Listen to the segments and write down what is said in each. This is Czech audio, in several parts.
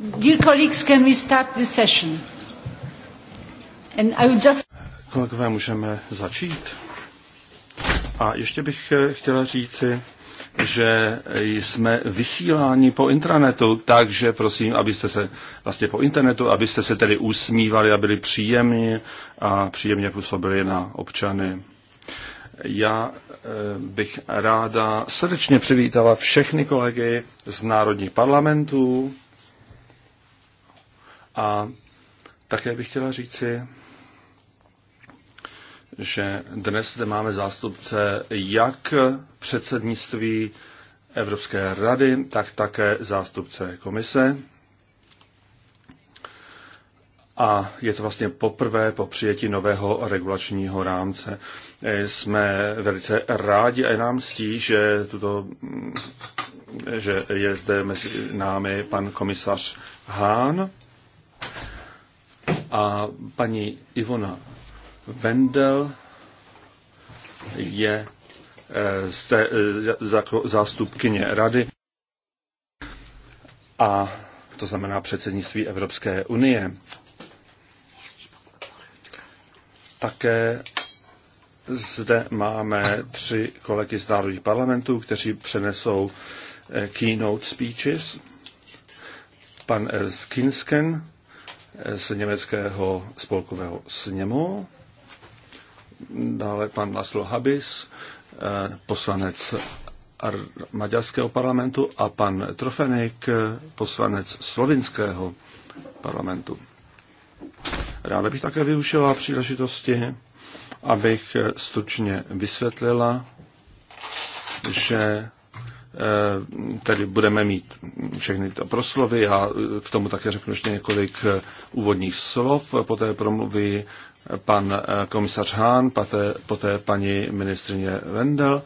Dear colleagues, can we start the session? And I just... Kolegové, můžeme začít. A ještě bych eh, chtěla říci, že jsme vysíláni po intranetu, takže prosím, abyste se vlastně po internetu, abyste se tedy usmívali a byli příjemní a příjemně působili na občany. Já eh, bych ráda srdečně přivítala všechny kolegy z národních parlamentů, a také bych chtěla říci, že dnes zde máme zástupce jak předsednictví Evropské rady, tak také zástupce komise. A je to vlastně poprvé po přijetí nového regulačního rámce. Jsme velice rádi a je nám stí, že, tuto, že je zde mezi námi pan komisař Hán a paní Ivona Vendel je té eh, eh, zástupkyně rady a to znamená předsednictví Evropské unie. Také zde máme tři kolegy z národních parlamentů, kteří přenesou eh, keynote speeches. Pan Ernst z německého spolkového sněmu, dále pan Laszlo Habis, eh, poslanec maďarského parlamentu a pan Trofenik, eh, poslanec slovinského parlamentu. Ráda bych také využila příležitosti, abych eh, stručně vysvětlila, že Eh, tedy budeme mít všechny to proslovy. Já eh, k tomu také řeknu ještě několik eh, úvodních slov, poté promluví pan komisař Hahn, poté, poté paní ministrině Wendel,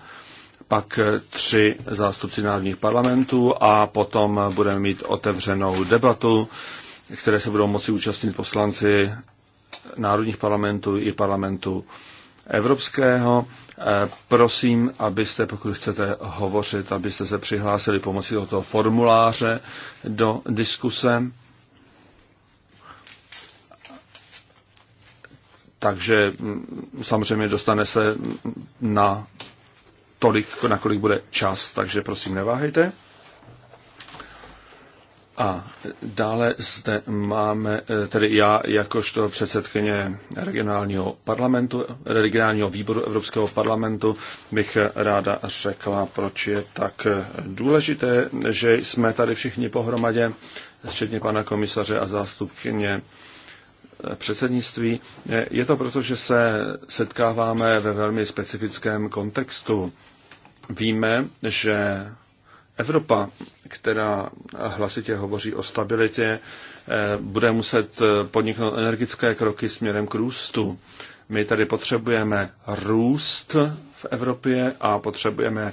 pak tři zástupci národních parlamentů a potom budeme mít otevřenou debatu, které se budou moci účastnit poslanci národních parlamentů i parlamentu evropského Eh, prosím, abyste, pokud chcete hovořit, abyste se přihlásili pomocí toho formuláře do diskuse. Takže mm, samozřejmě dostane se na tolik, nakolik bude čas, takže prosím neváhejte. A dále zde máme, eh, tedy já jakožto předsedkyně regionálního parlamentu, regionálního výboru Evropského parlamentu, bych ráda řekla, proč je tak eh, důležité, že jsme tady všichni pohromadě, včetně pana komisaře a zástupkyně eh, předsednictví. Je to proto, že se setkáváme ve velmi specifickém kontextu. Víme, že Evropa která hlasitě hovoří o stabilitě, eh, bude muset eh, podniknout energické kroky směrem k růstu. My tady potřebujeme růst v Evropě a potřebujeme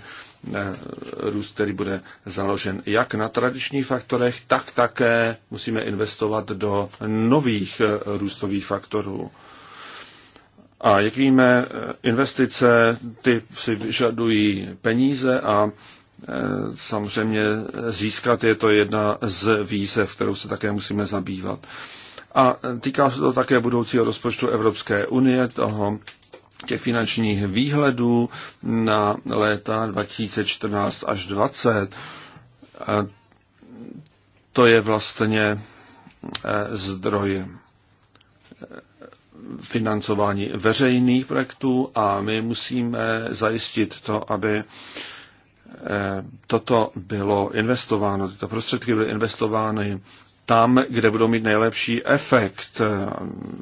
eh, růst, který bude založen jak na tradičních faktorech, tak také musíme investovat do nových růstových faktorů. A jak víme, investice ty si vyžadují peníze a Eh, samozřejmě získat je to jedna z výzev, kterou se také musíme zabývat. A týká se to také budoucího rozpočtu Evropské unie, toho těch finančních výhledů na léta 2014 až 2020. Eh, to je vlastně eh, zdroj financování veřejných projektů a my musíme zajistit to, aby Eh, toto bylo investováno, tyto prostředky byly investovány tam, kde budou mít nejlepší efekt, eh,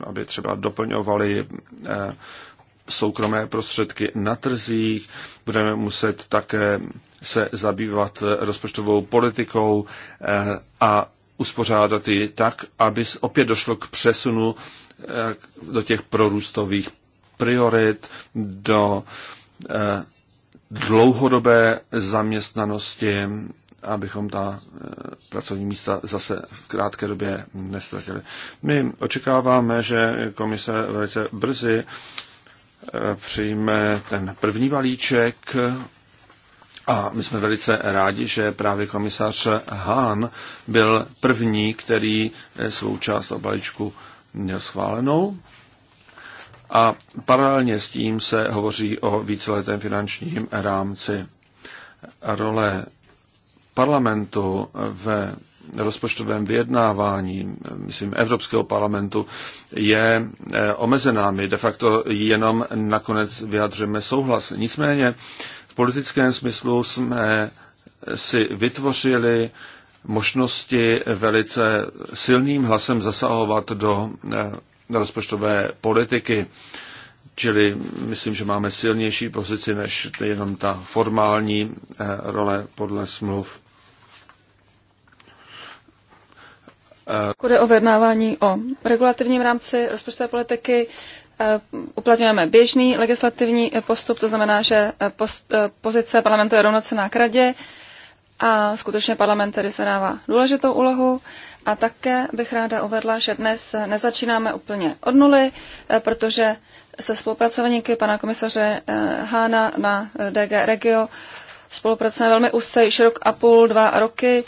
aby třeba doplňovali eh, soukromé prostředky na trzích. Budeme muset také se zabývat rozpočtovou politikou a uspořádat ji tak, aby opět došlo k přesunu do těch prorůstových priorit, do dlouhodobé zaměstnanosti, abychom ta eh, pracovní místa zase v krátké době nestratili. My očekáváme, že komise velice brzy eh, přijme ten první balíček a my jsme velice rádi, že právě komisař Hahn byl první, který eh, svou část o balíčku měl schválenou. A paralelně s tím se hovoří o víceletém finančním rámci. Role parlamentu ve rozpočtovém vyjednávání, myslím, Evropského parlamentu, je eh, omezená. My de facto jenom nakonec vyjadřujeme souhlas. Nicméně v politickém smyslu jsme si vytvořili možnosti velice silným hlasem zasahovat do eh, rozpočtové politiky. Čili myslím, že máme silnější pozici než jenom ta formální eh, role podle smluv. Kde o vyjednávání o regulativním rámci rozpočtové politiky, eh, uplatňujeme běžný legislativní postup, to znamená, že eh, post, pozice parlamentu je rovnocená k radě a skutečně parlament tedy se dává důležitou úlohu. A také bych ráda uvedla, že dnes nezačínáme úplně od nuly, eh, protože se spolupracovníky pana komisaře eh, Hána na eh, DG Regio spolupracujeme velmi úzce, již rok a půl, dva roky.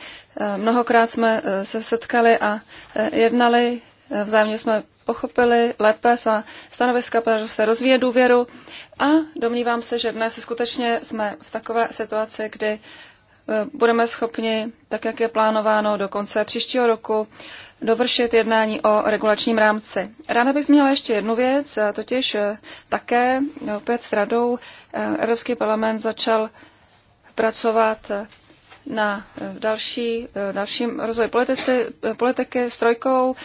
Mnohokrát jsme se setkali a jednali, vzájemně jsme pochopili lépe svá stanoviska, protože se rozvíje důvěru a domnívám se, že dnes skutečně jsme v takové situaci, kdy Eh, budeme schopni, tak jak je plánováno do konce příštího roku, dovršit jednání o regulačním rámci. Ráda bych zmínila ještě jednu věc, totiž eh, také eh, opět s radou Evropský parlament začal pracovat na další, dalším rozvoji politici, politiky s trojkou,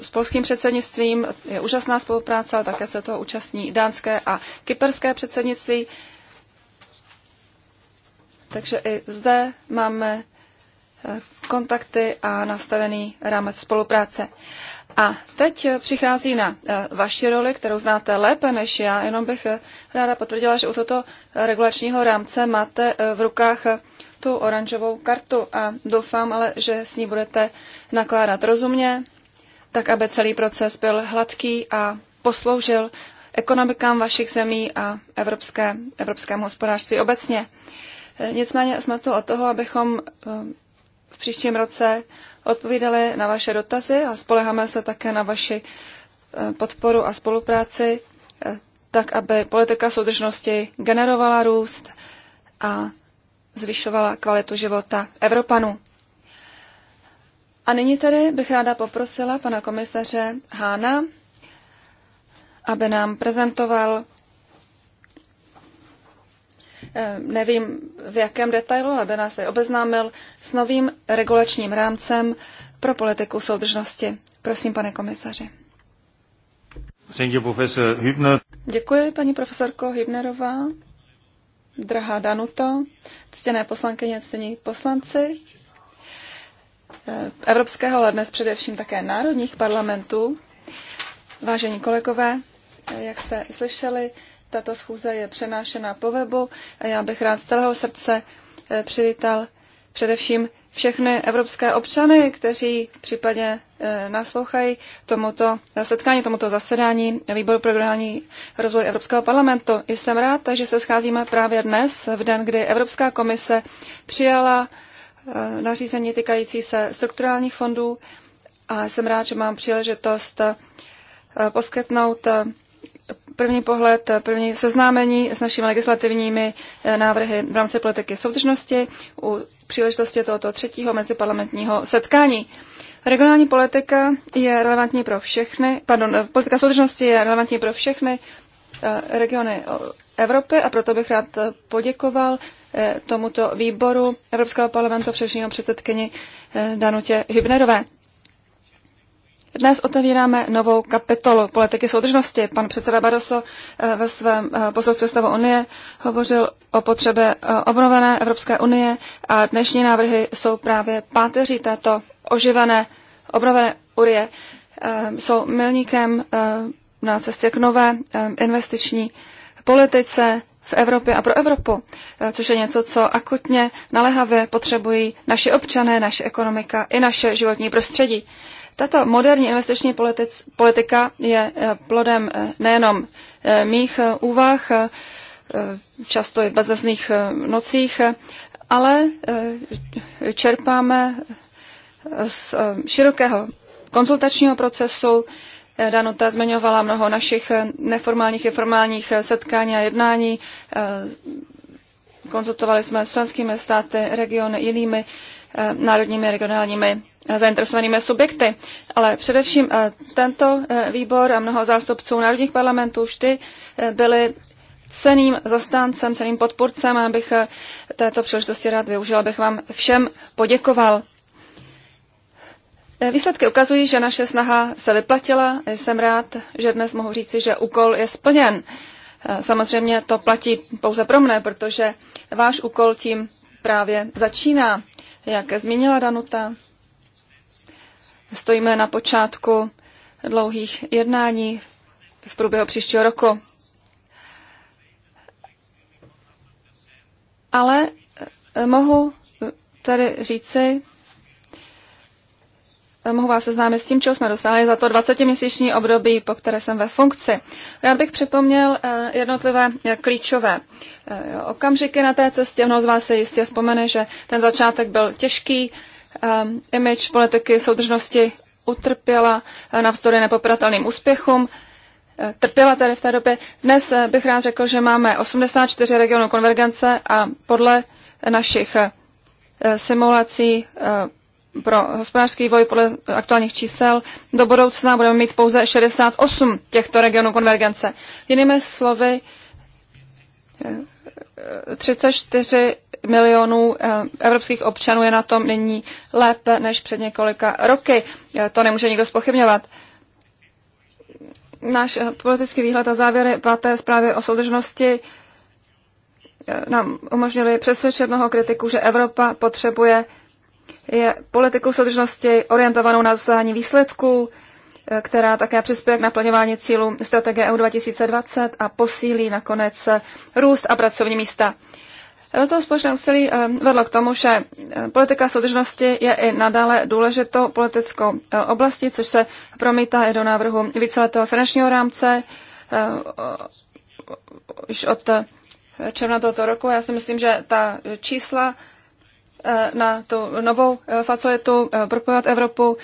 s polským předsednictvím. Je úžasná spolupráce, ale také se toho účastní dánské a kyperské předsednictví. Takže i zde máme eh, kontakty a nastavený rámec spolupráce. A teď eh, přichází na eh, vaši roli, kterou znáte lépe než já. Jenom bych ráda potvrdila, že u toto regulačního rámce máte v rukách tu oranžovou kartu a doufám ale, že s ní budete nakládat rozumně, tak aby celý proces byl hladký a posloužil ekonomikám vašich zemí a evropské, evropskému hospodářství obecně. Nicméně jsme tu o toho, abychom eh, v příštím roce odpovídali na vaše dotazy a spoleháme se také na vaši eh, podporu a spolupráci, eh, tak aby politika soudržnosti generovala růst a zvyšovala kvalitu života Evropanů. A nyní tedy bych ráda poprosila pana komisaře Hána, aby nám prezentoval Eh, nevím v jakém detailu, aby nás tady obeznámil s novým regulačním rámcem pro politiku soudržnosti. Prosím, pane komisaři. Děkuji, paní profesorko Hübnerová, drahá Danuto, ctěné poslankyně, ctění poslanci eh, Evropského, ale dnes především také národních parlamentů. Vážení kolegové, eh, jak jste slyšeli, tato schůze je přenášena po webu a já bych rád z celého srdce eh, přivítal především všechny evropské občany, kteří případně eh, naslouchají tomuto setkání, tomuto zasedání Výboru pro regionální rozvoj Evropského parlamentu. Jsem rád, že se scházíme právě dnes, v den, kdy Evropská komise přijala eh, nařízení týkající se strukturálních fondů a jsem rád, že mám příležitost poskytnout první pohled, první seznámení s našimi legislativními eh, návrhy v rámci politiky soudržnosti u příležitosti tohoto třetího meziparlamentního setkání. Regionální politika je relevantní pro všechny, pardon, eh, politika soudržnosti je relevantní pro všechny eh, regiony Evropy a proto bych rád poděkoval tomuto výboru Evropského parlamentu především předsedkyni Danutě Hybnerové. Dnes otevíráme novou kapitolu politiky soudržnosti. Pan předseda Baroso eh, ve svém eh, poselství stavu Unie hovořil o potřebě eh, obnovené Evropské unie a dnešní návrhy jsou právě páteří této oživené, obnovené urie. Jsou milníkem na cestě k nové investiční politice v Evropě a pro Evropu, což je něco, co akutně naléhavě potřebují naši občané, naše ekonomika i naše životní prostředí. Tato moderní investiční politic, politika je eh, plodem eh, nejenom eh, mých úvah, často i v bezesných nocích, ale čerpáme z širokého konzultačního procesu. Danuta zmiňovala mnoho našich neformálních i formálních setkání a jednání. Konzultovali jsme s členskými státy, regiony, jinými národními regionálními zainteresovanými subjekty. Ale především eh, tento eh, výbor a mnoho zástupců národních parlamentů vždy eh, byli ceným zastáncem, ceným podporcem a bych této příležitosti rád využil, abych vám všem poděkoval. Výsledky ukazují, že naše snaha se vyplatila. Jsem rád, že dnes mohu říci, že úkol je splněn. Samozřejmě to platí pouze pro mne, protože váš úkol tím právě začíná, jak zmínila Danuta. Stojíme na počátku dlouhých jednání v průběhu příštího roku. Ale eh, mohu tady říci, eh, mohu vás seznámit s tím, čeho jsme dosáhli za to 20-měsíční období, po které jsem ve funkci. Já bych připomněl eh, jednotlivé klíčové okamžiky na té cestě. Mnoho z vás se jistě vzpomene, že ten začátek byl těžký, Ehm, image politiky soudržnosti utrpěla eh, navzdory nepopratelným úspěchům. Eh, trpěla tady v té době. Dnes eh, bych rád řekl, že máme 84 regionů konvergence a podle našich simulací pro hospodářský vývoj podle aktuálních čísel do budoucna budeme mít pouze 68 těchto regionů konvergence. Jinými slovy, 34 milionů eh, evropských občanů je na tom nyní lépe než před několika roky. Eh, to nemůže nikdo spochybňovat. Náš eh, politický výhled a závěry páté zprávy o soudržnosti nám umožnili přesvědčit mnoho kritiků, že Evropa potřebuje je politiku soudržnosti orientovanou na dosahování výsledků, která také přispěje k naplňování cílů strategie EU 2020 a posílí nakonec růst a pracovní místa. Do toho společné úsilí eh, vedlo k tomu, že eh, politika soudržnosti je i nadále důležitou politickou eh, oblastí, což se promítá i do návrhu víceletého finančního rámce už od června tohoto roku. Já si myslím, že ta čísla na tu novou facilitu propojovat Evropu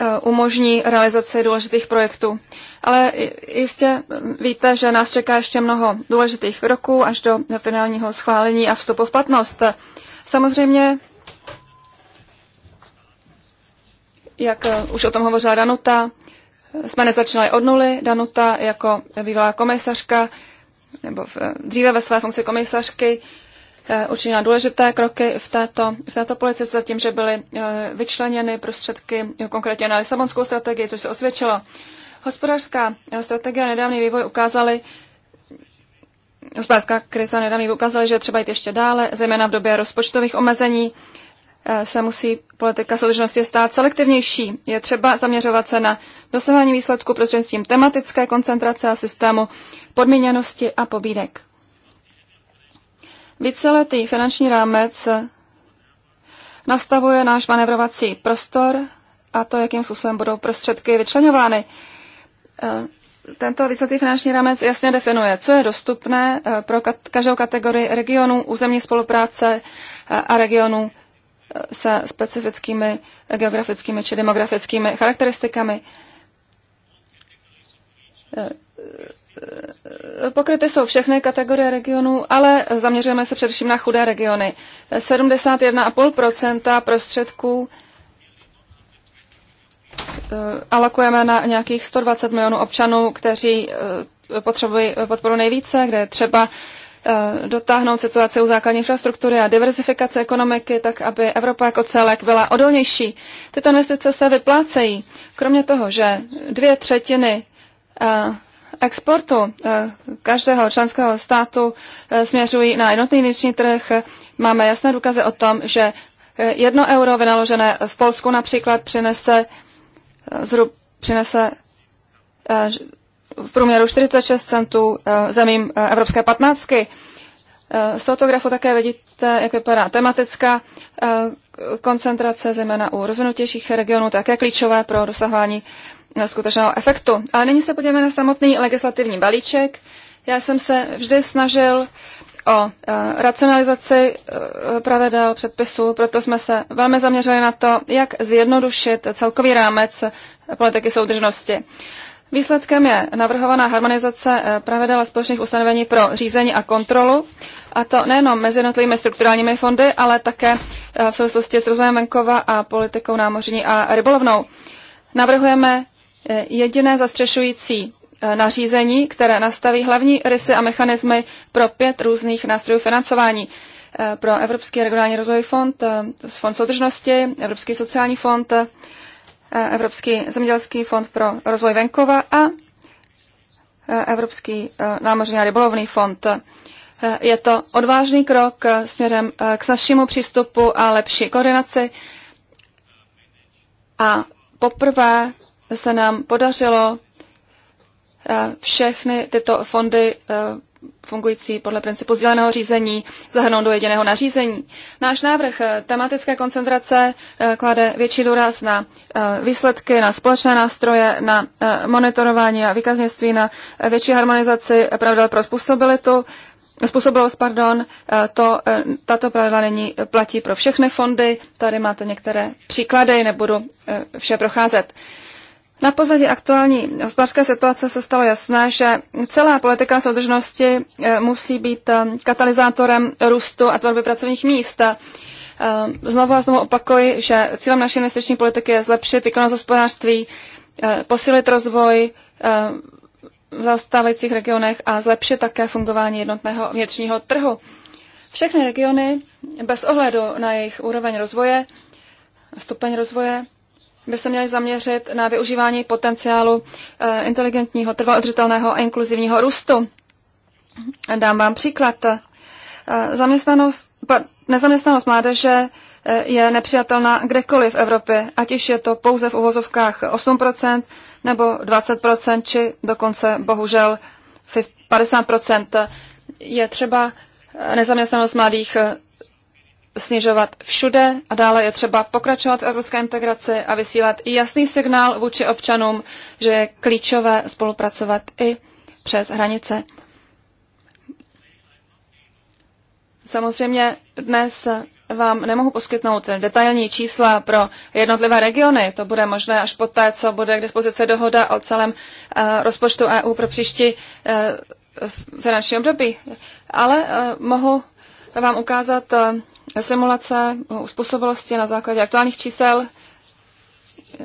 Eh, umožní realizaci důležitých projektů. Ale jistě víte, že nás čeká ještě mnoho důležitých kroků až do finálního schválení a vstupu v platnost. Samozřejmě, jak eh, už o tom hovořila Danuta, jsme nezačínali od nuly. Danuta jako bývalá komisařka, nebo eh, dříve ve své funkci komisařky, Eh, učinila důležité kroky v této, v této politice, tím, že byly eh, vyčleněny prostředky eh, konkrétně na Lisabonskou strategii, což se osvědčilo. Hospodářská strategie a nedávný vývoj ukázaly, hospodářská krize a nedávný vývoj ukázaly, že třeba jít ještě dále, zejména v době rozpočtových omezení se musí politika soudržnosti stát selektivnější. Je třeba zaměřovat se na dosahování výsledku prostřednictvím tematické koncentrace a systému podmíněnosti a pobídek. Víceletý finanční rámec nastavuje náš manevrovací prostor a to, jakým způsobem budou prostředky vyčlenovány. E, tento výsledný finanční rámec jasně definuje, co je dostupné e, pro každou kategorii regionů územní spolupráce e, a regionů se specifickými geografickými či demografickými charakteristikami pokryty jsou všechny kategorie regionů, ale zaměřujeme se především na chudé regiony. 71,5 prostředků eh, alokujeme na nějakých 120 milionů občanů, kteří eh, potřebují podporu nejvíce, kde je třeba eh, dotáhnout situaci u základní infrastruktury a diversifikace ekonomiky, tak aby Evropa jako celek byla odolnější. Tyto investice se vyplácejí. Kromě toho, že dvě třetiny exportu eh, každého členského státu eh, směřují na jednotný vnitřní trh. Máme jasné důkazy o tom, že eh, jedno euro vynaložené v Polsku například přinese, zhrub, přinese v průměru 46 centů zemím Evropské patnáctky. Z tohoto grafu také vidíte, jak vypadá tematická koncentrace, zejména u rozvinutějších regionů, také klíčové pro dosahování Eh, skutečného efektu. Ale nyní se podíváme na samotný legislativní balíček. Já jsem se vždy snažil o eh, racionalizaci eh, pravidel předpisů, proto jsme se velmi zaměřili na to, jak zjednodušit celkový rámec politiky soudržnosti. Výsledkem je navrhovaná harmonizace pravidel a společných ustanovení pro řízení a kontrolu, a to nejenom mezi jednotlivými strukturálními fondy, ale také v souvislosti s rozvojem venkova a politikou námořní a rybolovnou. Navrhujeme Eh, jediné zastřešující eh, nařízení, které nastaví hlavní rysy a mechanismy pro pět různých nástrojů financování. Eh, pro Evropský regionální rozvoj fond, fond soudržnosti, Evropský sociální fond, Evropský zemědělský fond pro rozvoj venkova a Evropský námořní a rybolovný fond. Je to odvážný krok směrem k našemu přístupu a lepší koordinaci a poprvé se nám podařilo eh, všechny tyto fondy eh, fungující podle principu sdíleného řízení zahrnout do jediného nařízení. Náš návrh eh, tematické koncentrace klade větší důraz na výsledky, na společné nástroje, na monitorování a výkaznictví, na větší harmonizaci pravidel pro způsobilitu, způsobilost, pardon, to, tato pravidla není platí pro všechny fondy. Tady máte některé příklady, nebudu vše procházet. Na pozadí aktuální hospodářské situace se stalo jasné, že celá politika soudržnosti eh, musí být eh, katalyzátorem růstu a tvorby pracovních míst. Eh, znovu a znovu opakuji, že cílem naší investiční politiky je zlepšit výkonnost hospodářství, posílit rozvoj v zaostávajících regionech a zlepšit také fungování jednotného vnitřního trhu. Všechny regiony, bez ohledu na jejich úroveň rozvoje, stupeň rozvoje, by se měly zaměřit na využívání potenciálu eh, inteligentního, trvalodřitelného a inkluzivního růstu. Dám vám příklad. Eh, zaměstnanost, nezaměstnanost mládeže eh, je nepřijatelná kdekoliv v Evropě, ať už je to pouze v uvozovkách 8% nebo 20% či dokonce bohužel 50%. Je třeba nezaměstnanost mladých snižovat všude a dále je třeba pokračovat v evropské integraci a vysílat i jasný signál vůči občanům, že je klíčové spolupracovat i přes hranice. Samozřejmě dnes vám nemohu poskytnout detailní čísla pro jednotlivé regiony. To bude možné až poté, co bude k dispozici dohoda o celém eh, rozpočtu EU pro příští eh, finanční období. Ale eh, mohu vám ukázat simulace uspůsobilosti na základě aktuálních čísel,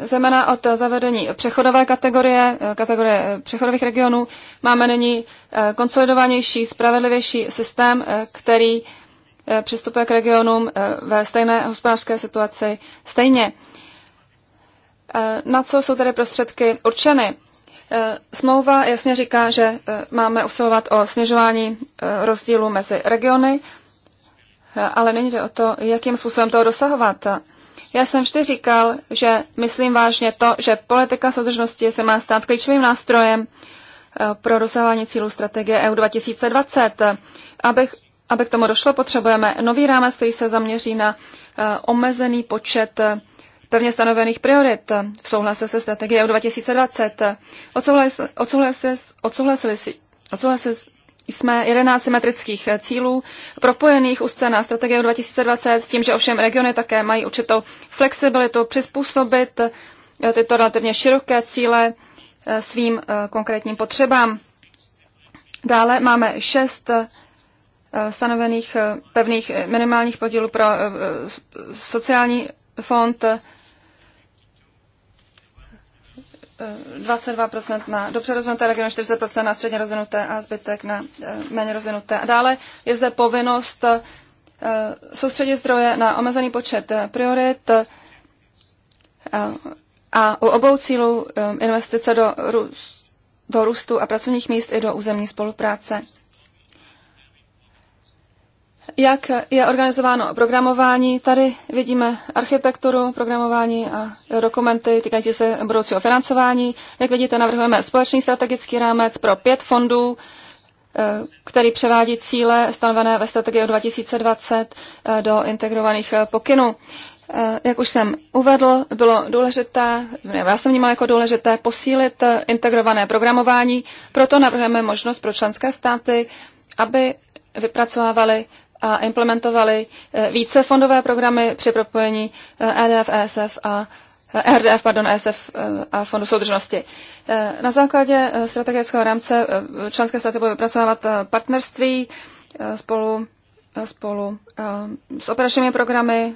zejména od zavedení přechodové kategorie, kategorie přechodových regionů, máme nyní eh, konsolidovanější, spravedlivější systém, eh, který eh, přistupuje k regionům ve stejné hospodářské situaci stejně. Na co jsou tedy prostředky určeny? Smlouva jasně říká, že máme usilovat o snižování rozdílu mezi regiony ale není to o to, jakým způsobem toho dosahovat. Já jsem vždy říkal, že myslím vážně to, že politika soudržnosti se má stát klíčovým nástrojem eh, pro dosahování cílů strategie EU 2020. Abych, aby k tomu došlo, potřebujeme nový rámec, který se zaměří na eh, omezený počet eh, pevně stanovených priorit v souhlase se strategie EU 2020. Odsouhlasili, odsouhlasili, odsouhlasili, odsouhlasili jsme 11 symetrických eh, cílů propojených úzce na strategii 2020 s tím, že ovšem regiony také mají určitou flexibilitu přizpůsobit eh, tyto relativně široké cíle eh, svým konkrétním potřebám. Dále máme šest stanovených pevných minimálních podílů pro sociální fond, 22% na dobře rozvinuté regiony, 40% na středně rozvinuté a zbytek na eh, méně rozvinuté. A dále je zde povinnost eh, soustředit zdroje na omezený počet eh, priorit a u obou cílů investice do, do růstu a pracovních míst i do územní spolupráce jak je organizováno programování. Tady vidíme architekturu programování a dokumenty týkající se budoucího financování. Jak vidíte, navrhujeme společný strategický rámec pro pět fondů, eh, který převádí cíle stanovené ve strategii 2020 eh, do integrovaných eh, pokynů. Jak už jsem uvedl, bylo důležité, já jsem vnímal jako důležité posílit integrované programování, proto navrhujeme možnost pro členské státy, aby vypracovávali a implementovali eh, více fondové programy při propojení EDF, eh, e ESF a eh, RDF, pardon, ESF a Fondu soudržnosti. Na základě strategického rámce členské státy budou vypracovávat partnerství spolu, spolu s operačními programy,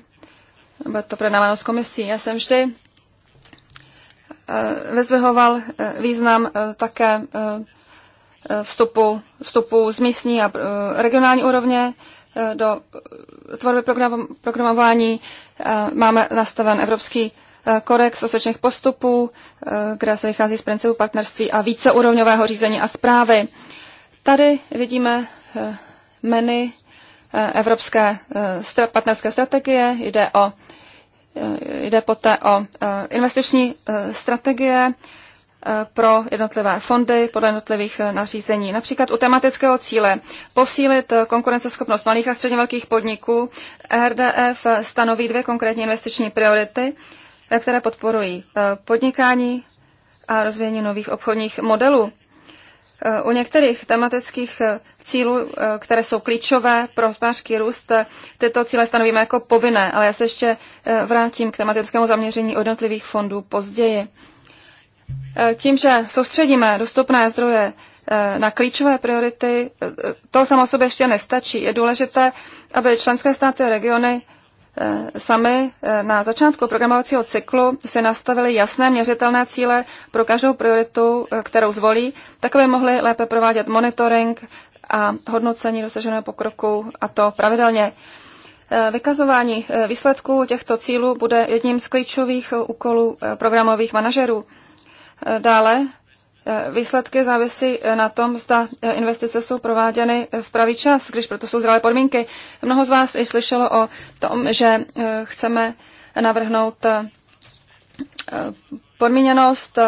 bude to projednáváno s komisí. Já jsem vždy vyzvihoval význam také vstupu, vstupu z místní a regionální úrovně Eh, do eh, tvorby programování eh, máme nastaven Evropský kodex osvědčených postupů, kde se vychází z principu partnerství a víceúrovňového řízení a zprávy. Tady vidíme menu evropské partnerské strategie, jde, o, jde poté o investiční strategie, pro jednotlivé fondy podle jednotlivých eh, nařízení. Například u tematického cíle posílit eh, konkurenceschopnost malých a středně velkých podniků RDF eh, stanoví dvě konkrétní investiční priority, které podporují podnikání a rozvíjení nových obchodních modelů. U některých tematických cílů, které jsou klíčové pro hospodářský růst, tyto cíle stanovíme jako povinné, ale já se ještě vrátím k tematickému zaměření jednotlivých fondů později. Eh, tím, že soustředíme dostupné zdroje eh, na klíčové priority, eh, to samo sobě ještě nestačí. Je důležité, aby členské státy a regiony sami na začátku programovacího cyklu si nastavili jasné měřitelné cíle pro každou prioritu, kterou zvolí, tak aby mohli lépe provádět monitoring a hodnocení dosaženého pokroku a to pravidelně. Vykazování výsledků těchto cílů bude jedním z klíčových úkolů programových manažerů. Dále eh, výsledky závisí eh, na tom, zda eh, investice jsou prováděny v pravý čas, když proto jsou zralé podmínky. Mnoho z vás i slyšelo o tom, že chceme navrhnout podmíněnost.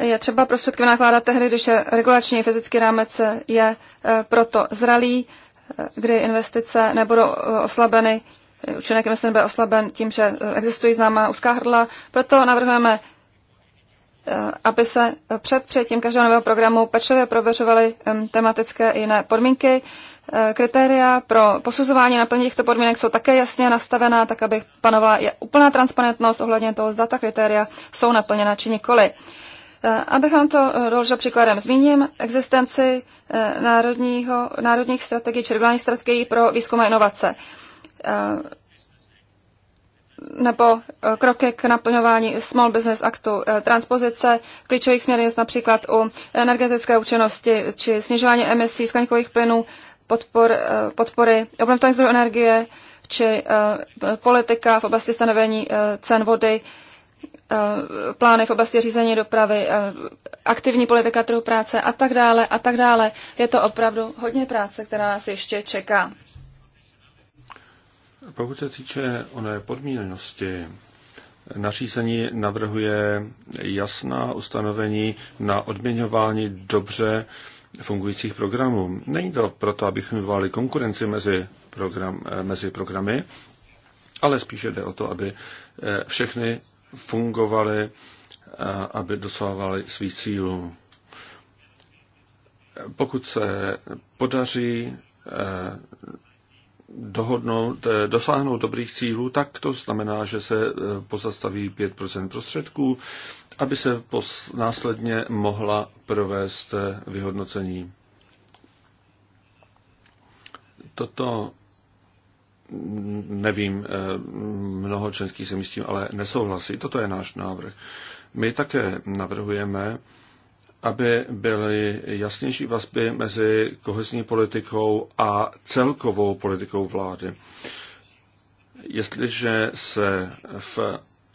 Je třeba prostředky nakládat tehdy, když je regulační fyzický rámec je proto zralý, kdy investice nebudou oslabeny účinek investice nebude oslaben tím, že existují známá úzká hrdla. Proto navrhujeme Eh, aby se před přijetím každého nového programu pečlivě prověřovaly tematické i jiné podmínky. Eh, kritéria pro posuzování naplnění těchto podmínek jsou také jasně nastavená, tak aby panovala úplná transparentnost ohledně toho, zda ta kritéria jsou naplněna či nikoli. Eh, abych vám to doložil příkladem, zmíním existenci národního, národních strategií či regionálních strategií pro výzkum a inovace nebo eh, kroky k naplňování Small Business Actu, eh, transpozice klíčových směrnic například u energetické účinnosti či snižování emisí skleníkových plynů, podpor, eh, podpory obnovitelných zdrojů energie či politika v oblasti stanovení cen vody, plány v oblasti řízení dopravy, aktivní politika trhu práce a tak dále a tak dále. Je to opravdu hodně práce, která nás ještě čeká. Pokud se týče oné podmíněnosti, nařízení navrhuje jasná ustanovení na odměňování dobře fungujících programů. Není to proto, abychom vyvolali konkurenci mezi, program, eh, mezi programy, ale spíše jde o to, aby eh, všechny fungovaly, eh, aby dosahovaly svých cílů. Pokud se podaří dohodnout, eh, dosáhnout dobrých cílů, tak to znamená, že se eh, pozastaví 5 prostředků, aby se pos, následně mohla provést eh, vyhodnocení. Toto nevím, mnoho členských se s tím ale nesouhlasí. Toto je náš návrh. My také navrhujeme, aby byly jasnější vazby mezi kohezní politikou a celkovou politikou vlády. Jestliže se v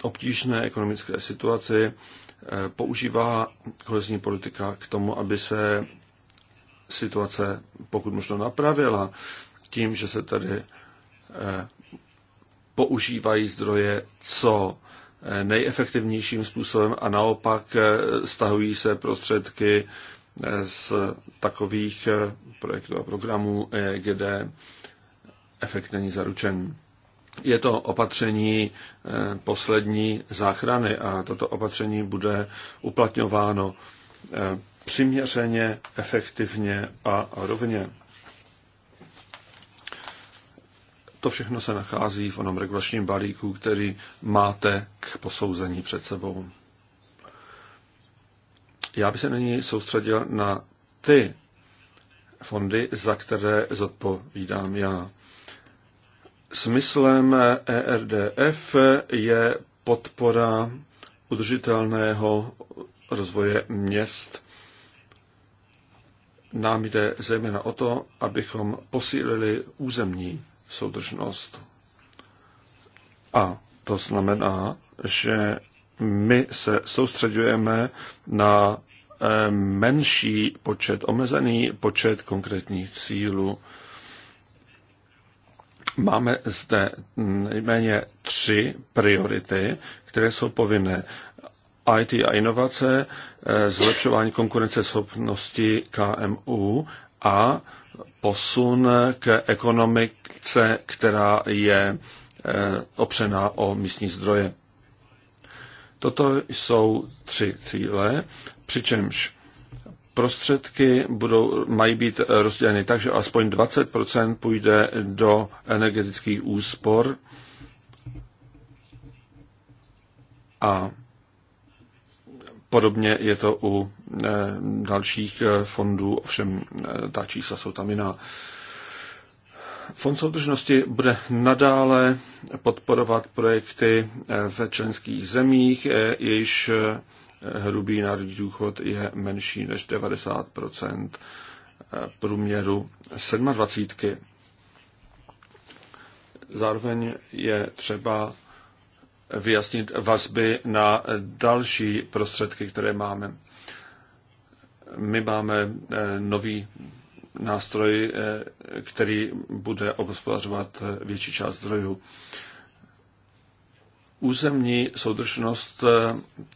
obtížné ekonomické situaci eh, používá kohezní politika k tomu, aby se situace pokud možno napravila, tím, že se tady eh, používají zdroje co nejefektivnějším způsobem a naopak stahují eh, se prostředky eh, z takových eh, projektů a programů, kde efekt není zaručen. Je to opatření poslední záchrany a toto opatření bude uplatňováno přiměřeně, efektivně a rovně. To všechno se nachází v onom regulačním balíku, který máte k posouzení před sebou. Já bych se nyní soustředil na ty fondy, za které zodpovídám já. Smyslem ERDF je podpora udržitelného rozvoje měst. Nám jde zejména o to, abychom posílili územní soudržnost. A to znamená, že my se soustředujeme na eh, menší počet, omezený počet konkrétních cílů. Máme zde nejméně tři priority, které jsou povinné. IT a inovace, eh, zlepšování konkurenceschopnosti KMU a posun k ekonomice, která je eh, opřená o místní zdroje. Toto jsou tři cíle, přičemž prostředky budou, mají být rozděleny tak, že aspoň 20 půjde do energetických úspor a Podobně je to u eh, dalších eh, fondů, ovšem eh, ta čísla jsou tam jiná. Fond soudržnosti bude nadále podporovat projekty ve členských zemích, jejichž hrubý národní důchod je menší než 90 průměru 27. Zároveň je třeba vyjasnit vazby na další prostředky, které máme. My máme eh, nový nástroj, eh, který bude obhospodařovat eh, větší část zdrojů. Územní soudržnost,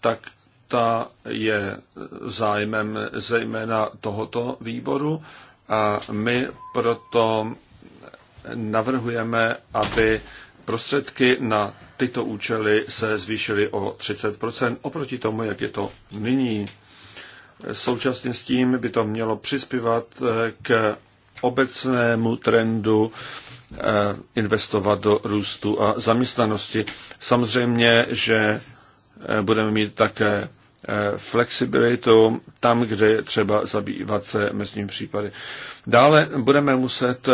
tak ta je zájmem zejména tohoto výboru a my proto navrhujeme, aby prostředky na tyto účely se zvýšily o 30 oproti tomu, jak je to nyní. Současně s tím by to mělo přispívat eh, k obecnému trendu eh, investovat do růstu a zaměstnanosti. Samozřejmě, že eh, budeme mít také flexibilitu tam, kde je třeba zabývat se mezním případy. Dále budeme muset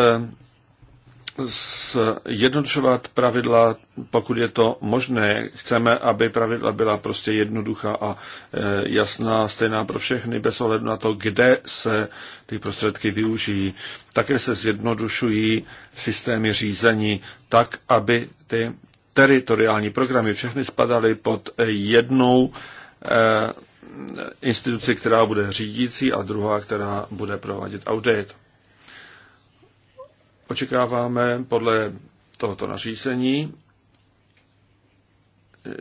zjednodušovat pravidla, pokud je to možné. Chceme, aby pravidla byla prostě jednoduchá a e, jasná, stejná pro všechny, bez ohledu na to, kde se ty prostředky využijí. Také se zjednodušují systémy řízení tak, aby ty teritoriální programy všechny spadaly pod jednou e, instituci, která bude řídící a druhá, která bude provádět audit. Očekáváme podle tohoto nařízení,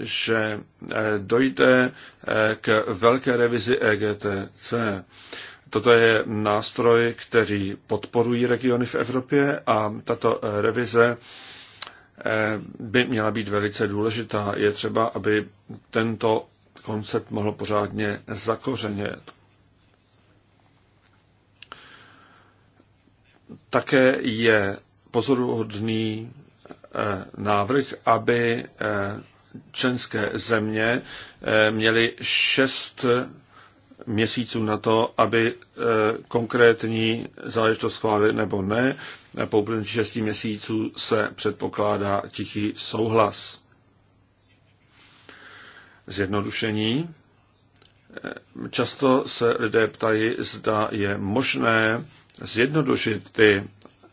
že eh, dojde eh, k velké revizi EGTC. Toto je nástroj, který podporují regiony v Evropě a tato eh, revize by měla být velice důležitá. Je třeba, aby tento koncept mohl pořádně zakořenět. Také je pozoruhodný eh, návrh, aby eh, členské země eh, měly šest měsíců na to, aby konkrétní záležitost schválili nebo ne. Po úplně šesti měsíců se předpokládá tichý souhlas. Zjednodušení. Často se lidé ptají, zda je možné zjednodušit ty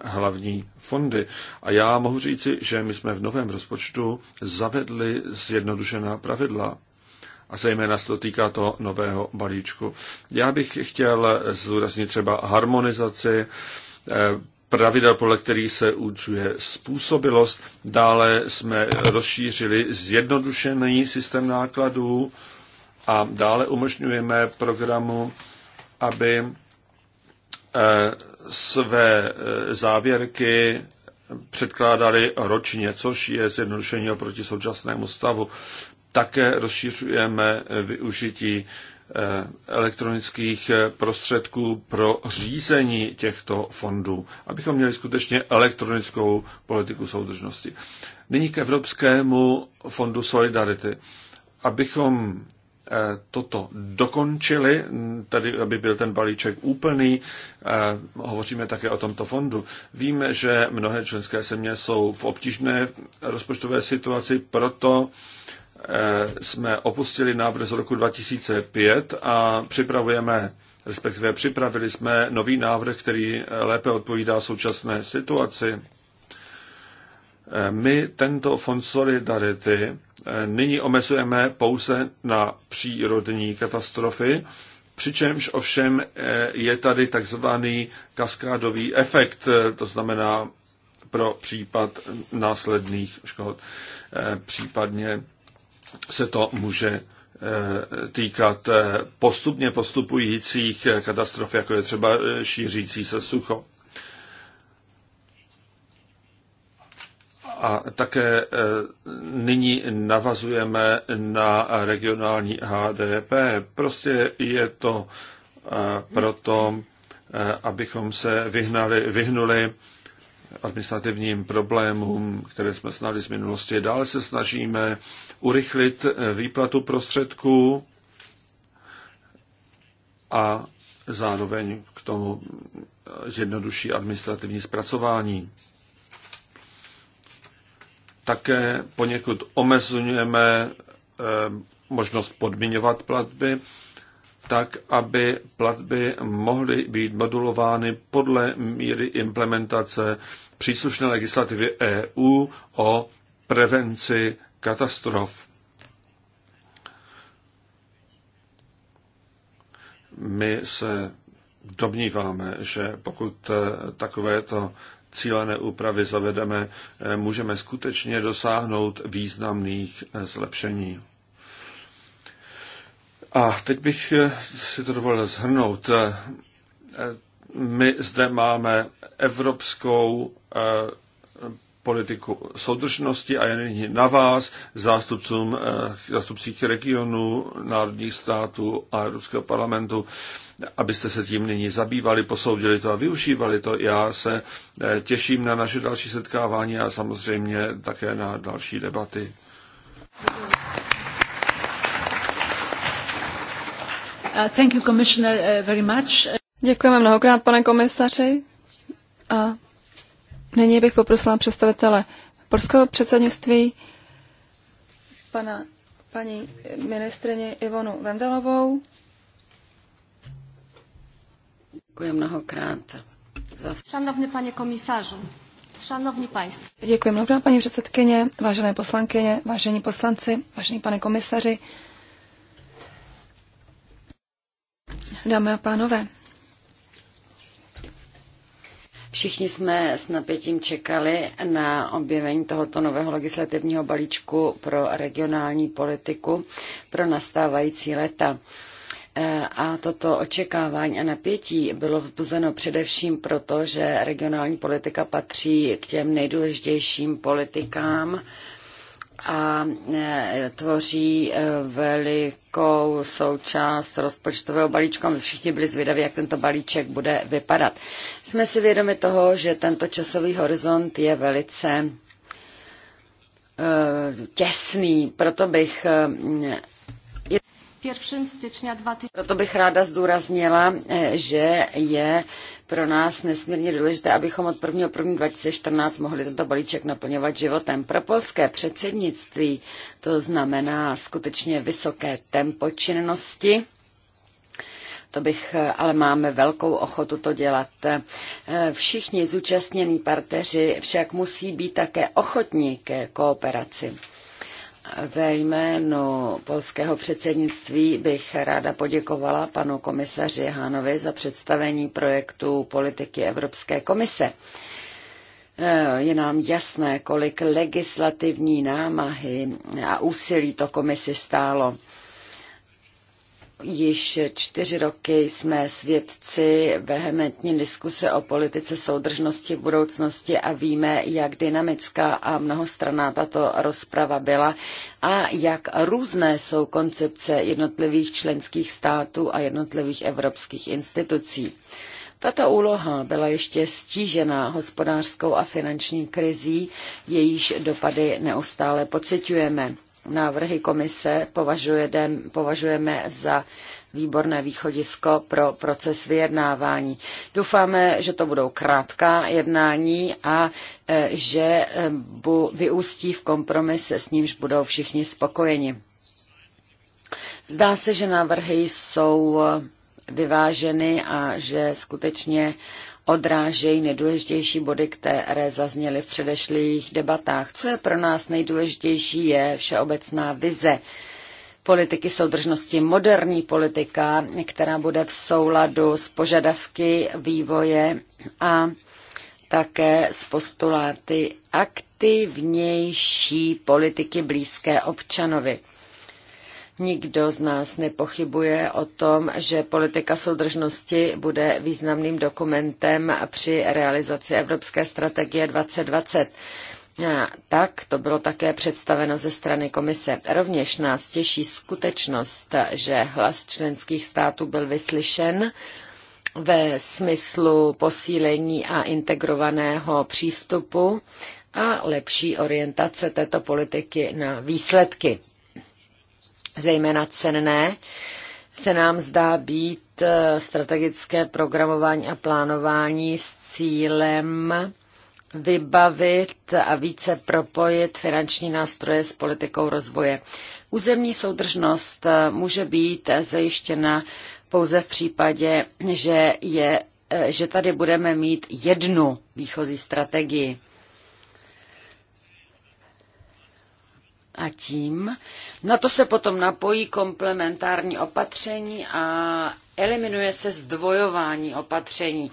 hlavní fondy. A já mohu říci, že my jsme v novém rozpočtu zavedli zjednodušená pravidla. A zejména se to týká toho nového balíčku. Já bych chtěl zúraznit třeba harmonizaci, eh, pravidel, podle kterých se určuje způsobilost. Dále jsme rozšířili zjednodušený systém nákladů a dále umožňujeme programu, aby Eh, své eh, závěrky předkládali ročně, což je zjednodušení oproti současnému stavu. Také rozšířujeme využití eh, elektronických prostředků pro řízení těchto fondů, abychom měli skutečně elektronickou politiku soudržnosti. Nyní k Evropskému fondu Solidarity. Abychom Eh, toto dokončili, tedy aby byl ten balíček úplný. Eh, hovoříme také o tomto fondu. Víme, že mnohé členské země jsou v obtížné rozpočtové situaci, proto eh, jsme opustili návrh z roku 2005 a připravujeme respektive připravili jsme nový návrh, který lépe odpovídá současné situaci. My tento fond solidarity eh, nyní omezujeme pouze na přírodní katastrofy, přičemž ovšem eh, je tady takzvaný kaskádový efekt, eh, to znamená pro případ následných škod. Případně se to může týkat postupně postupujících katastrof, jako je třeba šířící se sucho. a také eh, nyní navazujeme na regionální HDP. Prostě je to eh, proto, eh, abychom se vyhnali, vyhnuli administrativním problémům, které jsme snali z minulosti. Dále se snažíme urychlit výplatu prostředků a zároveň k tomu zjednoduší administrativní zpracování. Také poněkud omezujeme eh, možnost podmiňovat platby, tak aby platby mohly být modulovány podle míry implementace příslušné legislativy EU o prevenci katastrof. My se domníváme, že pokud eh, takovéto cílené úpravy zavedeme, eh, můžeme skutečně dosáhnout významných eh, zlepšení. A teď bych eh, si to dovolil zhrnout. My zde máme evropskou politiku soudržnosti a je nyní na vás, zástupcům, eh, zástupcích regionů, národních států a Evropského parlamentu, abyste se tím nyní zabývali, posoudili to a využívali to. Já se eh, těším na naše další setkávání a samozřejmě také na další debaty. Uh, uh, Děkujeme mnohokrát, pane komisaři. A Nyní bych poprosila představitele polského předsednictví, pana, paní ministrině Ivonu Vendelovou. Děkuji mnohokrát. Za... Šanovný pane komisařu, šanovní państwo. Děkuji mnohokrát, paní předsedkyně, vážené poslankyně, vážení poslanci, vážení pane komisaři. Dámy a pánové, Všichni jsme s napětím čekali na objevení tohoto nového legislativního balíčku pro regionální politiku pro nastávající léta. E, a toto očekávání a napětí bylo vzbuzeno především proto, že regionální politika patří k těm nejdůležitějším politikám a e, tvoří e, velikou součást rozpočtového balíčku. My všichni byli zvědaví, jak tento balíček bude vypadat. Jsme si vědomi toho, že tento časový horizont je velice e, těsný, proto bych proto bych ráda zdůraznila, eh, že je pro nás nesmírně důležité, abychom od 2014 mohli tento balíček naplňovat životem. Pro polské předsednictví to znamená skutečně vysoké tempo činnosti. To bych, eh, ale máme velkou ochotu to dělat. Eh, všichni zúčastnění parteři však musí být také ochotní ke kooperaci. Ve jménu polského předsednictví bych ráda poděkovala panu komisaři Hánovi za představení projektu politiky Evropské komise. Eh, je nám jasné, kolik legislativní námahy a úsilí to komisi stálo. Již čtyři roky jsme svědci vehementní diskuse o politice soudržnosti v budoucnosti a víme, jak dynamická a mnohostraná tato rozprava byla a jak různé jsou koncepce jednotlivých členských států a jednotlivých evropských institucí. Tato úloha byla ještě stížena hospodářskou a finanční krizí, jejíž dopady neustále pociťujeme návrhy komise považujeme za výborné východisko pro proces vyjednávání. Doufáme, že to budou krátká jednání a e, že e, vyústí v kompromis, s nímž budou všichni spokojeni. Zdá se, že návrhy jsou e, vyváženy a že skutečně odrážejí nejdůležitější body, které zazněly v předešlých debatách. Co je pro nás nejdůležitější, je všeobecná vize politiky soudržnosti, moderní politika, která bude v souladu s požadavky vývoje a také s postuláty aktivnější politiky blízké občanovi. Nikdo z nás nepochybuje o tom, že politika soudržnosti bude významným dokumentem při realizaci Evropské strategie 2020. A tak to bylo také představeno ze strany komise. Rovněž nás těší skutečnost, že hlas členských států byl vyslyšen ve smyslu posílení a integrovaného přístupu a lepší orientace této politiky na výsledky zejména cenné, se nám zdá být eh, strategické programování a plánování s cílem vybavit a více propojit finanční nástroje s politikou rozvoje. Územní soudržnost eh, může být zajištěna pouze v případě, že, je, eh, že tady budeme mít jednu výchozí strategii. A tím na no to se potom napojí komplementární opatření a eliminuje se zdvojování opatření.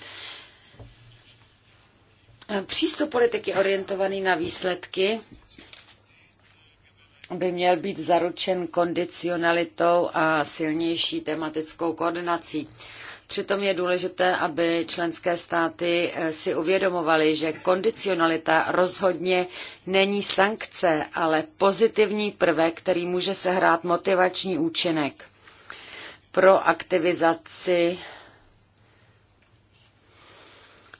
Přístup politiky orientovaný na výsledky by měl být zaručen kondicionalitou a silnější tematickou koordinací. Přitom je důležité, aby členské státy eh, si uvědomovaly, že kondicionalita rozhodně není sankce, ale pozitivní prvek, který může sehrát motivační účinek pro aktivizaci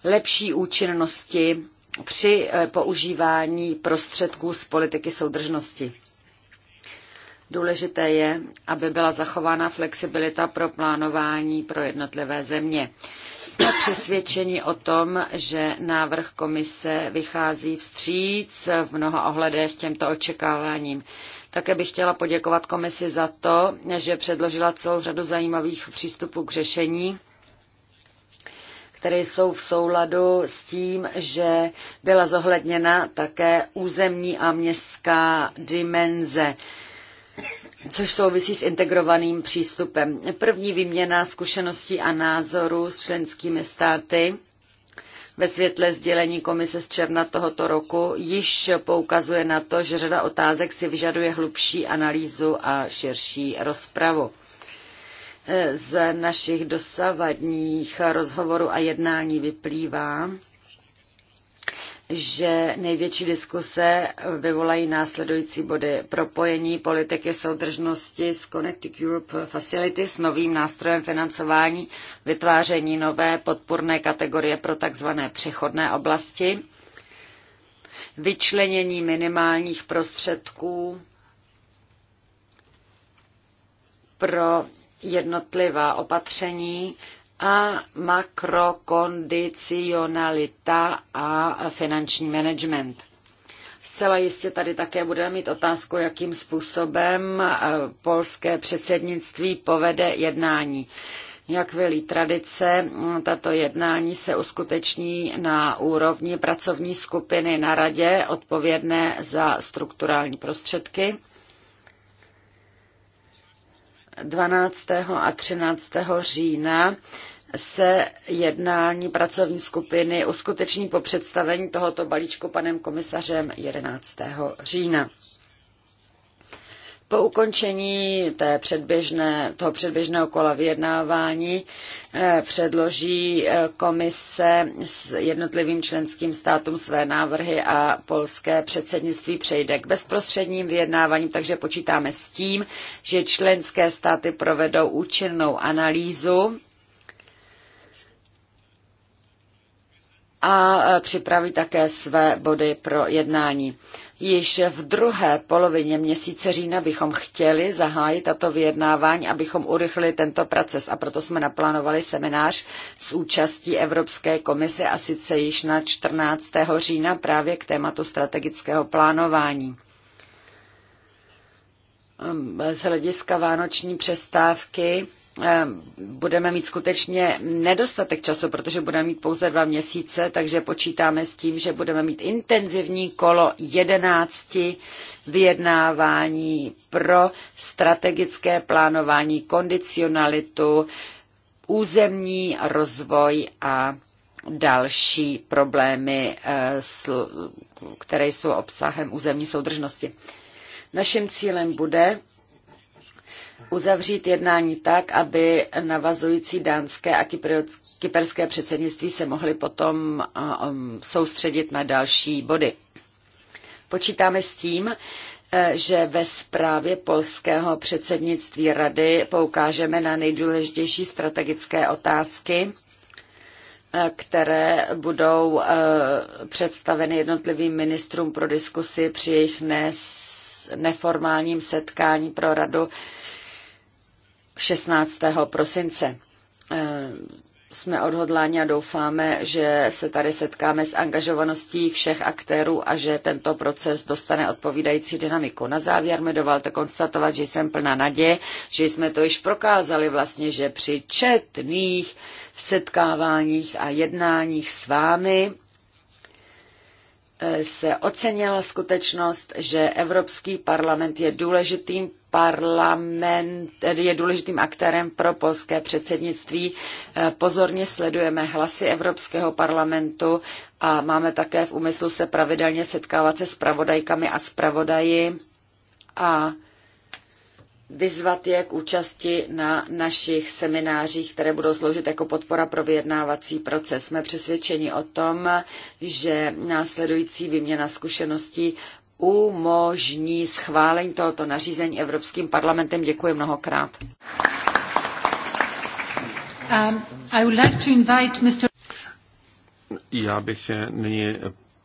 lepší účinnosti při eh, používání prostředků z politiky soudržnosti. Důležité je, aby byla zachována flexibilita pro plánování pro jednotlivé země. Jsme přesvědčeni o tom, že návrh komise vychází vstříc v mnoha ohledech těmto očekáváním. Také bych chtěla poděkovat komisi za to, že předložila celou řadu zajímavých přístupů k řešení které jsou v souladu s tím, že byla zohledněna také územní a městská dimenze což souvisí s integrovaným přístupem. První výměna zkušeností a názorů s členskými státy ve světle sdělení komise z června tohoto roku již poukazuje na to, že řada otázek si vyžaduje hlubší analýzu a širší rozpravu. Z našich dosavadních rozhovorů a jednání vyplývá, že největší diskuse vyvolají následující body propojení politiky soudržnosti s Connecting Europe Facility s novým nástrojem financování, vytváření nové podpůrné kategorie pro tzv. přechodné oblasti, vyčlenění minimálních prostředků pro jednotlivá opatření, a makrokondicionalita a finanční management. Zcela jistě tady také budeme mít otázku, jakým způsobem eh, polské předsednictví povede jednání. Jak velí tradice, mm, tato jednání se uskuteční na úrovni pracovní skupiny na radě odpovědné za strukturální prostředky 12. a 13. října se jednání pracovní skupiny uskuteční po představení tohoto balíčku panem komisařem 11. října. Po ukončení té předběžné, toho předběžného kola vyjednávání eh, předloží eh, komise s jednotlivým členským státům své návrhy a polské předsednictví přejde k bezprostředním vyjednáváním, takže počítáme s tím, že členské státy provedou účinnou analýzu a připraví také své body pro jednání. Již v druhé polovině měsíce října bychom chtěli zahájit tato vyjednávání, abychom urychlili tento proces a proto jsme naplánovali seminář s účastí Evropské komise a sice již na 14. října právě k tématu strategického plánování. Z hlediska vánoční přestávky Ehm, budeme mít skutečně nedostatek času, protože budeme mít pouze dva měsíce, takže počítáme s tím, že budeme mít intenzivní kolo jedenácti vyjednávání pro strategické plánování, kondicionalitu, územní rozvoj a další problémy, eh, které jsou obsahem územní soudržnosti. Naším cílem bude uzavřít jednání tak, aby navazující dánské a kyperské předsednictví se mohly potom um, soustředit na další body. Počítáme s tím, e, že ve zprávě polského předsednictví rady poukážeme na nejdůležitější strategické otázky, e, které budou e, představeny jednotlivým ministrům pro diskusi při jejich neformálním setkání pro radu 16. prosince eh, jsme odhodláni a doufáme, že se tady setkáme s angažovaností všech aktérů a že tento proces dostane odpovídající dynamiku. Na závěr mi dovolte konstatovat, že jsem plná naděje, že jsme to již prokázali vlastně, že při četných setkáváních a jednáních s vámi eh, se ocenila skutečnost, že Evropský parlament je důležitým parlament je důležitým aktérem pro polské předsednictví. Eh, pozorně sledujeme hlasy Evropského parlamentu a máme také v úmyslu se pravidelně setkávat se spravodajkami a zpravodaji a vyzvat je k účasti na našich seminářích, které budou sloužit jako podpora pro vyjednávací proces. Jsme přesvědčeni o tom, že následující výměna zkušeností umožní schválení tohoto nařízení Evropským parlamentem. Děkuji mnohokrát. Um, I would like to invite Mr. Já bych nyní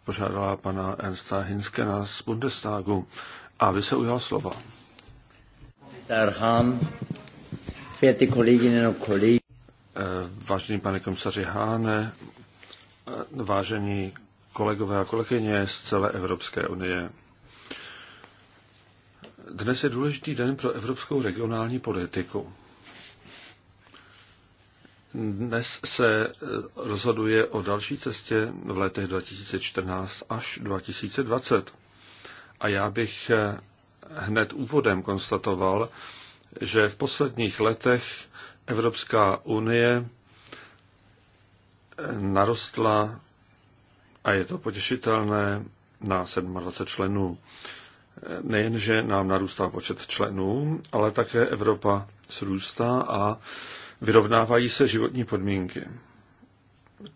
požádala pana Ernsta Hinskena z Bundestagu, aby se ujal slova. Eh, vážený pane komisaři Háne, eh, vážení kolegové a kolegyně z celé Evropské unie. Dnes je důležitý den pro evropskou regionální politiku. Dnes se eh, rozhoduje o další cestě v letech 2014 až 2020. A já bych eh, hned úvodem konstatoval, že v posledních letech Evropská unie eh, narostla, a je to potěšitelné, na 27 členů nejenže nám narůstá počet členů, ale také Evropa zrůstá a vyrovnávají se životní podmínky.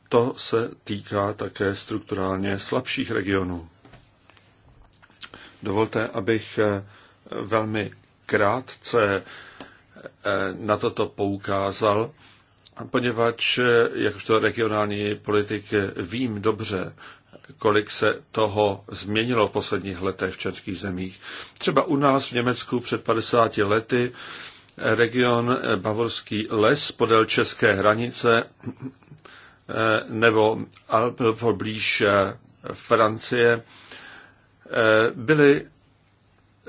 To se týká také strukturálně slabších regionů. Dovolte, abych eh, velmi krátce eh, na toto poukázal, poněvadž eh, jakožto regionální politik vím dobře, kolik se toho změnilo v posledních letech v českých zemích. Třeba u nás v Německu před 50 lety region Bavorský les podél české hranice eh, nebo poblíž eh, Francie eh, byly,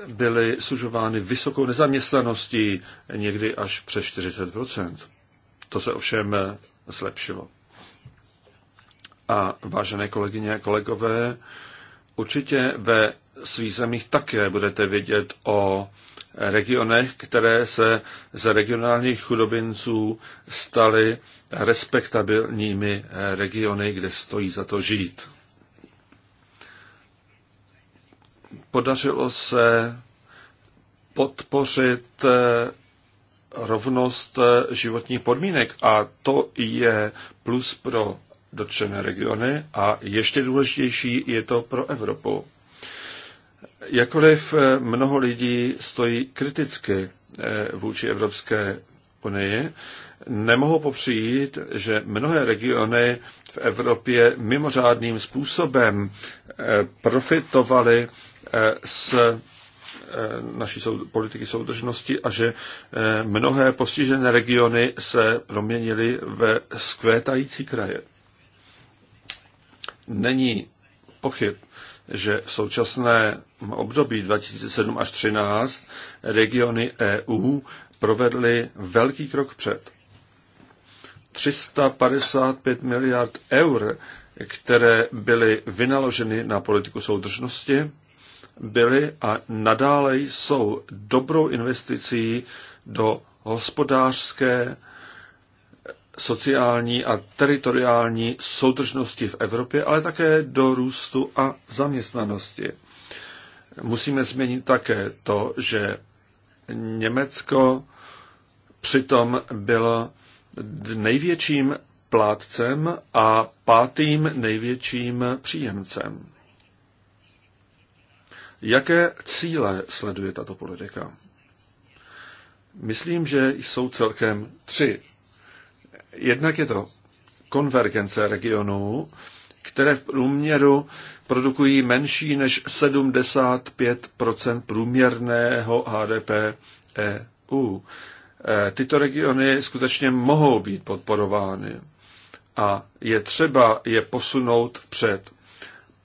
byly sužovány vysokou nezaměstnaností, někdy až přes 40 To se ovšem zlepšilo. A vážené kolegyně a kolegové, určitě ve svých zemích také budete vědět o regionech, které se z regionálních chudobinců staly respektabilními regiony, kde stojí za to žít. Podařilo se podpořit rovnost životních podmínek a to je plus pro dotčené regiony a ještě důležitější je to pro Evropu. Jakoliv eh, mnoho lidí stojí kriticky eh, vůči Evropské unii, nemohu popřít, že mnohé regiony v Evropě mimořádným způsobem eh, profitovaly z naší politiky soudržnosti a že mnohé postižené regiony se proměnily ve skvétající kraje není pochyb, že v současné období 2007 až 2013 regiony EU provedly velký krok před. 355 miliard eur, které byly vynaloženy na politiku soudržnosti, byly a nadále jsou dobrou investicí do hospodářské, sociální a teritoriální soudržnosti v Evropě, ale také do růstu a zaměstnanosti. Musíme změnit také to, že Německo přitom bylo největším plátcem a pátým největším příjemcem. Jaké cíle sleduje tato politika? Myslím, že jsou celkem tři Jednak je to konvergence regionů, které v průměru produkují menší než 75 průměrného HDP EU. E, tyto regiony skutečně mohou být podporovány a je třeba je posunout vpřed.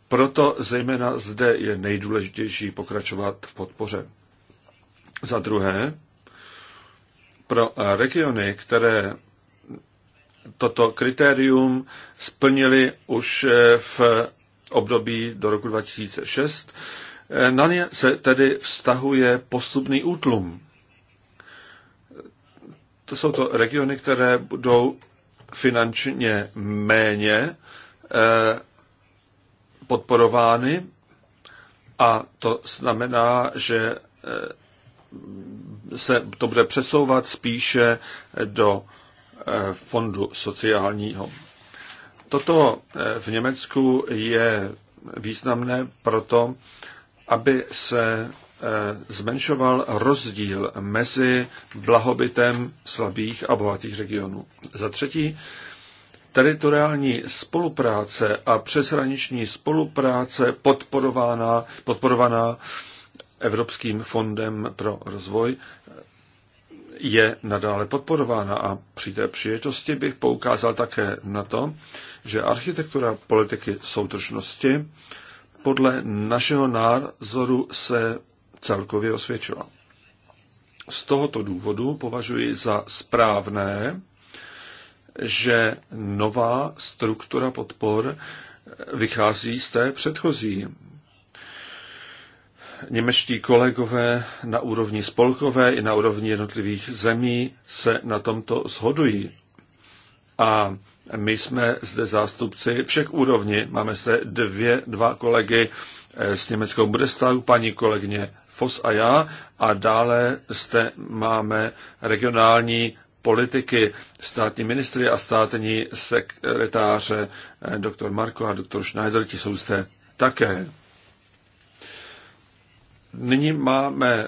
Proto zejména zde je nejdůležitější pokračovat v podpoře. Za druhé, pro regiony, které toto kritérium splnili už eh, v období do roku 2006. Eh, na ně se tedy vztahuje postupný útlum. To jsou to regiony, které budou finančně méně eh, podporovány a to znamená, že se to bude přesouvat spíše do fondu sociálního. Toto eh, v Německu je významné proto, aby se eh, zmenšoval rozdíl mezi blahobytem slabých a bohatých regionů. Za třetí, teritoriální spolupráce a přeshraniční spolupráce podporovaná, podporovaná Evropským fondem pro rozvoj je nadále podporována a při té příležitosti bych poukázal také na to, že architektura politiky soudržnosti podle našeho názoru se celkově osvědčila. Z tohoto důvodu považuji za správné, že nová struktura podpor vychází z té předchozí němečtí kolegové na úrovni spolkové i na úrovni jednotlivých zemí se na tomto shodují. A my jsme zde zástupci všech úrovni. Máme zde dvě, dva kolegy eh, z německého Bundestagu, paní kolegyně FOS a já, a dále zde máme regionální politiky, státní ministry a státní sekretáře, eh, doktor Marko a doktor Schneider, ti jsou zde také nyní máme,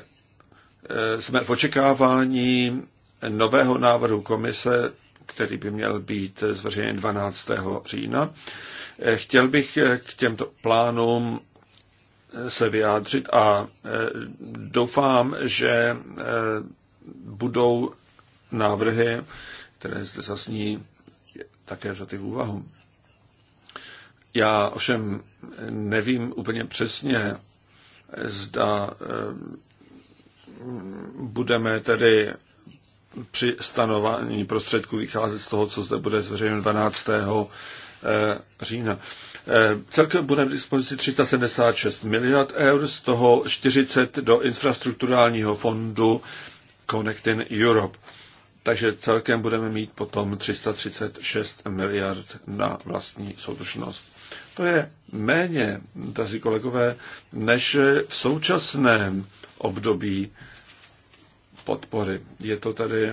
eh, jsme v očekávání nového návrhu komise, který by měl být zveřejněn 12. října. Eh, chtěl bych eh, k těmto plánům se vyjádřit a doufám, že budou návrhy, které zde zasní také za ty úvahu. Já ovšem nevím úplně přesně, zda eh, budeme tedy při stanování prostředků vycházet z toho, co zde bude zveřejněno 12. Eh, října. Eh, celkem budeme v dispozici 376 miliard eur, z toho 40 do infrastrukturálního fondu Connecting Europe. Takže celkem budeme mít potom 336 miliard na vlastní soudržnost. To je méně, tazí kolegové, než v současném období podpory. Je to tady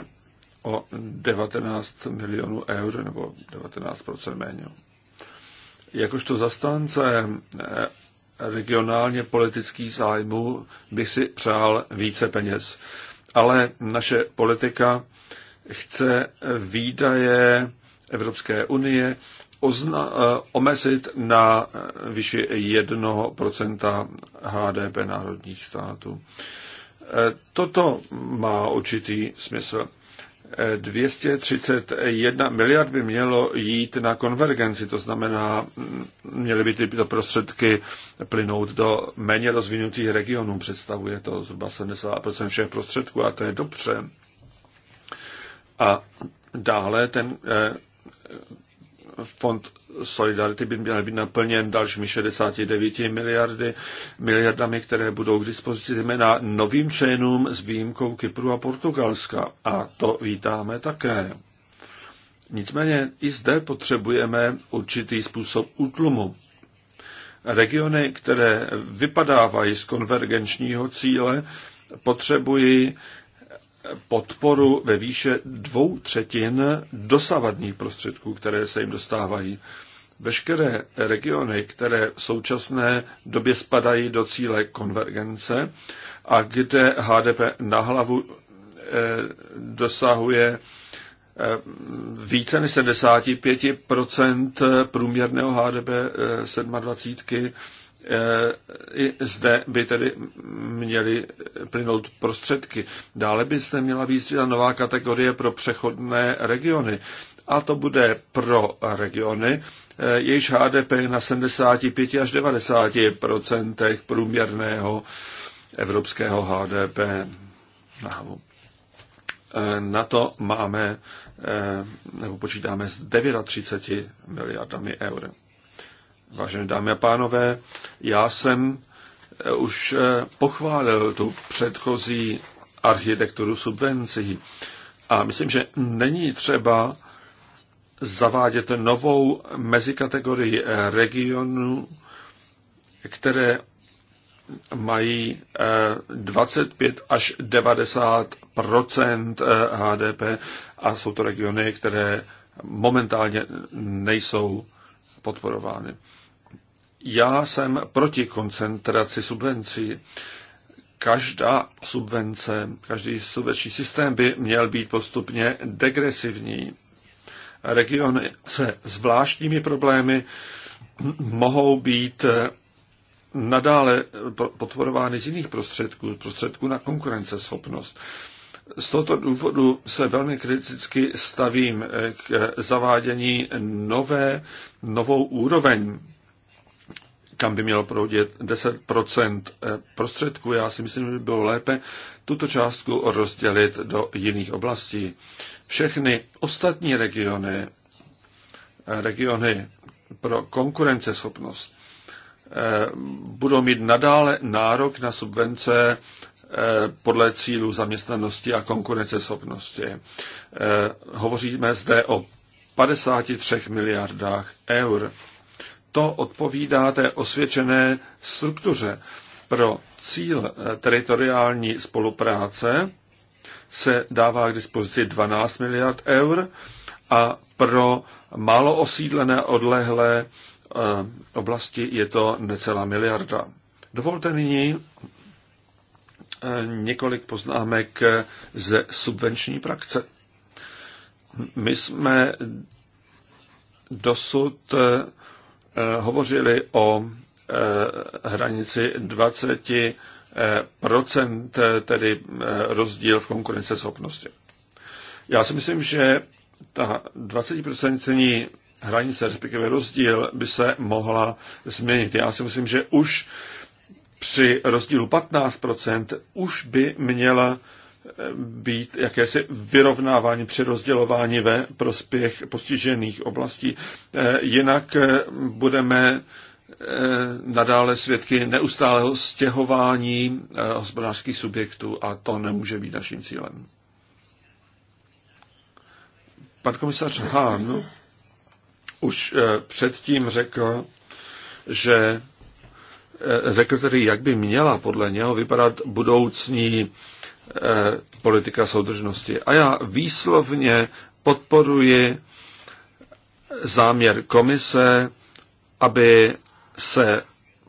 o 19 milionů eur nebo 19% méně. Jakožto zastánce eh, regionálně politických zájmů by si přál více peněz. Ale naše politika chce výdaje Evropské unie ozna, eh, omezit na eh, výši 1% HDP národních států. Eh, toto má určitý smysl. 231 miliard by mělo jít na konvergenci, to znamená, mm, měly by tyto prostředky plynout do méně rozvinutých regionů. Představuje to zhruba 70% všech prostředků a to je dobře. A dále ten fond Solidarity by měl být naplněn dalšími 69 miliardy, miliardami, které budou k dispozici zejména novým členům s výjimkou Kypru a Portugalska. A to vítáme také. Nicméně i zde potřebujeme určitý způsob útlumu. Regiony, které vypadávají z konvergenčního cíle, potřebují podporu ve výše dvou třetin dosavadních prostředků, které se jim dostávají. Veškeré regiony, které v současné době spadají do cíle konvergence a kde HDP na hlavu eh, dosahuje eh, více než 75 průměrného HDP 27 eh, Eh, i zde by tedy měly plynout prostředky. Dále by se měla být nová kategorie pro přechodné regiony. A to bude pro regiony, eh, jejíž HDP je na 75 až 90 průměrného evropského HDP. Eh, na to máme, nebo počítáme s 39 miliardami eur. Vážené dámy a pánové, já jsem eh, už eh, pochválil tu předchozí architekturu subvencí a myslím, že není třeba zavádět novou mezikategorii regionů, které mají 25 eh, až 90 HDP a jsou to regiony, které momentálně nejsou podporovány. Já jsem proti koncentraci subvencí. Každá subvence, každý subvenční systém by měl být postupně degresivní. Regiony se zvláštními problémy mohou být nadále podporovány z jiných prostředků, prostředků na konkurenceschopnost. Z tohoto důvodu se velmi kriticky stavím k zavádění nové, novou úroveň kam by mělo proudit 10 eh, prostředků. Já si myslím, že by bylo lépe tuto částku rozdělit do jiných oblastí. Všechny ostatní regiony, eh, regiony pro konkurenceschopnost, eh, budou mít nadále nárok na subvence podle cílu zaměstnanosti a konkurenceschopnosti. Hovoříme zde o 53 miliardách eur to odpovídá té osvědčené struktuře. Pro cíl eh, teritoriální spolupráce se dává k dispozici 12 miliard eur a pro málo osídlené odlehlé eh, oblasti je to necelá miliarda. Dovolte nyní eh, několik poznámek ze subvenční praxe. My jsme dosud Eh, hovořili o eh, hranici 20 eh, procent, tedy rozdíl v konkurenceschopnosti. Já si myslím, že ta 20% hranice, respektive rozdíl, by se mohla změnit. Já si myslím, že už při rozdílu 15% už by měla být jakési vyrovnávání, přerozdělování ve prospěch postižených oblastí. Eh, jinak eh, budeme eh, nadále svědky neustálého stěhování hospodářských subjektů a to nemůže být naším cílem. Pan komisař Hahn už předtím řekl, že řekl tedy, jak by měla podle něho vypadat budoucní Eh, politika soudržnosti. A já výslovně podporuji záměr komise, aby se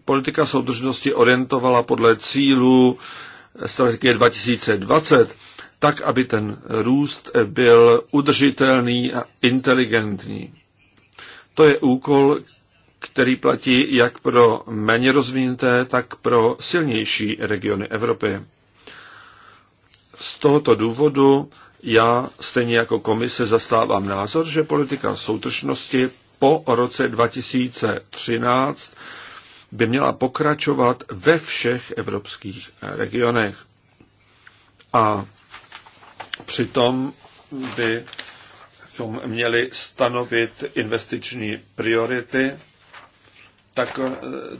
politika soudržnosti orientovala podle cílů strategie 2020, tak, aby ten růst byl udržitelný a inteligentní. To je úkol, který platí jak pro méně rozvinuté, tak pro silnější regiony Evropy. Z tohoto důvodu já stejně jako komise zastávám názor, že politika soutržnosti po roce 2013 by měla pokračovat ve všech evropských regionech. A přitom by měli stanovit investiční priority, tak,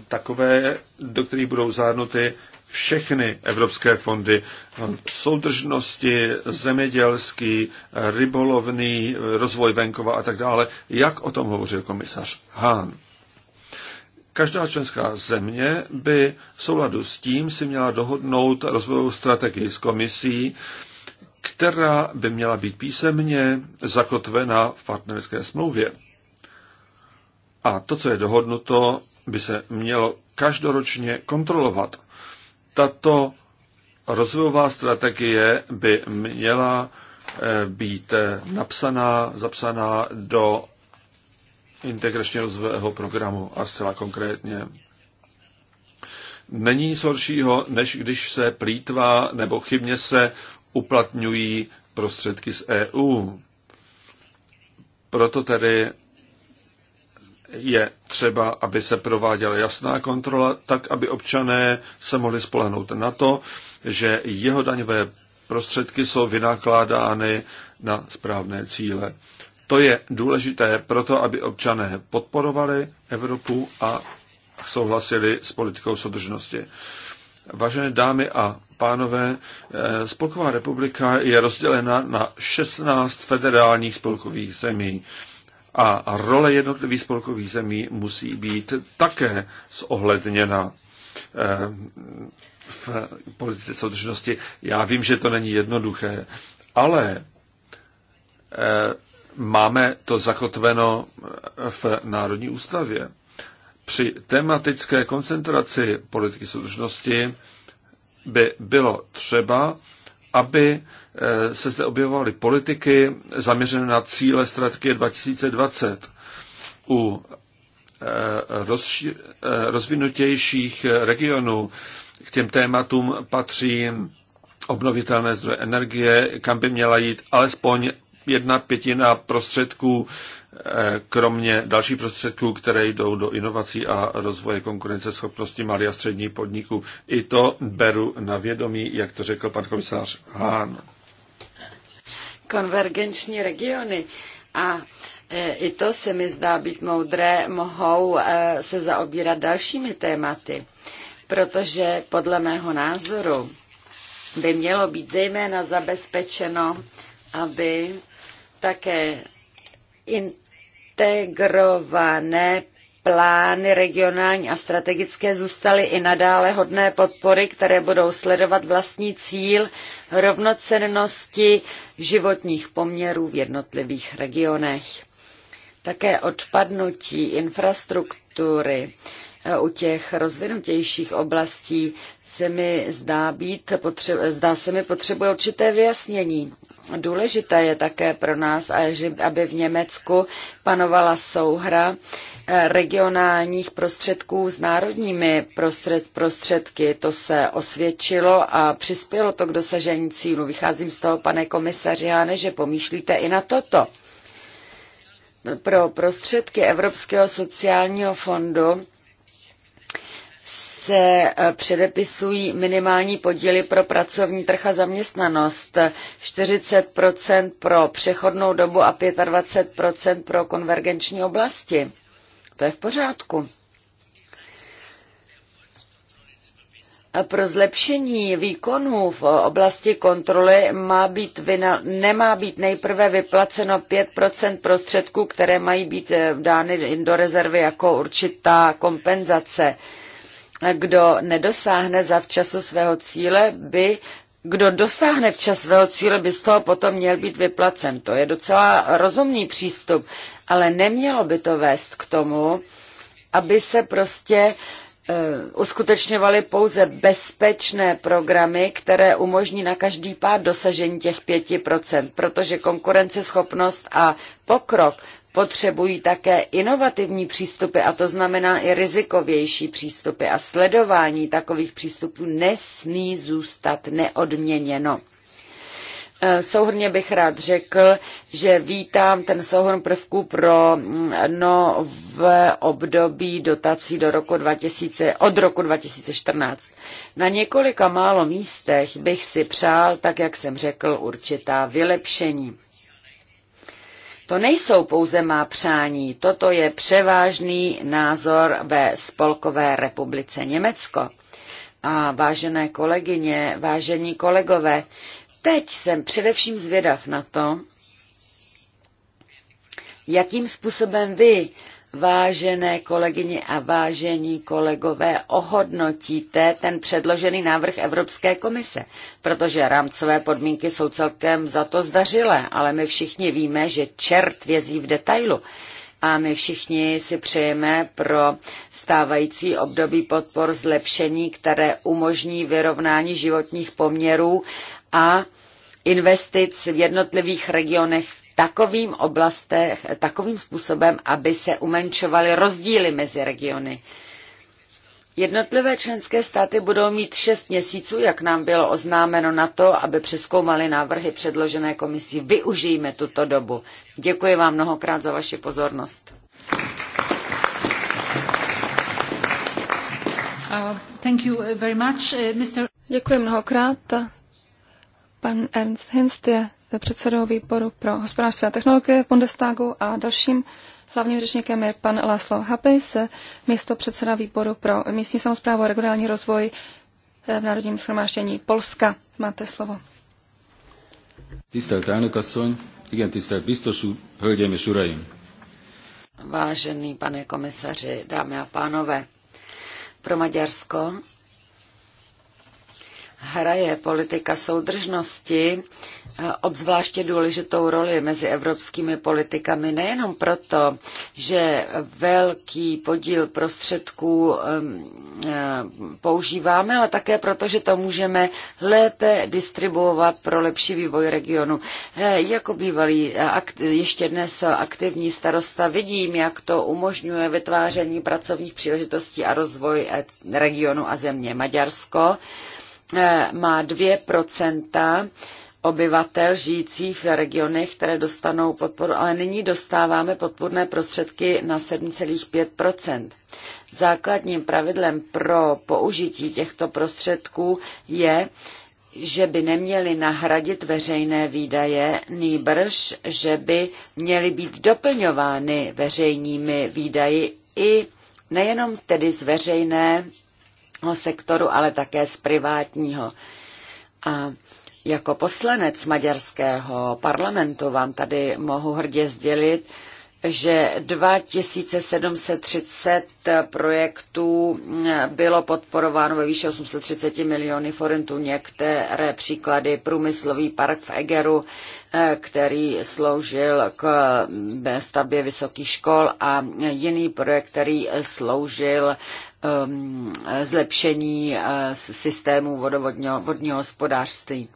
takové, do kterých budou zahrnuty všechny evropské fondy soudržnosti, zemědělský, rybolovný, rozvoj venkova a tak dále, jak o tom hovořil komisař Hahn. Každá členská země by v souladu s tím si měla dohodnout rozvojovou strategii s komisí, která by měla být písemně zakotvena v partnerské smlouvě. A to, co je dohodnuto, by se mělo každoročně kontrolovat tato rozvojová strategie by měla eh, být eh, napsaná, zapsaná do integračního rozvojového programu a zcela konkrétně. Není nic horšího, než když se plítvá nebo chybně se uplatňují prostředky z EU. Proto tedy je třeba, aby se prováděla jasná kontrola, tak aby občané se mohli spolehnout na to, že jeho daňové prostředky jsou vynakládány na správné cíle. To je důležité proto, aby občané podporovali Evropu a souhlasili s politikou soudržnosti. Vážené dámy a pánové, eh, Spolková republika je rozdělena na 16 federálních spolkových zemí a role jednotlivých spolkových zemí musí být také zohledněna eh, v politice soudržnosti. Já vím, že to není jednoduché, ale eh, máme to zakotveno eh, v Národní ústavě. Při tematické koncentraci politiky soudržnosti by bylo třeba aby eh, se zde objevovaly politiky zaměřené na cíle strategie 2020. U eh, eh, rozvinutějších regionů k těm tématům patří obnovitelné zdroje energie, kam by měla jít alespoň jedna pětina prostředků kromě dalších prostředků, které jdou do inovací a rozvoje konkurenceschopnosti malých a středních podniků. I to beru na vědomí, jak to řekl pan komisář Hán. Konvergenční regiony a e, i to se mi zdá být moudré, mohou e, se zaobírat dalšími tématy, protože podle mého názoru by mělo být zejména zabezpečeno, aby také in, integrované plány regionální a strategické zůstaly i nadále hodné podpory, které budou sledovat vlastní cíl rovnocennosti životních poměrů v jednotlivých regionech. Také odpadnutí infrastruktury u těch rozvinutějších oblastí se mi zdá, být, potře- zdá se mi potřebuje určité vyjasnění. Důležité je také pro nás, aby v Německu panovala souhra eh, regionálních prostředků s národními prostřed, prostředky. To se osvědčilo a přispělo to k dosažení cílu. Vycházím z toho, pane komisaři Háne, že pomýšlíte i na toto. Pro prostředky Evropského sociálního fondu se eh, předepisují minimální podíly pro pracovní trh a zaměstnanost, 40 pro přechodnou dobu a 25 pro konvergenční oblasti. To je v pořádku. A pro zlepšení výkonů v oblasti kontroly má být nemá být nejprve vyplaceno 5 prostředků, které mají být eh, dány do rezervy jako určitá kompenzace kdo nedosáhne za včasu svého cíle, by kdo dosáhne včas svého cíle, by z toho potom měl být vyplacen. To je docela rozumný přístup, ale nemělo by to vést k tomu, aby se prostě e, uskutečňovaly pouze bezpečné programy, které umožní na každý pád dosažení těch 5%, protože konkurenceschopnost a pokrok potřebují také inovativní přístupy a to znamená i rizikovější přístupy a sledování takových přístupů nesmí zůstat neodměněno. E, souhrně bych rád řekl, že vítám ten souhrn prvků pro mm, no v období dotací do roku 2000, od roku 2014. Na několika málo místech bych si přál, tak jak jsem řekl, určitá vylepšení. To nejsou pouze má přání, toto je převážný názor ve Spolkové republice Německo. A vážené kolegyně, vážení kolegové, teď jsem především zvědav na to, jakým způsobem vy vážené kolegyně a vážení kolegové, ohodnotíte ten předložený návrh Evropské komise, protože rámcové podmínky jsou celkem za to zdařilé, ale my všichni víme, že čert vězí v detailu. A my všichni si přejeme pro stávající období podpor zlepšení, které umožní vyrovnání životních poměrů a investic v jednotlivých regionech takovým oblastech, takovým způsobem, aby se umenšovaly rozdíly mezi regiony. Jednotlivé členské státy budou mít šest měsíců, jak nám bylo oznámeno na to, aby přeskoumali návrhy předložené komisí. Využijme tuto dobu. Děkuji vám mnohokrát za vaši pozornost. Uh, uh, uh, Děkuji mnohokrát. Pan Ernst Hinst je předsedou výboru pro hospodářství a technologie v Bundestagu a dalším hlavním řečníkem je pan Laszlo Hapis, místo předseda výboru pro místní samozprávu a regionální rozvoj eh, v Národním shromáždění Polska. Máte slovo. Tisztelt elnökasszony, igen tisztelt biztos úr, hölgyeim és uraim! Vážený pane komisaři, dámy a pánové, pro Maďarsko hraje politika soudržnosti obzvláště důležitou roli mezi evropskými politikami, nejenom proto, že velký podíl prostředků um, eh, používáme, ale také proto, že to můžeme lépe distribuovat pro lepší vývoj regionu. Eh, jako bývalý eh, ještě dnes aktivní starosta vidím, jak to umožňuje vytváření pracovních příležitostí a rozvoj regionu a země. Maďarsko má 2 obyvatel žijících v regionech, které dostanou podporu, ale nyní dostáváme podpůrné prostředky na 7,5 Základním pravidlem pro použití těchto prostředků je, že by neměly nahradit veřejné výdaje, nýbrž, že by měly být doplňovány veřejnými výdaji i nejenom tedy z veřejného sektoru, ale také z privátního. A jako poslanec maďarského parlamentu vám tady mohu hrdě sdělit, že 2730 projektů mm, bylo podporováno ve výši 830 miliony forintů. Některé příklady průmyslový park v Egeru, eh, který sloužil k mm, stavbě vysokých škol a jiný projekt, který sloužil Um, zlepšení uh, systému vodovodního vodního hospodářství.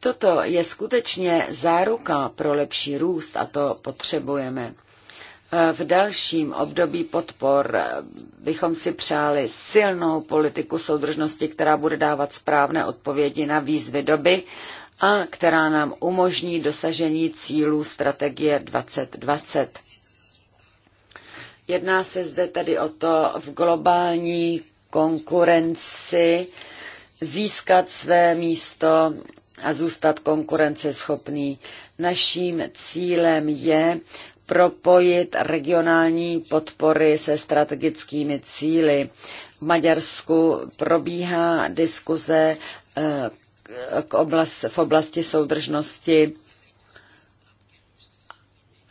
Toto je skutečně záruka pro lepší růst a to potřebujeme. Uh, v dalším období podpor uh, bychom si přáli silnou politiku soudržnosti, která bude dávat správné odpovědi na výzvy doby a která nám umožní dosažení cílů strategie 2020. Jedná se zde tedy o to v globální konkurenci získat své místo a zůstat konkurenceschopný. Naším cílem je propojit regionální podpory se strategickými cíly. V Maďarsku probíhá diskuze eh, k oblast, v oblasti soudržnosti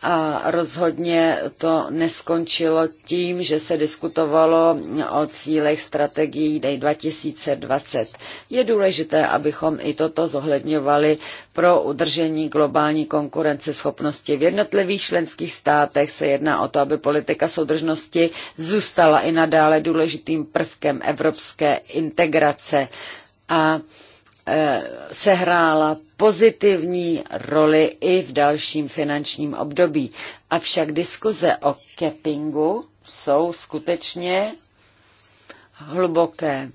a rozhodně to neskončilo tím, že se diskutovalo o cílech strategií DEJ 2020. Je důležité, abychom i toto zohledňovali pro udržení globální konkurenceschopnosti. V jednotlivých členských státech se jedná o to, aby politika soudržnosti zůstala i nadále důležitým prvkem evropské integrace. A Eh, sehrála pozitivní roli i v dalším finančním období. Avšak diskuze o cappingu jsou skutečně hluboké.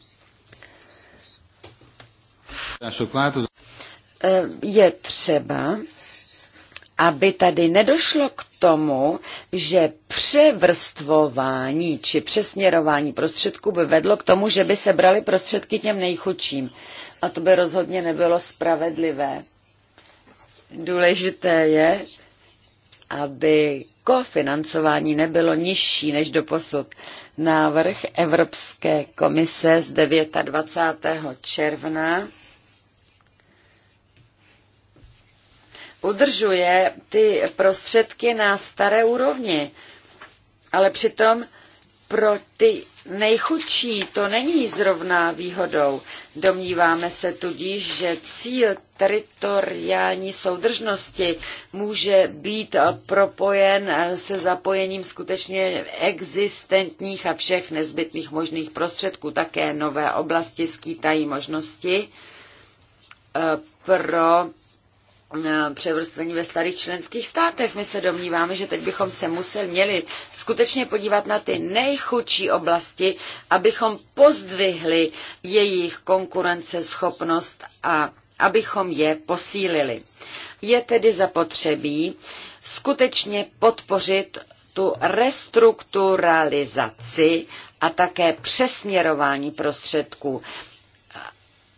Eh, je třeba, aby tady nedošlo k tomu, že převrstvování či přesměrování prostředků by vedlo k tomu, že by se brali prostředky těm nejchudším a to by rozhodně nebylo spravedlivé. Důležité je, aby kofinancování nebylo nižší než do posud Návrh Evropské komise z 29. června udržuje ty prostředky na staré úrovni, ale přitom pro ty nejchudší, to není zrovna výhodou. Domníváme se tudíž, že cíl teritoriální soudržnosti může být propojen se zapojením skutečně existentních a všech nezbytných možných prostředků. Také nové oblasti skýtají možnosti eh, pro převrstvení ve starých členských státech. My se domníváme, že teď bychom se museli měli skutečně podívat na ty nejchudší oblasti, abychom pozdvihli jejich konkurenceschopnost a abychom je posílili. Je tedy zapotřebí skutečně podpořit tu restrukturalizaci a také přesměrování prostředků.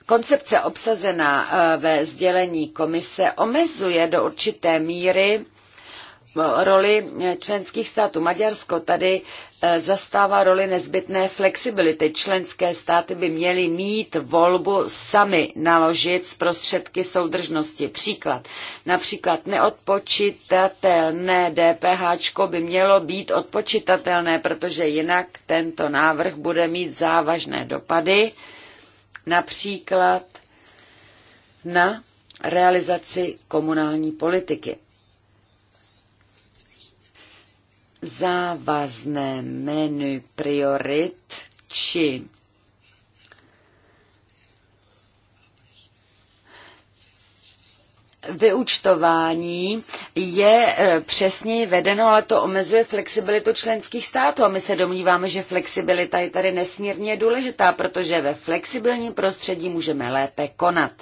Koncepce obsazená eh, ve sdělení komise omezuje do určité míry eh, roli členských států. Maďarsko tady eh, zastává roli nezbytné flexibility. Členské státy by měly mít volbu sami naložit z prostředky soudržnosti. Příklad. Například neodpočitatelné DPH by mělo být odpočitatelné, protože jinak tento návrh bude mít závažné dopady například na realizaci komunální politiky. Závazné menu priorit či vyučtování je e, přesněji vedeno, ale to omezuje flexibilitu členských států. A my se domníváme, že flexibilita je tady nesmírně důležitá, protože ve flexibilním prostředí můžeme lépe konat.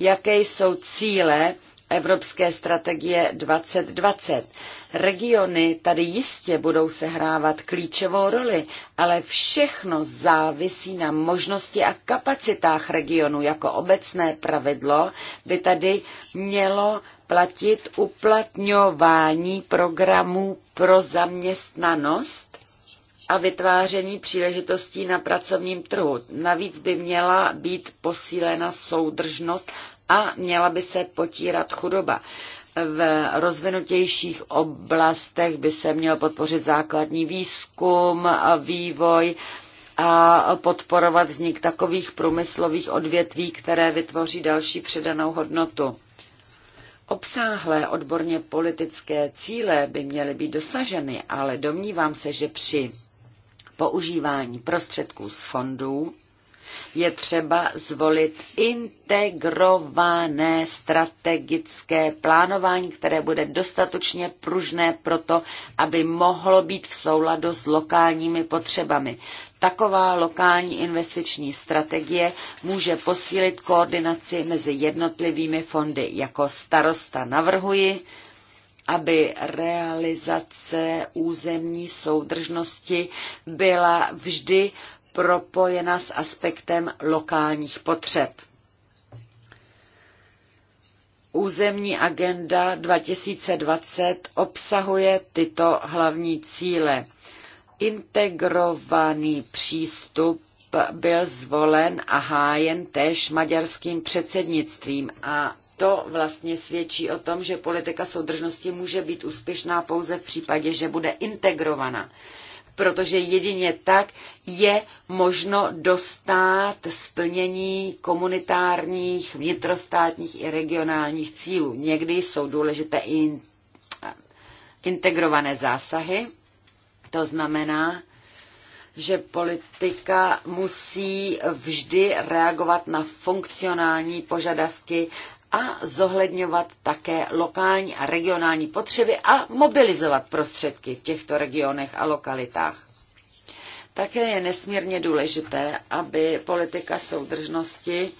Jaké jsou cíle Evropské strategie 2020? Regiony tady jistě budou sehrávat klíčovou roli, ale všechno závisí na možnosti a kapacitách regionu. Jako obecné pravidlo by tady mělo platit uplatňování programů pro zaměstnanost a vytváření příležitostí na pracovním trhu. Navíc by měla být posílena soudržnost a měla by se potírat chudoba v rozvinutějších oblastech by se měl podpořit základní výzkum a vývoj a podporovat vznik takových průmyslových odvětví, které vytvoří další přidanou hodnotu. Obsáhlé odborně politické cíle by měly být dosaženy, ale domnívám se, že při používání prostředků z fondů je třeba zvolit integrované strategické plánování, které bude dostatečně pružné proto, aby mohlo být v souladu s lokálními potřebami. Taková lokální investiční strategie může posílit koordinaci mezi jednotlivými fondy. Jako starosta navrhuji, aby realizace územní soudržnosti byla vždy propojena s aspektem lokálních potřeb. Územní agenda 2020 obsahuje tyto hlavní cíle. Integrovaný přístup byl zvolen a hájen též maďarským předsednictvím. A to vlastně svědčí o tom, že politika soudržnosti může být úspěšná pouze v případě, že bude integrovaná protože jedině tak je možno dostat splnění komunitárních, vnitrostátních i regionálních cílů. Někdy jsou důležité i integrované zásahy, to znamená, že politika musí vždy reagovat na funkcionální požadavky a zohledňovat také lokální a regionální potřeby a mobilizovat prostředky v těchto regionech a lokalitách. Také je nesmírně důležité, aby politika soudržnosti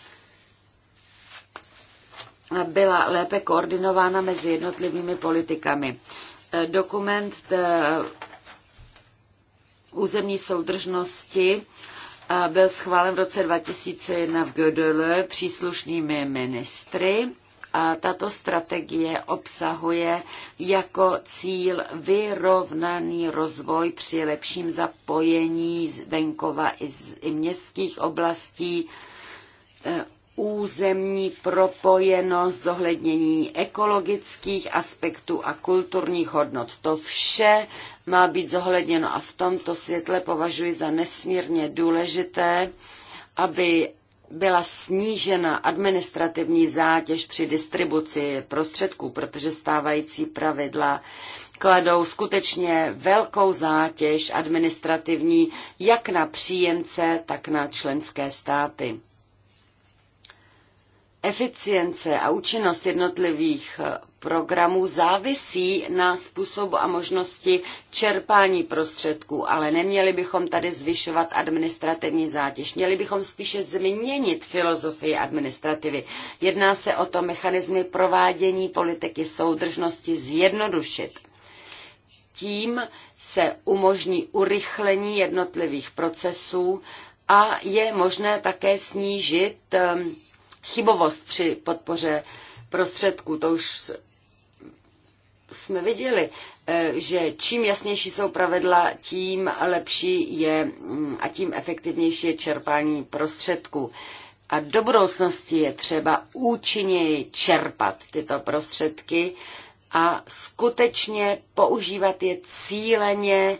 byla lépe koordinována mezi jednotlivými politikami. Eh, dokument eh, územní soudržnosti a byl schválen v roce 2001 v Gödele příslušnými ministry. A tato strategie obsahuje jako cíl vyrovnaný rozvoj při lepším zapojení venkova i, z, i městských oblastí územní propojenost, zohlednění ekologických aspektů a kulturních hodnot. To vše má být zohledněno a v tomto světle považuji za nesmírně důležité, aby byla snížena administrativní zátěž při distribuci prostředků, protože stávající pravidla kladou skutečně velkou zátěž administrativní jak na příjemce, tak na členské státy. Eficience a účinnost jednotlivých eh, programů závisí na způsobu a možnosti čerpání prostředků, ale neměli bychom tady zvyšovat administrativní zátěž. Měli bychom spíše změnit filozofii administrativy. Jedná se o to mechanizmy provádění politiky soudržnosti zjednodušit. Tím se umožní urychlení jednotlivých procesů a je možné také snížit ehm, chybovost při podpoře prostředků. To už jsme viděli, eh, že čím jasnější jsou pravidla, tím lepší je mm, a tím efektivnější je čerpání prostředků. A do budoucnosti je třeba účinněji čerpat tyto prostředky a skutečně používat je cíleně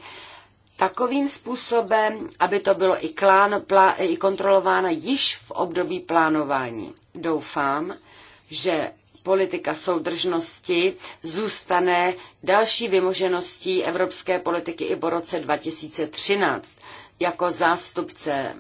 takovým způsobem, aby to bylo i, klán, plá, i kontrolováno již v období plánování. Doufám, že politika soudržnosti zůstane další vymožeností evropské politiky i po roce 2013. Jako zástupce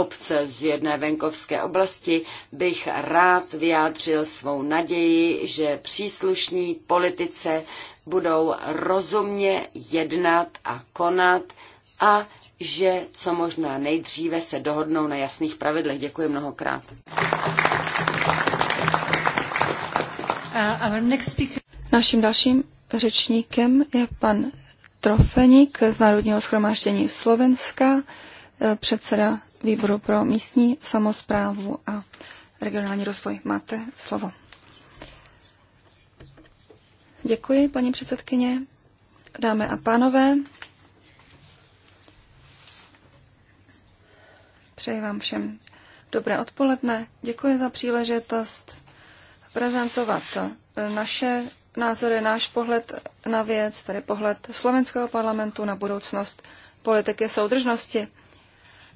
obce z jedné venkovské oblasti bych rád vyjádřil svou naději, že příslušní politice budou rozumně jednat a konat a že co možná nejdříve se dohodnou na jasných pravidlech. Děkuji mnohokrát. Uh, Naším dalším řečníkem je pan Trofeník z Národního schromáždění Slovenska, uh, předseda výboru pro místní samozprávu a regionální rozvoj. Máte slovo. Děkuji, paní předsedkyně. Dámy a pánové, přeji vám všem dobré odpoledne. Děkuji za příležitost prezentovat naše názory, náš pohled na věc, tedy pohled slovenského parlamentu na budoucnost politiky soudržnosti.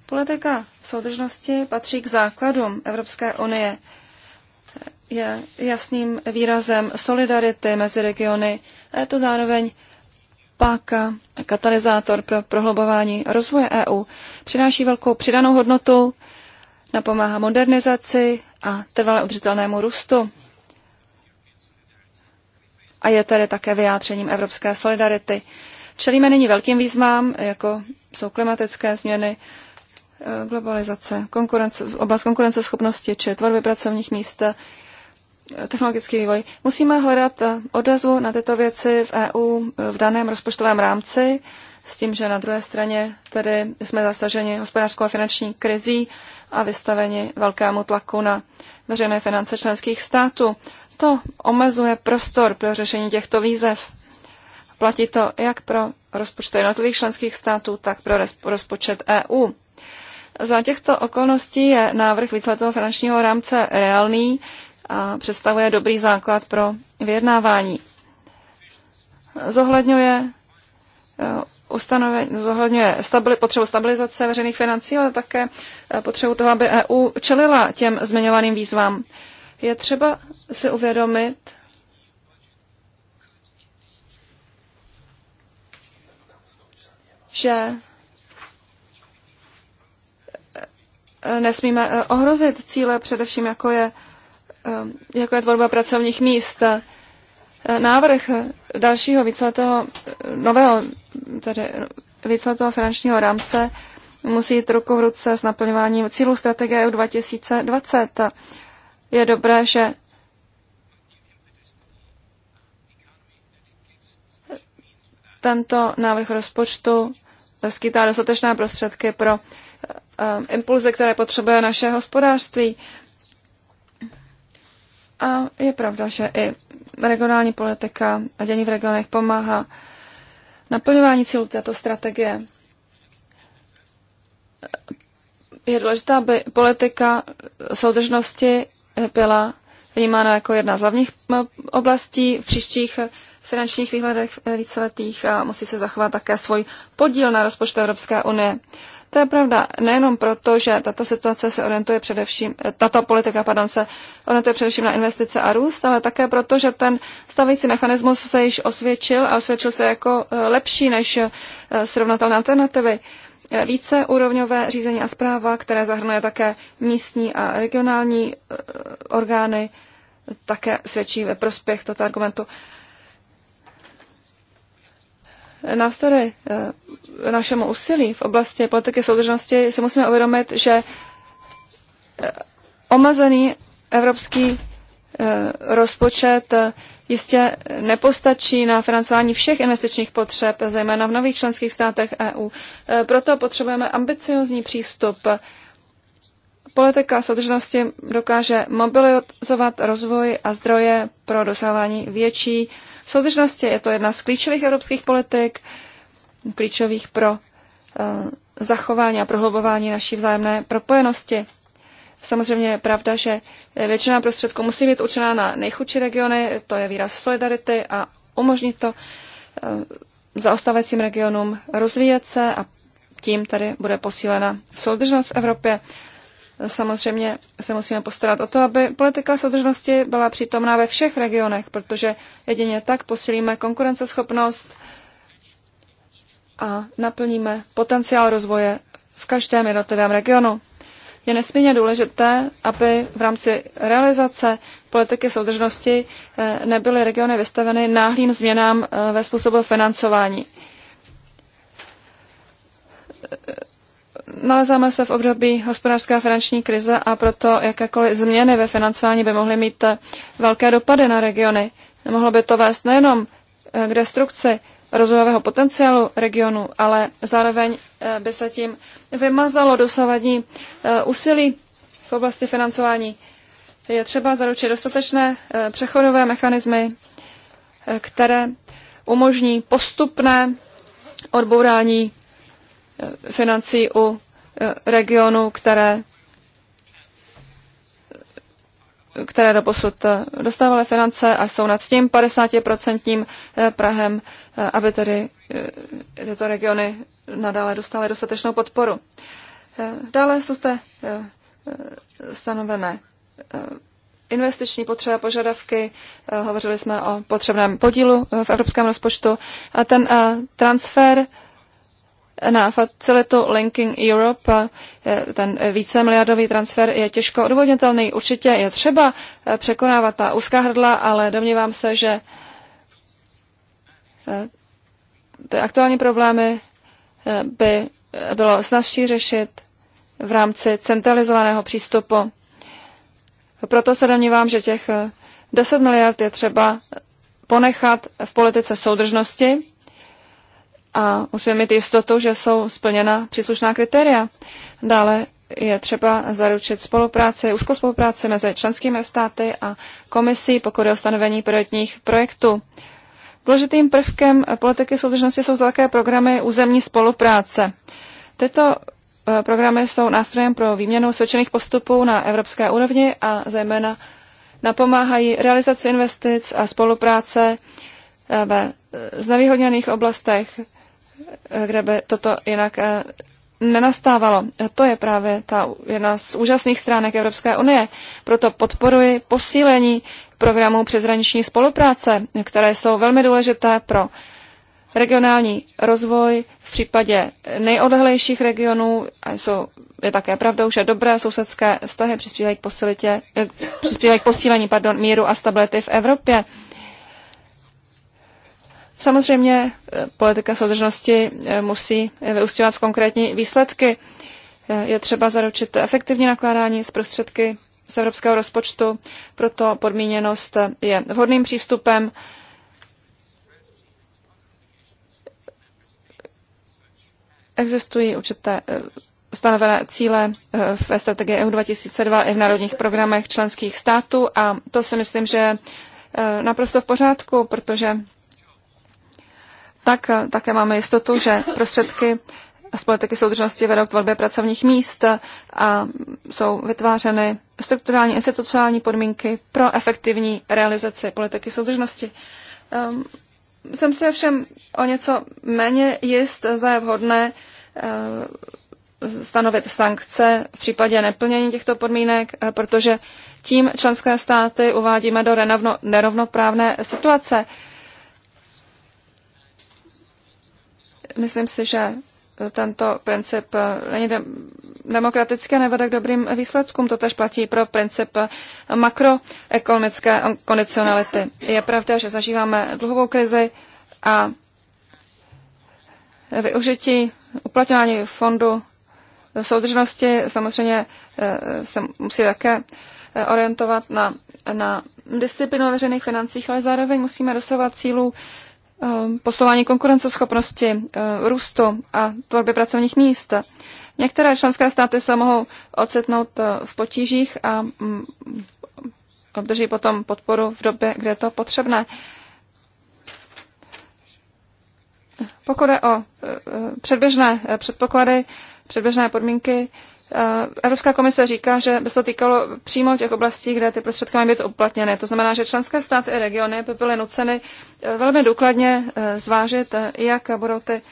Politika soudržnosti patří k základům Evropské unie je jasným výrazem solidarity mezi regiony a je to zároveň páka, katalyzátor pro prohlubování rozvoje EU. Přináší velkou přidanou hodnotu, napomáhá modernizaci a trvale udržitelnému růstu. A je tedy také vyjádřením evropské solidarity. Čelíme nyní velkým výzvám, jako jsou klimatické změny, eh, globalizace, konkurence, oblast konkurenceschopnosti či tvorby pracovních míst, technologický vývoj. Musíme hledat odezvu na tyto věci v EU v daném rozpočtovém rámci, s tím, že na druhé straně tedy jsme zasaženi hospodářskou a finanční krizí a vystaveni velkému tlaku na veřejné finance členských států. To omezuje prostor pro řešení těchto výzev. Platí to jak pro rozpočty jednotlivých členských států, tak pro rozpočet EU. Za těchto okolností je návrh víceletého finančního rámce reálný, a představuje dobrý základ pro vyjednávání. Zohledňuje eh, zohledňuje stabili, potřebu stabilizace veřejných financí, ale také eh, potřebu toho, aby EU čelila těm zmiňovaným výzvám. Je třeba si uvědomit, že eh, nesmíme ohrozit cíle, především jako je Eh, jako je tvorba pracovních míst. Eh, návrh dalšího víceletého eh, nového, tedy víceletého finančního rámce musí jít ruku v ruce s naplňováním cílů strategie EU 2020. Je dobré, že tento návrh rozpočtu skytá dostatečné prostředky pro impulzy, které potřebuje naše hospodářství. A je pravda, že i regionální politika a dění v regionech pomáhá naplňování cílů této strategie. Je důležité, aby politika soudržnosti byla vnímána jako jedna z hlavních oblastí v příštích finančních výhledech víceletých a musí se zachovat také svůj podíl na rozpočtu Evropské unie. To je pravda nejenom proto, že tato situace se orientuje především, eh, tato politika pardon, se orientuje především na investice a růst, ale také proto, že ten stavící mechanismus se již osvědčil a osvědčil se jako eh, lepší než eh, srovnatelné alternativy. Více úrovňové řízení a zpráva, které zahrnuje také místní a regionální orgány, také svědčí ve prospěch toto argumentu. Navzdory eh, našemu úsilí v oblasti politiky soudržnosti si musíme uvědomit, že eh, omazený evropský eh, rozpočet jistě nepostačí na financování všech investičních potřeb, zejména v nových členských státech EU. Proto potřebujeme ambiciozní přístup Politika soudržnosti dokáže mobilizovat rozvoj a zdroje pro dosávání větší soudržnosti. Je to jedna z klíčových evropských politik, klíčových pro eh, zachování a prohlubování naší vzájemné propojenosti. Samozřejmě je pravda, že většina prostředků musí být určená na nejchudší regiony, to je výraz solidarity a umožní to eh, zaostávajícím regionům rozvíjet se a tím tady bude posílena soudržnost v Evropě samozřejmě se musíme postarat o to, aby politika soudržnosti byla přítomná ve všech regionech, protože jedině tak posílíme konkurenceschopnost a naplníme potenciál rozvoje v každém jednotlivém regionu. Je nesmírně důležité, aby v rámci realizace politiky soudržnosti eh, nebyly regiony vystaveny náhlým změnám eh, ve způsobu financování Nalezáme se v období hospodářské a finanční krize a proto jakékoliv změny ve financování by mohly mít eh, velké dopady na regiony. Mohlo by to vést nejenom eh, k destrukci rozvojového potenciálu regionu, ale zároveň eh, by se tím vymazalo dosavadní úsilí v oblasti financování. Je třeba zaručit dostatečné přechodové mechanismy, které umožní postupné odbourání financí u eh, regionů, které, které doposud eh, dostávaly finance a jsou nad tím 50% eh, Prahem, aby tedy tyto regiony nadále dostaly dostatečnou podporu. Dále jsou zde stanovené investiční potřeba požadavky, hovořili jsme o potřebném podílu v evropském rozpočtu a ten transfer na facilitu Linking Europe eh, ten více miliardový transfer je těžko odvodnitelný. Určitě je třeba eh, překonávat ta úzká hrdla, ale domnívám se, že eh, ty aktuální problémy by bylo snažší řešit v rámci centralizovaného přístupu. Proto se domnívám, že těch 10 miliard je třeba ponechat v politice soudržnosti a musíme mít jistotu, že jsou splněna příslušná kritéria. Dále je třeba zaručit spolupráci, úzkou spolupráci mezi členskými státy a komisí, pokud je o stanovení prioritních projektů. Důležitým prvkem politiky soudržnosti jsou také programy územní spolupráce. Tyto eh, programy jsou nástrojem pro výměnu svědčených postupů na evropské úrovni a zejména napomáhají realizaci investic a spolupráce eh, ve eh, znevýhodněných oblastech kde by toto jinak eh, nenastávalo. To je právě ta jedna z úžasných stránek Evropské unie. Proto podporuji posílení programů přeshraniční spolupráce, které jsou velmi důležité pro regionální rozvoj v případě nejodlehlejších regionů. A jsou, je také pravdou, že dobré sousedské vztahy přispívají k, posilitě, eh, přispívají k posílení pardon, míru a stability v Evropě. Samozřejmě eh, politika soudržnosti eh, musí eh, vyústěvat v konkrétní výsledky. Je třeba zaručit efektivní nakládání s prostředky z evropského rozpočtu, proto podmíněnost je vhodným přístupem. Existují určité stanovené cíle ve strategii EU 2002 i v národních programech členských států a to si myslím, že naprosto v pořádku, protože tak eh, také máme jistotu, že prostředky z politiky soudržnosti vedou k tvorbě pracovních míst a jsou vytvářeny strukturální institucionální podmínky pro efektivní realizaci politiky soudržnosti. Um, ehm, jsem si všem o něco méně jist, zda je vhodné uh, stanovit sankce v případě neplnění těchto podmínek, uh, protože tím členské státy uvádíme do nerovnoprávné situace. Uh, Myslím si, že tento princip není de- nevede k dobrým výsledkům. To tež platí pro princip makroekonomické kondicionality. Je pravda, že zažíváme dluhovou krizi a využití uplatňování fondu soudržnosti samozřejmě eh, se musí také eh, orientovat na, na disciplinu veřejných financích, ale zároveň musíme dosahovat cílů Ehm, posilování konkurenceschopnosti, ehm, růstu a tvorby pracovních míst. Některé členské státy se mohou ocitnout eh, v potížích a mm, obdrží potom podporu v době, kde je to potřebné. Pokud je o eh, eh, předběžné předpoklady, předběžné podmínky, Eh, Evropská komise říká, že by se to týkalo přímo těch oblastí, kde ty prostředky mají být uplatněny. To znamená, že členské státy a regiony by byly nuceny eh, velmi důkladně eh, zvážit, jak budou ty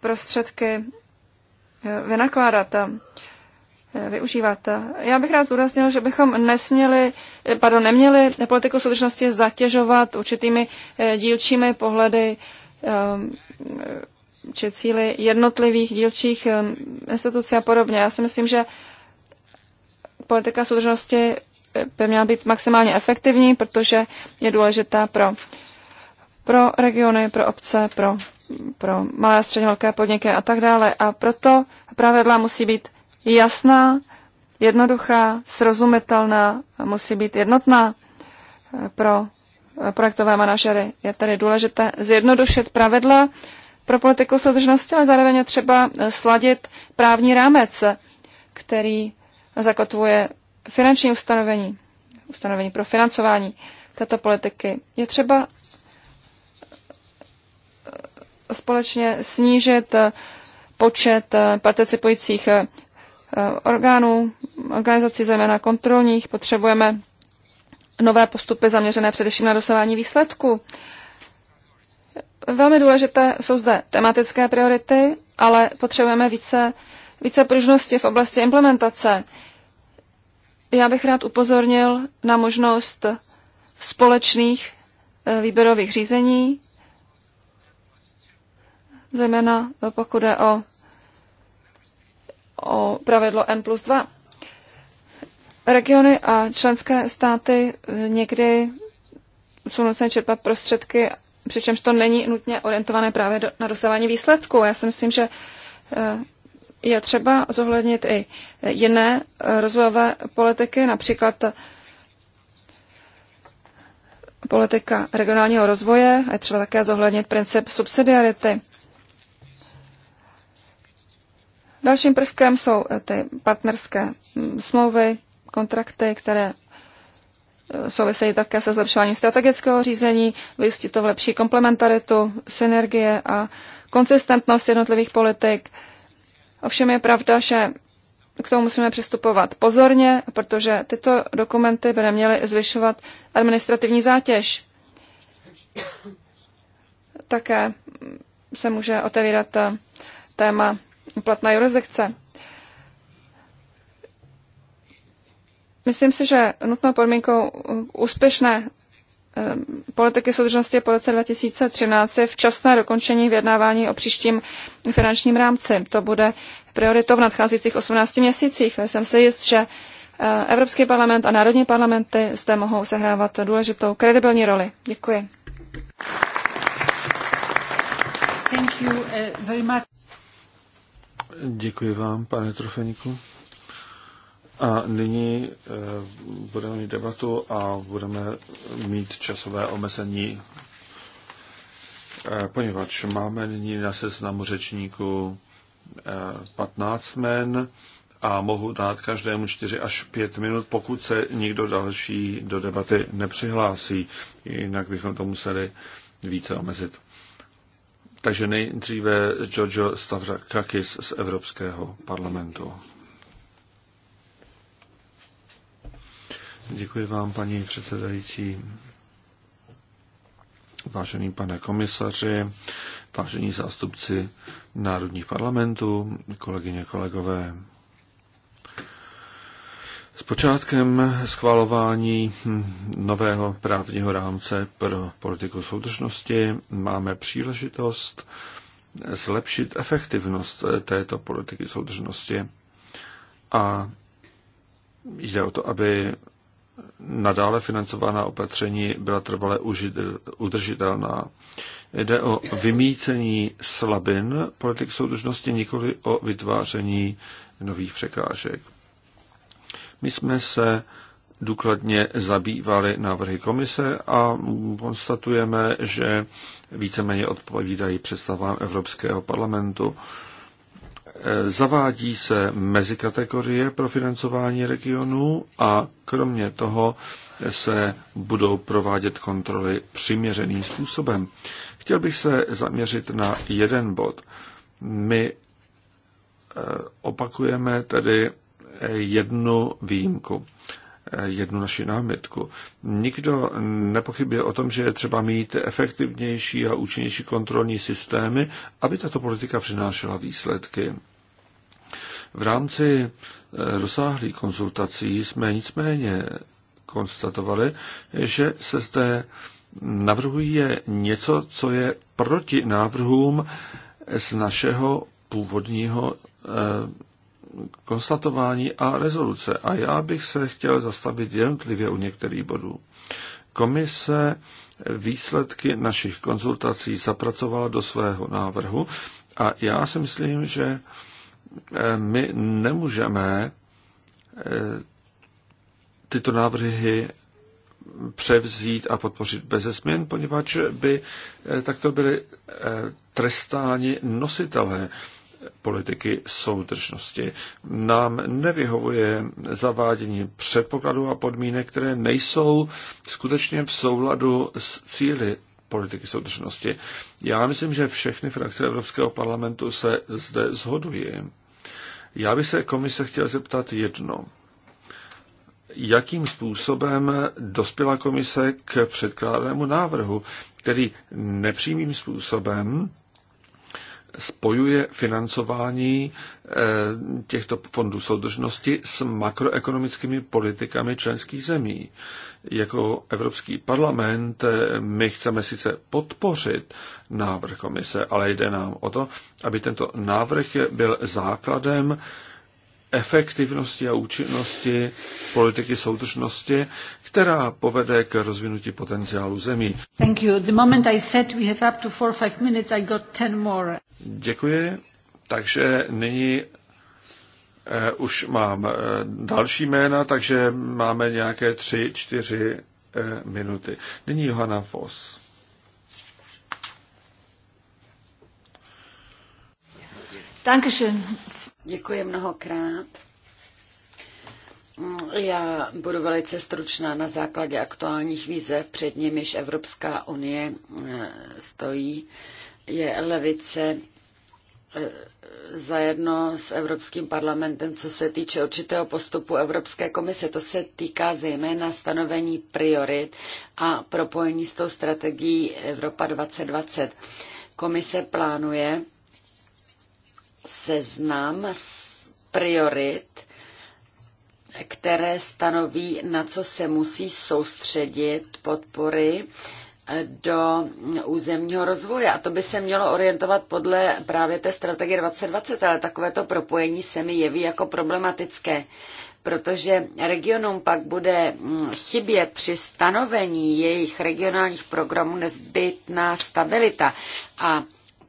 prostředky vynakládat využívat. Já bych rád zdůraznil, že bychom nesměli, pardon, neměli politiku soudržnosti zatěžovat určitými dílčími pohledy či cíly jednotlivých dílčích institucí a podobně. Já si myslím, že politika soudržnosti eh, by měla být maximálně efektivní, protože je důležitá pro, pro regiony, pro obce, pro, pro malé a středně velké podniky a tak dále. A proto pravidla musí být jasná, jednoduchá, srozumitelná, musí být jednotná eh, pro eh, projektové manažery. Je tedy důležité zjednodušit pravidla, pro politiku soudržnosti, ale zároveň je třeba eh, sladit právní rámec, který zakotvuje finanční ustanovení, ustanovení pro financování této politiky. Je třeba eh, společně snížit eh, počet participujících orgánů, organizací, zejména kontrolních. Potřebujeme nové postupy zaměřené především na dosování výsledků. Velmi důležité jsou zde tematické priority, ale potřebujeme více, více pružnosti v oblasti implementace. Já bych rád upozornil na možnost společných eh, výběrových řízení, zejména eh, pokud je o, o pravidlo N plus 2. Regiony a členské státy eh, někdy jsou nuceny čerpat prostředky přičemž to není nutně orientované právě do, na dosávání výsledků. Já si myslím, že eh, je třeba zohlednit i jiné eh, rozvojové politiky, například eh, politika regionálního rozvoje a je třeba také zohlednit princip subsidiarity. Dalším prvkem jsou ty partnerské hm, smlouvy, kontrakty, které souvisejí také se zlepšováním strategického řízení, vyjistit to v lepší komplementaritu, synergie a konsistentnost jednotlivých politik. Ovšem je pravda, že k tomu musíme přistupovat pozorně, protože tyto dokumenty by neměly zvyšovat administrativní zátěž. Také se může otevírat eh, téma platná jurisdikce. Myslím si, že nutnou podmínkou um, úspěšné um, politiky soudržnosti po roce 2013 je včasné dokončení vyjednávání o příštím finančním rámci. To bude prioritou v nadcházících 18 měsících. Jsem si jist, že uh, Evropský parlament a národní parlamenty zde mohou sehrávat důležitou kredibilní roli. Děkuji. Thank you uh, very much. Děkuji vám, pane Trofeniku. A nyní eh, budeme mít debatu a budeme mít časové omezení, eh, poněvadž máme nyní na seznamu e, 15 eh, men a mohu dát každému 4 až 5 minut, pokud se nikdo další do debaty nepřihlásí. Jinak bychom to museli více omezit. Takže nejdříve Giorgio Stavrakakis z Evropského parlamentu. Děkuji vám, paní předsedající. Vážený pane komisaři, vážení zástupci národních parlamentů, kolegyně, kolegové. S počátkem schvalování nového právního rámce pro politiku soudržnosti máme příležitost zlepšit efektivnost této politiky soudržnosti a jde o to, aby nadále financovaná opatření byla trvale udržitelná. Jde o vymícení slabin politik soudržnosti, nikoli o vytváření nových překážek. My jsme se důkladně zabývali návrhy komise a konstatujeme, že víceméně odpovídají představám Evropského parlamentu. Zavádí se mezikategorie pro financování regionů a kromě toho se budou provádět kontroly přiměřeným způsobem. Chtěl bych se zaměřit na jeden bod. My eh, opakujeme tedy eh, jednu výjimku, eh, jednu naši námitku. Nikdo nepochybuje o tom, že je třeba mít efektivnější a účinnější kontrolní systémy, aby tato politika přinášela výsledky. V rámci eh, rozsáhlých konzultací jsme nicméně konstatovali, že se zde navrhuje něco, co je proti návrhům z našeho původního eh, konstatování a rezoluce. A já bych se chtěl zastavit jednotlivě u některých bodů. Komise výsledky našich konzultací zapracovala do svého návrhu a já si myslím, že Eh, my nemůžeme eh, tyto návrhy převzít a podpořit bez změn, poněvadž by eh, takto byly trestáni nositelé politiky soudržnosti. Nám nevyhovuje zavádění předpokladů a podmínek, které nejsou skutečně v souladu s cíly politiky soudržnosti. Já myslím, že všechny frakce Evropského parlamentu se zde zhodují. Já bych se komise chtěl zeptat jedno. Jakým způsobem dospěla komise k předkládanému návrhu, který nepřímým způsobem spojuje financování eh, těchto fondů soudržnosti s makroekonomickými politikami členských zemí. Jako Evropský parlament eh, my chceme sice podpořit návrh komise, ale jde nám o to, aby tento návrh byl základem efektivnosti a účinnosti politiky soudržnosti, která povede k rozvinutí potenciálu zemí. Děkuji. Takže nyní eh, už mám eh, další jména, takže máme nějaké tři, čtyři eh, minuty. Nyní Johanna Foss. Dankeschön, Děkuji mnohokrát. Já budu velice stručná na základě aktuálních výzev, před nimiž Evropská unie eh, stojí. Je levice eh, zajedno s Evropským parlamentem, co se týče určitého postupu Evropské komise. To se týká zejména stanovení priorit a propojení s tou strategií Evropa 2020. Komise plánuje seznam priorit, které stanoví, na co se musí soustředit podpory eh, do územního rozvoje. A to by se mělo orientovat podle právě té strategie 2020, ale takovéto propojení se mi jeví jako problematické, protože regionům pak bude mm, chybět při stanovení jejich regionálních programů nezbytná stabilita. A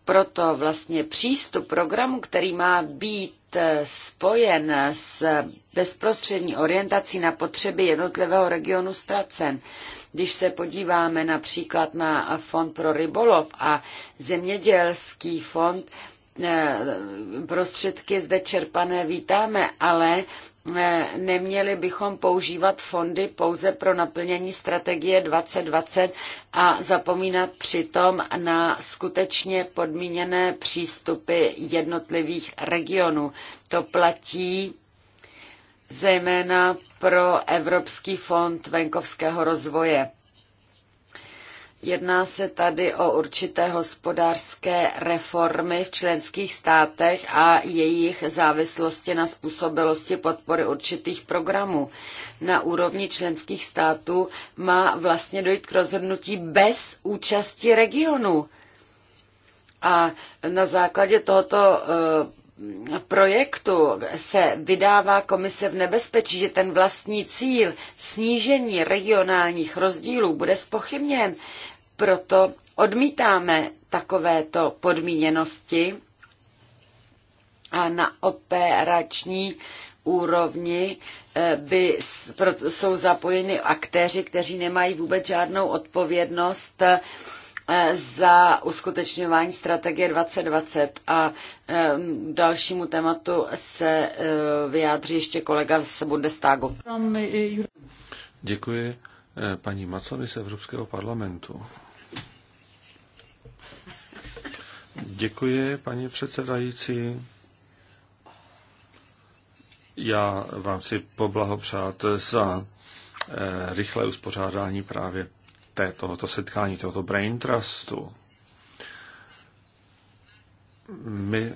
proto vlastně přístup programu, který má být eh, spojen s bezprostřední orientací na potřeby jednotlivého regionu ztracen. Když se podíváme například na Fond pro rybolov a Zemědělský fond, eh, prostředky zde čerpané vítáme, ale neměli bychom používat fondy pouze pro naplnění strategie 2020 a zapomínat přitom na skutečně podmíněné přístupy jednotlivých regionů. To platí zejména pro Evropský fond venkovského rozvoje. Jedná se tady o určité hospodářské reformy v členských státech a jejich závislosti na způsobilosti podpory určitých programů. Na úrovni členských států má vlastně dojít k rozhodnutí bez účasti regionu. A na základě tohoto eh, projektu se vydává komise v nebezpečí, že ten vlastní cíl snížení regionálních rozdílů bude spochybněn. Proto odmítáme takovéto podmíněnosti a na operační úrovni eh, by jsou zapojeni aktéři, kteří nemají vůbec žádnou odpovědnost eh, E, za uskutečňování strategie 2020 a e, dalšímu tématu se e, vyjádří ještě kolega z Bundestagu. Děkuji paní Maclovi z Evropského parlamentu. Děkuji, paní předsedající. Já vám chci poblahopřát za rychlé uspořádání právě té, tohoto setkání, tohoto Brain Trustu, my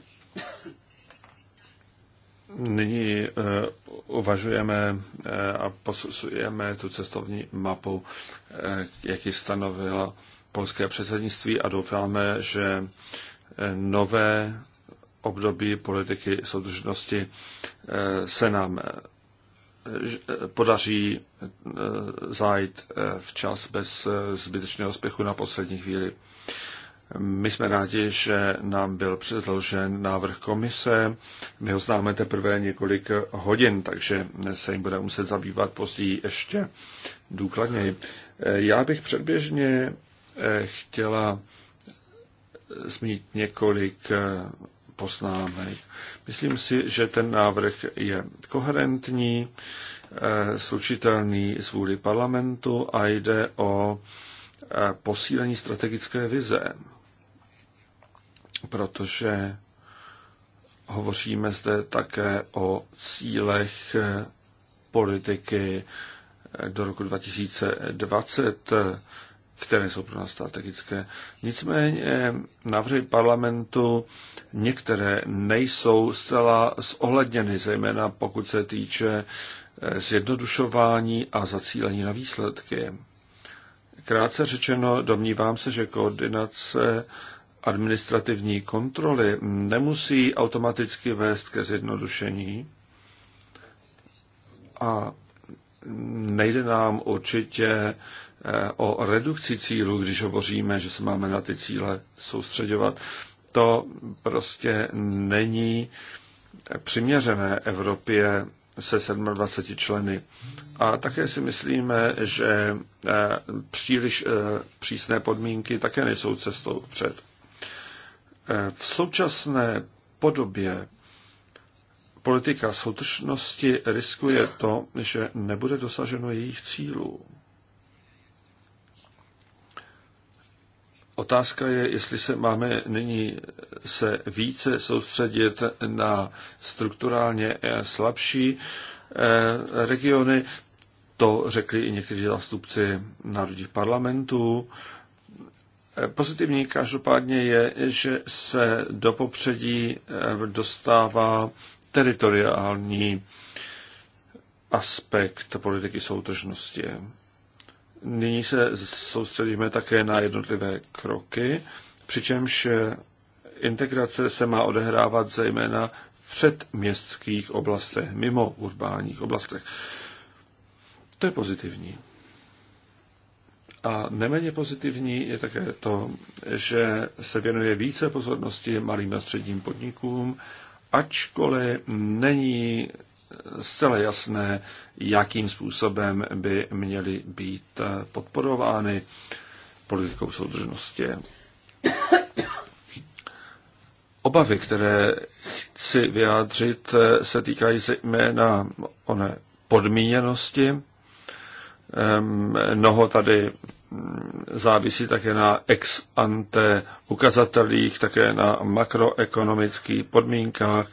nyní eh, uvažujeme eh, a posuzujeme tu cestovní mapu, uh, eh, jaký stanovilo polské předsednictví a doufáme, že nové období politiky soudržnosti se nám Eh, podaří eh, zajít eh, včas bez zbytečného spěchu na poslední chvíli. My jsme rádi, že nám byl předložen návrh komise. My ho známe teprve několik hodin, takže se jim bude muset zabývat později ještě důkladněji. Já bych předběžně chtěla zmínit několik poznáme. Myslím si, že ten návrh je koherentní, eh, slučitelný s vůli parlamentu a jde o eh, posílení strategické vize, protože hovoříme zde také o cílech eh, politiky do roku 2020 které jsou pro nás strategické. Nicméně návrhy parlamentu některé nejsou zcela zohledněny, zejména pokud se týče eh, zjednodušování a zacílení na výsledky. Krátce řečeno, domnívám se, že koordinace administrativní kontroly nemusí automaticky vést ke zjednodušení a nejde nám určitě Eh, o redukci cílu, když hovoříme, že se máme na ty cíle soustředovat, to prostě není přiměřené Evropě se 27 členy. A také si myslíme, že eh, příliš eh, přísné podmínky také nejsou cestou před. V současné podobě politika soudržnosti riskuje to, že nebude dosaženo jejich cílů. Otázka je, jestli se máme nyní se více soustředit na strukturálně slabší eh, regiony. To řekli i někteří zástupci národních parlamentů. Eh, pozitivní každopádně je, že se do popředí eh, dostává teritoriální aspekt politiky soudržnosti. Nyní se soustředíme také na jednotlivé kroky, přičemž integrace se má odehrávat zejména v předměstských oblastech, mimo urbánních oblastech. To je pozitivní. A neméně pozitivní je také to, že se věnuje více pozornosti malým a středním podnikům, ačkoliv není zcela jasné, jakým způsobem by měly být eh, podporovány politikou soudržnosti. Obavy, které chci vyjádřit, eh, se týkají zejména oné podmíněnosti. Ehm, mnoho tady mm, závisí také na ex ante ukazatelích, také na makroekonomických podmínkách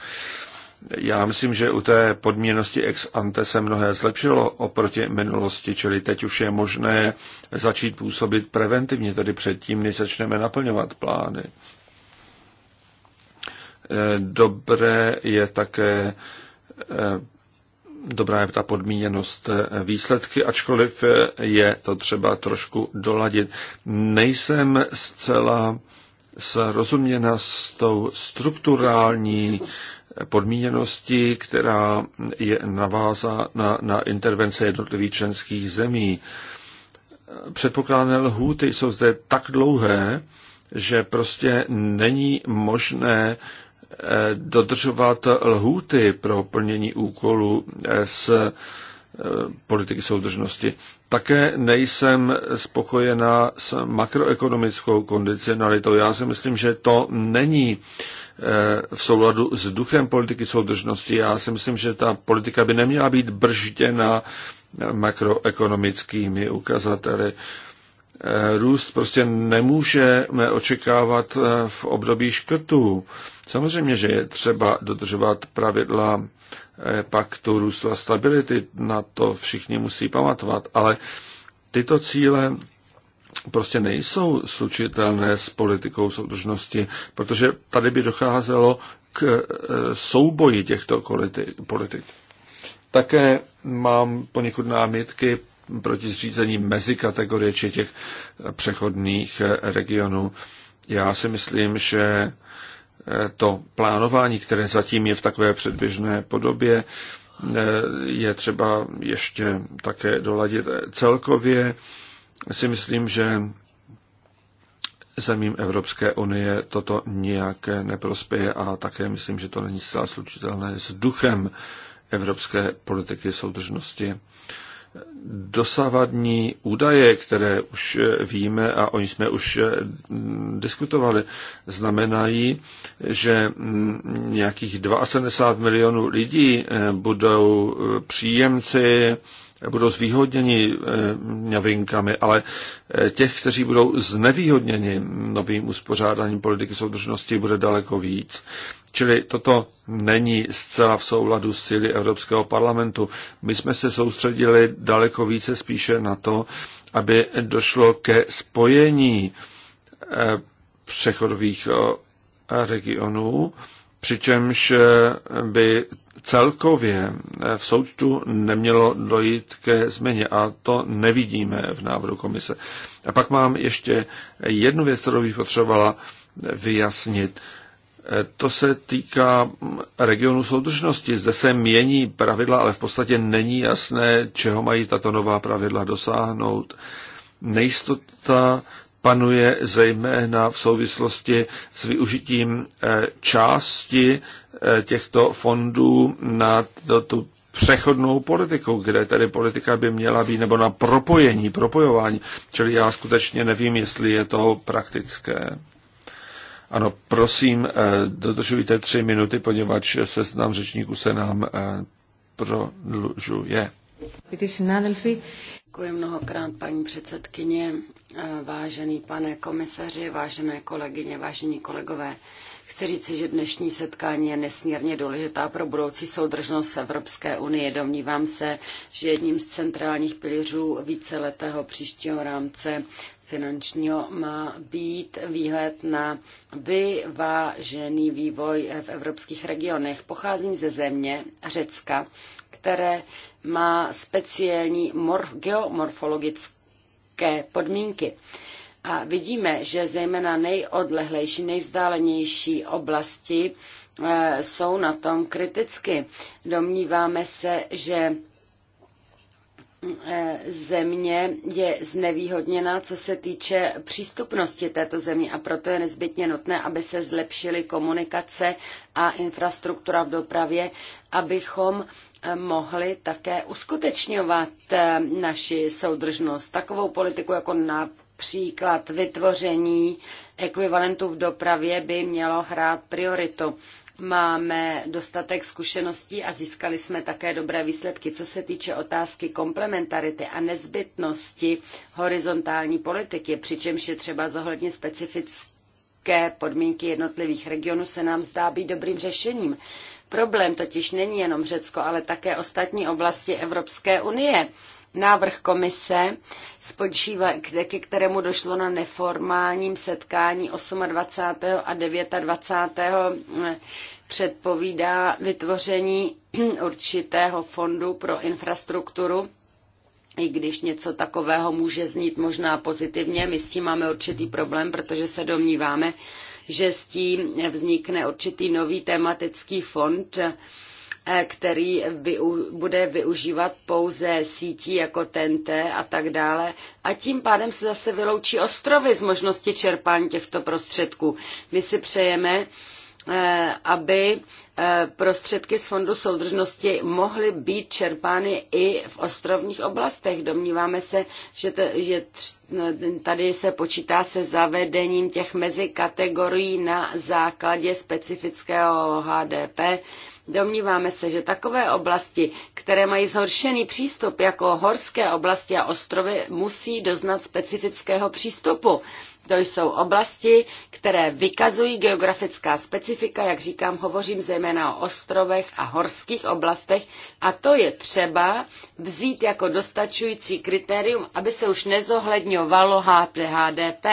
já myslím, že u té podmíněnosti ex ante se mnohé zlepšilo oproti minulosti, čili teď už je možné začít působit preventivně, tedy předtím, než začneme naplňovat plány. Eh, dobré je také eh, dobrá je ta podmíněnost eh, výsledky, ačkoliv je to třeba trošku doladit. Nejsem zcela srozuměna s tou strukturální podmíněnosti, která je navázána na intervence jednotlivých členských zemí. Předpokládané lhůty jsou zde tak dlouhé, že prostě není možné eh, dodržovat lhůty pro plnění úkolu eh, s eh, politiky soudržnosti. Také nejsem spokojená s makroekonomickou kondicionalitou. Já si myslím, že to není Eh, v souladu s duchem politiky soudržnosti. Já si myslím, že ta politika by neměla být bržděna makroekonomickými ukazateli. Eh, růst prostě nemůžeme očekávat eh, v období škrtů. Samozřejmě, že je třeba dodržovat pravidla paktu růstu a stability, na to všichni musí pamatovat, ale tyto cíle prostě nejsou slučitelné s politikou soudržnosti, protože tady by docházelo k e, souboji těchto politik. Také mám poněkud námitky proti zřízení mezi kategorie či těch přechodných e, regionů. Já si myslím, že e, to plánování, které zatím je v takové předběžné podobě, je třeba ještě také doladit celkově si myslím, že zemím Evropské unie toto nějaké neprospěje a také myslím, že to není zcela slučitelné s duchem evropské politiky soudržnosti. Dosavadní údaje, které už víme a o nich jsme už diskutovali, znamenají, že nějakých 72 milionů lidí budou příjemci budou zvýhodněni eh, novinkami, ale eh, těch, kteří budou znevýhodněni novým uspořádáním politiky soudržnosti, bude daleko víc. Čili toto není zcela v souladu s cíly Evropského parlamentu. My jsme se soustředili daleko více spíše na to, aby došlo ke spojení eh, přechodových regionů, přičemž by celkově eh, v součtu nemělo dojít ke změně a to nevidíme v návrhu komise. A pak mám ještě jednu věc, kterou bych potřebovala vyjasnit. Eh, to se týká mm, regionu soudržnosti. Zde se mění pravidla, ale v podstatě není jasné, čeho mají tato nová pravidla dosáhnout. Nejistota panuje zejména v souvislosti s využitím eh, části Eh, těchto fondů na to, tu přechodnou politiku, kde tedy politika by měla být, nebo na propojení, propojování. Čili já skutečně nevím, jestli je to praktické. Ano, prosím, eh, dodržujte tři minuty, poněvadž nám řečníku se nám eh, prodlužuje. Děkuji mnohokrát, paní předsedkyně, vážený pane komisaři, vážené kolegyně, vážení kolegové. Chci říci, že dnešní setkání je nesmírně důležitá pro budoucí soudržnost Evropské unie. Domnívám se, že jedním z centrálních pilířů víceletého příštího rámce finančního má být výhled na vyvážený vývoj v evropských regionech. Pocházím ze země Řecka, které má speciální geomorfologické podmínky. A vidíme, že zejména nejodlehlejší, nejvzdálenější oblasti eh, jsou na tom kriticky. Domníváme se, že eh, země je znevýhodněná, co se týče přístupnosti této země a proto je nezbytně nutné, aby se zlepšily komunikace a infrastruktura v dopravě, abychom eh, mohli také uskutečňovat naši soudržnost. Takovou politiku jako na Například vytvoření ekvivalentů v dopravě by mělo hrát prioritu. Máme dostatek zkušeností a získali jsme také dobré výsledky. Co se týče otázky komplementarity a nezbytnosti horizontální politiky, přičemž je třeba zohlednit specifické podmínky jednotlivých regionů, se nám zdá být dobrým řešením. Problém totiž není jenom Řecko, ale také ostatní oblasti Evropské unie Návrh komise, spočívá, ke kterému došlo na neformálním setkání 28. a 29. Eh, předpovídá vytvoření určitého fondu pro infrastrukturu i když něco takového může znít možná pozitivně, my s tím máme určitý problém, protože se domníváme, že s tím vznikne určitý nový tematický fond, který vyu, bude využívat pouze sítí jako TNT a tak dále. A tím pádem se zase vyloučí ostrovy z možnosti čerpání těchto prostředků. My si přejeme, eh, aby eh, prostředky z Fondu soudržnosti mohly být čerpány i v ostrovních oblastech. Domníváme se, že, to, že no, tady se počítá se zavedením těch mezikategorií na základě specifického HDP Domníváme se, že takové oblasti, které mají zhoršený přístup jako horské oblasti a ostrovy, musí doznat specifického přístupu. To jsou oblasti, které vykazují geografická specifika, jak říkám, hovořím zejména o ostrovech a horských oblastech a to je třeba vzít jako dostačující kritérium, aby se už nezohledňovalo HDP.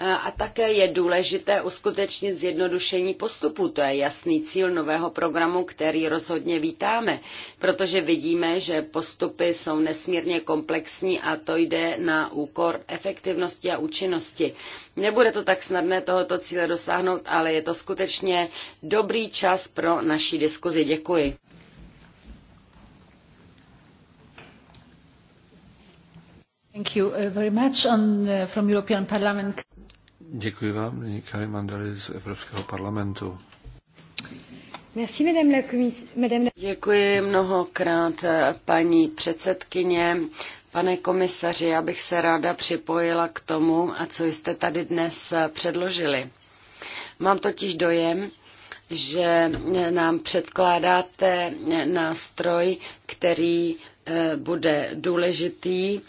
E, a také je důležité uskutečnit zjednodušení postupu. To je jasný cíl nového programu, který rozhodně vítáme, protože vidíme, že postupy jsou nesmírně komplexní a to jde na úkor efektivnosti a účinnosti. Nebude to tak snadné tohoto cíle dosáhnout, ale je to skutečně dobrý čas pro naší diskuzi. Děkuji. Thank you uh, very much on, uh, from European Parliament. Děkuji vám, nyní Kari z Evropského parlamentu. Děkuji mnohokrát, paní předsedkyně. Pane komisaři, já bych se ráda připojila k tomu, a co jste tady dnes předložili. Mám totiž dojem, že nám předkládáte nástroj, který eh, bude důležitý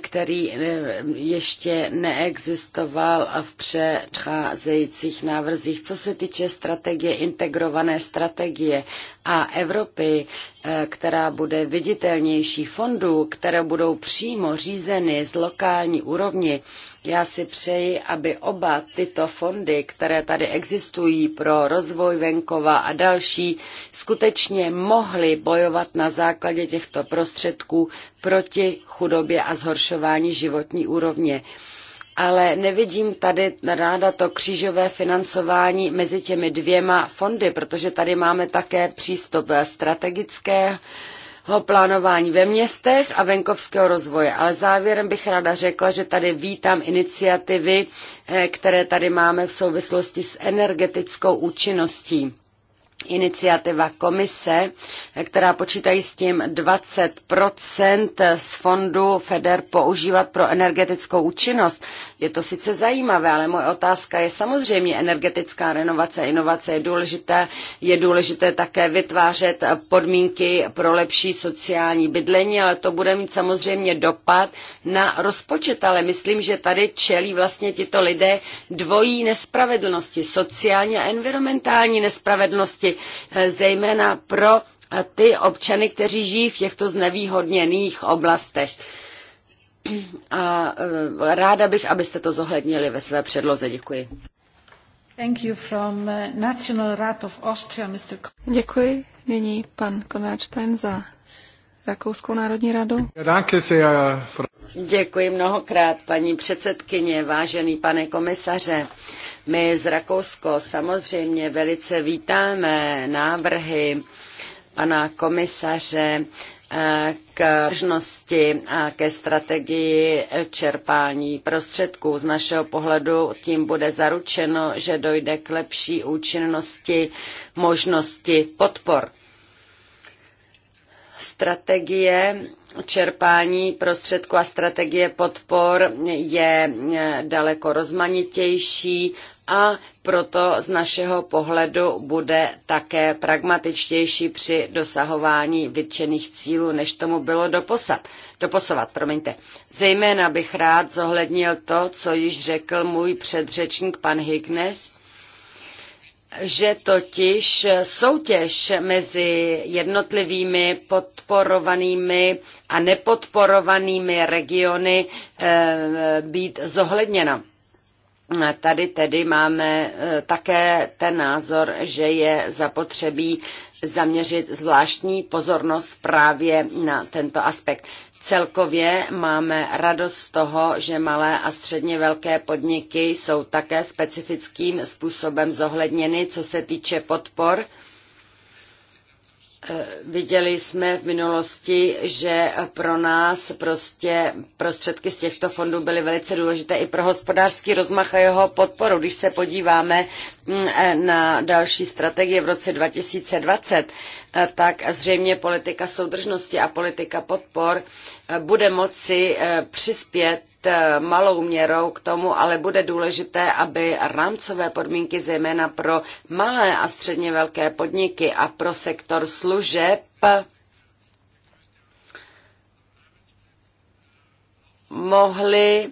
který eh, ještě neexistoval v předcházejících návrzích. Co se týče strategie, integrované strategie a Evropy, eh, která bude viditelnější fondů, které budou přímo řízeny z lokální úrovni, já si přeji, aby oba tyto fondy, které tady existují pro rozvoj venkova a další, skutečně mohly bojovat na základě těchto prostředků proti chudobě a zhoršování životní úrovně ale nevidím tady ráda to křížové financování mezi těmi dvěma fondy, protože tady máme také přístup strategické plánování ve městech a venkovského rozvoje. Ale závěrem bych ráda řekla, že tady vítám iniciativy, eh, které tady máme v souvislosti s energetickou účinností iniciativa komise, eh, která počítají s tím 20 z fondu FEDER používat pro energetickou účinnost. Je to sice zajímavé, ale moje otázka je samozřejmě energetická renovace, inovace je důležité. Je důležité také vytvářet podmínky pro lepší sociální bydlení, ale to bude mít samozřejmě dopad na rozpočet. Ale myslím, že tady čelí vlastně tito lidé dvojí nespravedlnosti, sociální a environmentální nespravedlnosti, eh, zejména pro eh, ty občany, kteří žijí v těchto znevýhodněných oblastech a eh, ráda bych, abyste to zohlednili ve své předloze. Děkuji. Thank you from eh, National Rat of Austria, Mr. Děkuji. Nyní pan Konráčtajn za Rakouskou národní radu. Děkuji mnohokrát, paní předsedkyně, vážený pane komisaře. My z Rakousko samozřejmě velice vítáme návrhy pana komisaře eh, k možnosti a ke strategii čerpání prostředků. Z našeho pohledu tím bude zaručeno, že dojde k lepší účinnosti možnosti podpor. Strategie čerpání prostředků a strategie podpor je daleko rozmanitější a proto z našeho pohledu bude také pragmatičtější při dosahování vytčených cílů, než tomu bylo doposad. doposovat. Promiňte. Zejména bych rád zohlednil to, co již řekl můj předřečník pan Hignes že totiž soutěž mezi jednotlivými podporovanými a nepodporovanými regiony eh, být zohledněna. Tady tedy máme eh, také ten názor, že je zapotřebí zaměřit zvláštní pozornost právě na tento aspekt. Celkově máme radost z toho, že malé a středně velké podniky jsou také specifickým způsobem zohledněny, co se týče podpor Eh, viděli jsme v minulosti, že pro nás prostě prostředky z těchto fondů byly velice důležité i pro hospodářský rozmach a jeho podporu. Když se podíváme mm, eh, na další strategie v roce 2020, eh, tak zřejmě politika soudržnosti a politika podpor bude moci přispět Eh, malou měrou k tomu, ale bude důležité, aby rámcové podmínky zejména pro malé a středně velké podniky a pro sektor služeb mohly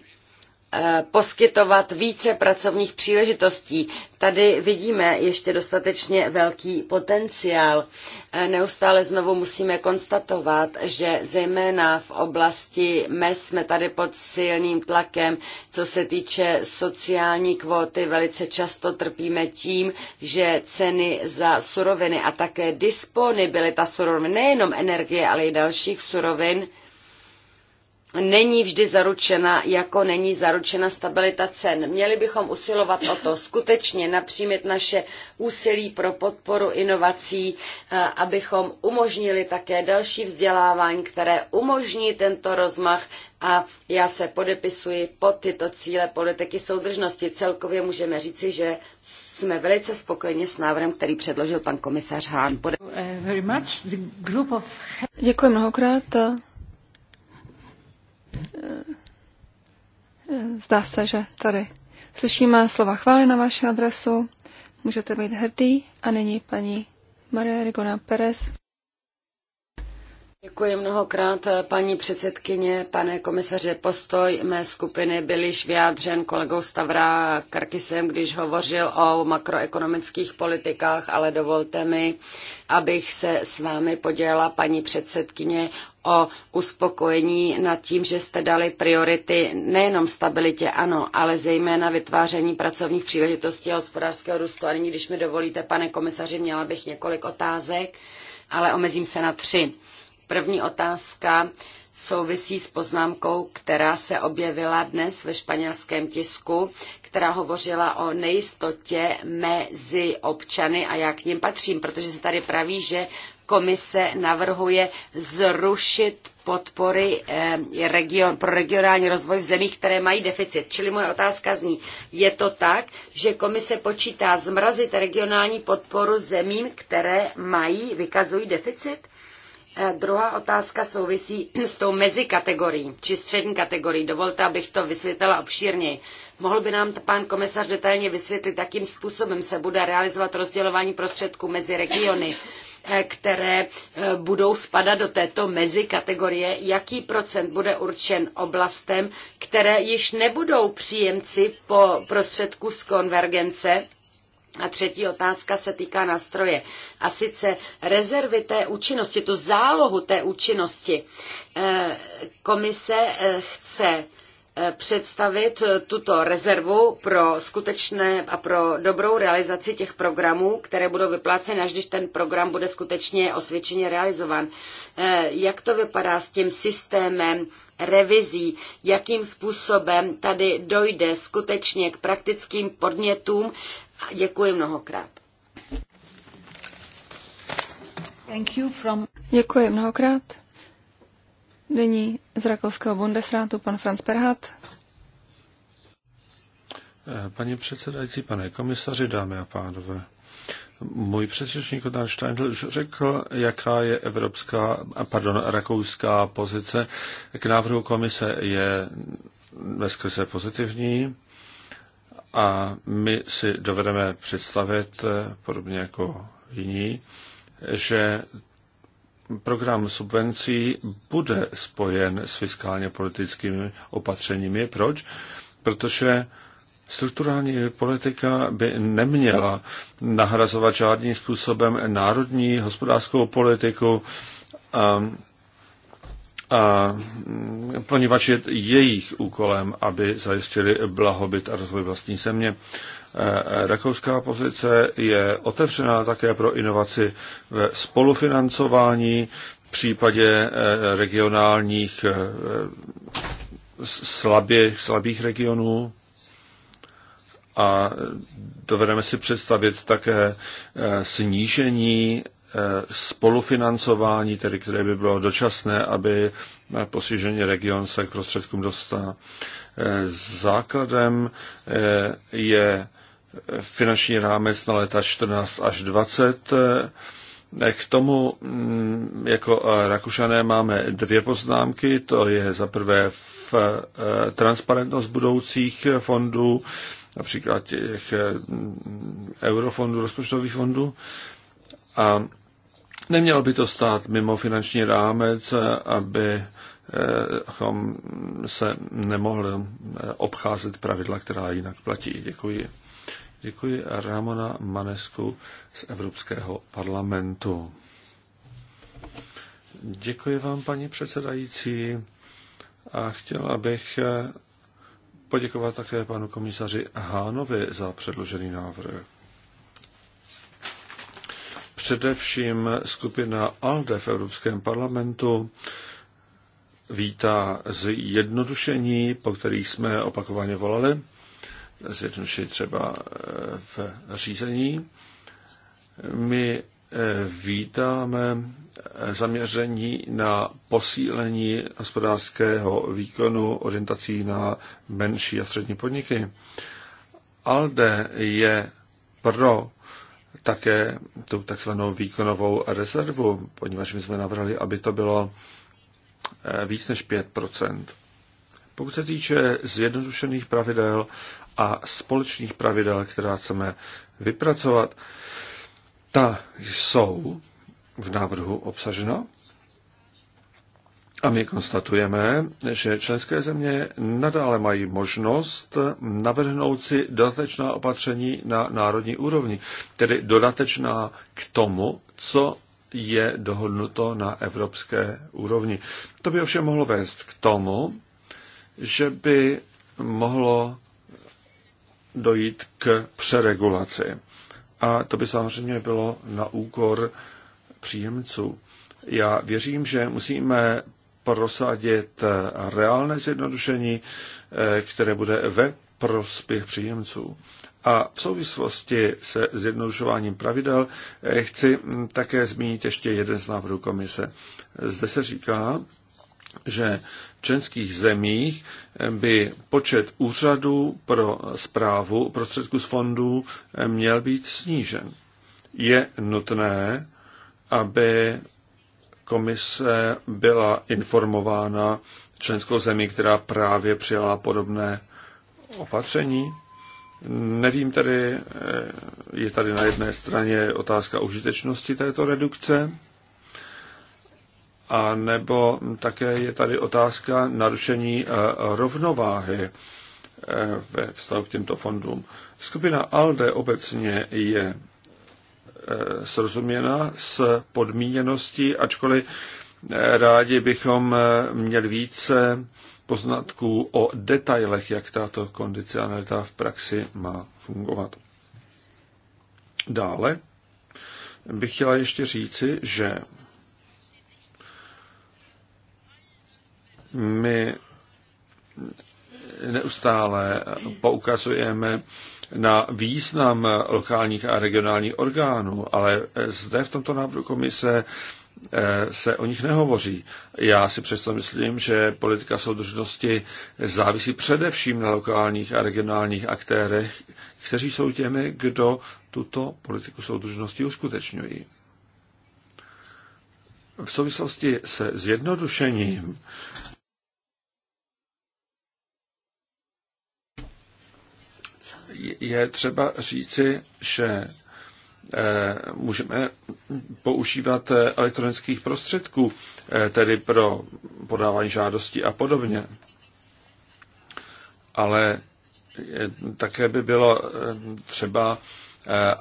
Eh, poskytovat více pracovních příležitostí. Tady vidíme ještě dostatečně velký potenciál. Eh, neustále znovu musíme konstatovat, že zejména v oblasti MES jsme tady pod silným tlakem, co se týče sociální kvóty, velice často trpíme tím, že ceny za suroviny a také disponibilita surovin, nejenom energie, ale i dalších surovin, není vždy zaručena, jako není zaručena stabilita cen. Měli bychom usilovat o to skutečně napřímit naše úsilí pro podporu inovací, eh, abychom umožnili také další vzdělávání, které umožní tento rozmach a já se podepisuji pod tyto cíle politiky soudržnosti. Celkově můžeme říci, že jsme velice spokojeni s návrhem, který předložil pan komisař Hahn. Děkuji mnohokrát. Zdá se, že tady slyšíme slova chvály na vaši adresu. Můžete být hrdý. A nyní paní Maria Rigona Perez. Děkuji mnohokrát, paní předsedkyně, pane komisaře. Postoj mé skupiny byl již vyjádřen kolegou Stavra Karkisem, když hovořil o makroekonomických politikách, ale dovolte mi, abych se s vámi podělila, paní předsedkyně, o uspokojení nad tím, že jste dali priority nejenom stabilitě, ano, ale zejména vytváření pracovních příležitostí a hospodářského růstu. A nyní, když mi dovolíte, pane komisaři, měla bych několik otázek, ale omezím se na tři. První otázka souvisí s poznámkou, která se objevila dnes ve španělském tisku, která hovořila o nejistotě mezi občany a já k ním patřím, protože se tady praví, že komise navrhuje zrušit podpory eh, region, pro regionální rozvoj v zemích, které mají deficit. Čili moje otázka zní, je to tak, že komise počítá zmrazit regionální podporu zemím, které mají, vykazují deficit? Eh, druhá otázka souvisí s tou mezikategorií, či střední kategorií. Dovolte, abych to vysvětlila obšírněji. Mohl by nám pan komisař detailně vysvětlit, jakým způsobem se bude realizovat rozdělování prostředků mezi regiony, Eh, které eh, budou spadat do této mezi kategorie, jaký procent bude určen oblastem, které již nebudou příjemci po prostředku z konvergence a třetí otázka se týká nástroje. A sice rezervy té účinnosti, tu zálohu té účinnosti. Eh, komise chce Eh, představit eh, tuto rezervu pro skutečné a pro dobrou realizaci těch programů, které budou vypláceny, až když ten program bude skutečně osvědčeně realizován. Eh, jak to vypadá s tím systémem revizí, jakým způsobem tady dojde skutečně k praktickým podnětům? Děkuji mnohokrát. Děkuji mnohokrát. Nyní z rakouského Bundesrátu pan Franz Perhat. Paní předsedající, pane komisaři, dámy a pánové, můj předřečník Dan Steindl už řekl, jaká je evropská, pardon, rakouská pozice k návrhu komise je veskrze pozitivní a my si dovedeme představit, podobně jako jiní, že program subvencí bude spojen s fiskálně politickými opatřeními. Proč? Protože strukturální politika by neměla nahrazovat žádným způsobem národní hospodářskou politiku, a, a, poněvadž je jejich úkolem, aby zajistili blahobyt a rozvoj vlastní země. Eh, rakouská pozice je otevřená také pro inovaci ve spolufinancování v případě eh, regionálních eh, slabě, slabých regionů a dovedeme si představit také snížení spolufinancování, tedy které by bylo dočasné, aby postižený region se k prostředkům dostal. Základem je finanční rámec na léta 14 až 20. Eh, k tomu mm, jako Rakušané máme dvě poznámky. To je za prvé v eh, transparentnost budoucích fondů, například těch mm, eurofondů, rozpočtových fondů. A nemělo by to stát mimo finanční rámec, aby eh, se nemohli obcházet pravidla, která jinak platí. Děkuji. Děkuji Ramona Manesku z Evropského parlamentu. Děkuji vám, paní předsedající, a chtěl bych poděkovat také panu komisaři Hánovi za předložený návrh. Především skupina ALDE v Evropském parlamentu vítá zjednodušení, po kterých jsme opakovaně volali, zjednodušit třeba eh, v řízení. My eh, vítáme eh, zaměření na posílení hospodářského výkonu orientací na menší a střední podniky. ALDE je pro také tu takzvanou výkonovou rezervu, poněvadž my jsme navrhli, aby to bylo víc než 5 Pokud se týče zjednodušených pravidel, a společných pravidel, která chceme vypracovat, ta jsou v návrhu obsažena. A my konstatujeme, že členské země nadále mají možnost navrhnout si dodatečná opatření na národní úrovni, tedy dodatečná k tomu, co je dohodnuto na evropské úrovni. To by ovšem mohlo vést k tomu, že by mohlo dojít k přeregulaci. A to by samozřejmě bylo na úkor příjemců. Já věřím, že musíme prosadit reálné zjednodušení, eh, které bude ve prospěch příjemců. A v souvislosti se zjednodušováním pravidel eh, chci mm, také zmínit ještě jeden z návrhů komise. Zde se říká, že v členských zemích by počet úřadů pro zprávu prostředků z fondů měl být snížen. Je nutné, aby komise byla informována členskou zemí, která právě přijala podobné opatření. Nevím tedy, je tady na jedné straně otázka užitečnosti této redukce, a nebo také je tady otázka narušení eh, rovnováhy eh, ve vztahu k těmto fondům. Skupina ALDE obecně je eh, srozuměna s podmíněností, ačkoliv rádi bychom měli více poznatků o detailech, jak tato kondicionalita v praxi má fungovat. Dále bych chtěla ještě říci, že My neustále poukazujeme na význam lokálních a regionálních orgánů, ale zde v tomto návrhu komise eh, se o nich nehovoří. Já si přesto myslím, že politika soudržnosti závisí především na lokálních a regionálních aktérech, kteří jsou těmi, kdo tuto politiku soudržnosti uskutečňují. V souvislosti se zjednodušením je třeba říci, že eh, můžeme používat eh, elektronických prostředků, eh, tedy pro podávání žádostí a podobně. Ale také by bylo třeba,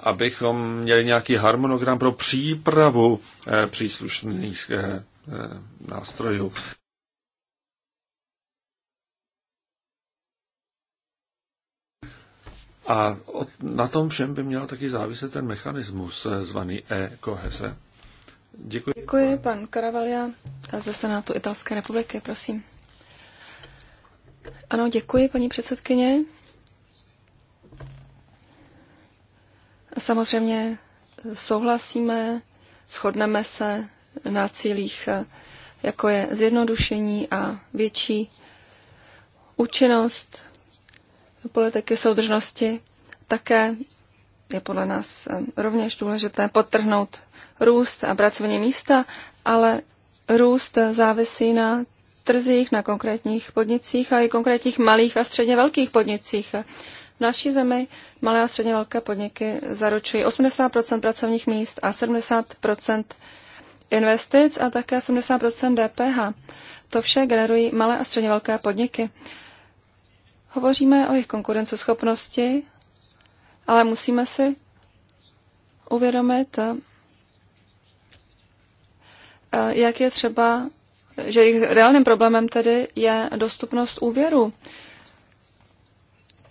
abychom měli nějaký harmonogram pro přípravu příslušných nástrojů. A na tom všem by měl taky záviset ten mechanismus eh, zvaný e kohese Děkuji. Děkuji, pan Karavalia ze Senátu Italské republiky, prosím. Ano, děkuji, paní předsedkyně. Samozřejmě souhlasíme, shodneme se na cílích, eh, jako je zjednodušení a větší účinnost politiky soudržnosti. Také je podle nás rovněž důležité podtrhnout růst a pracovní místa, ale růst závisí na trzích, na konkrétních podnicích a i konkrétních malých a středně velkých podnicích. V naší zemi malé a středně velké podniky zaručují 80 pracovních míst a 70 investic a také 70 DPH. To vše generují malé a středně velké podniky. Hovoříme o jejich konkurenceschopnosti, ale musíme si uvědomit, eh, jak je třeba, že jejich reálným problémem tedy je dostupnost úvěru,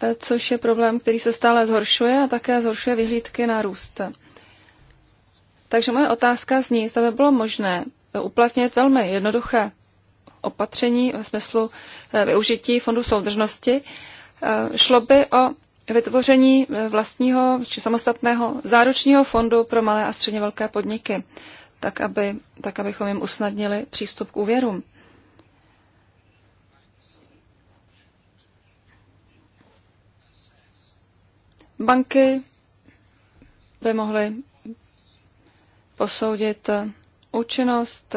eh, což je problém, který se stále zhoršuje a také zhoršuje vyhlídky na růst. Takže moje otázka zní, zda by bylo možné uplatnit velmi jednoduché opatření ve smyslu eh, využití fondu soudržnosti, eh, šlo by o vytvoření eh, vlastního či samostatného záručního fondu pro malé a středně velké podniky, tak, aby, tak abychom jim usnadnili přístup k úvěrům. Banky by mohly posoudit účinnost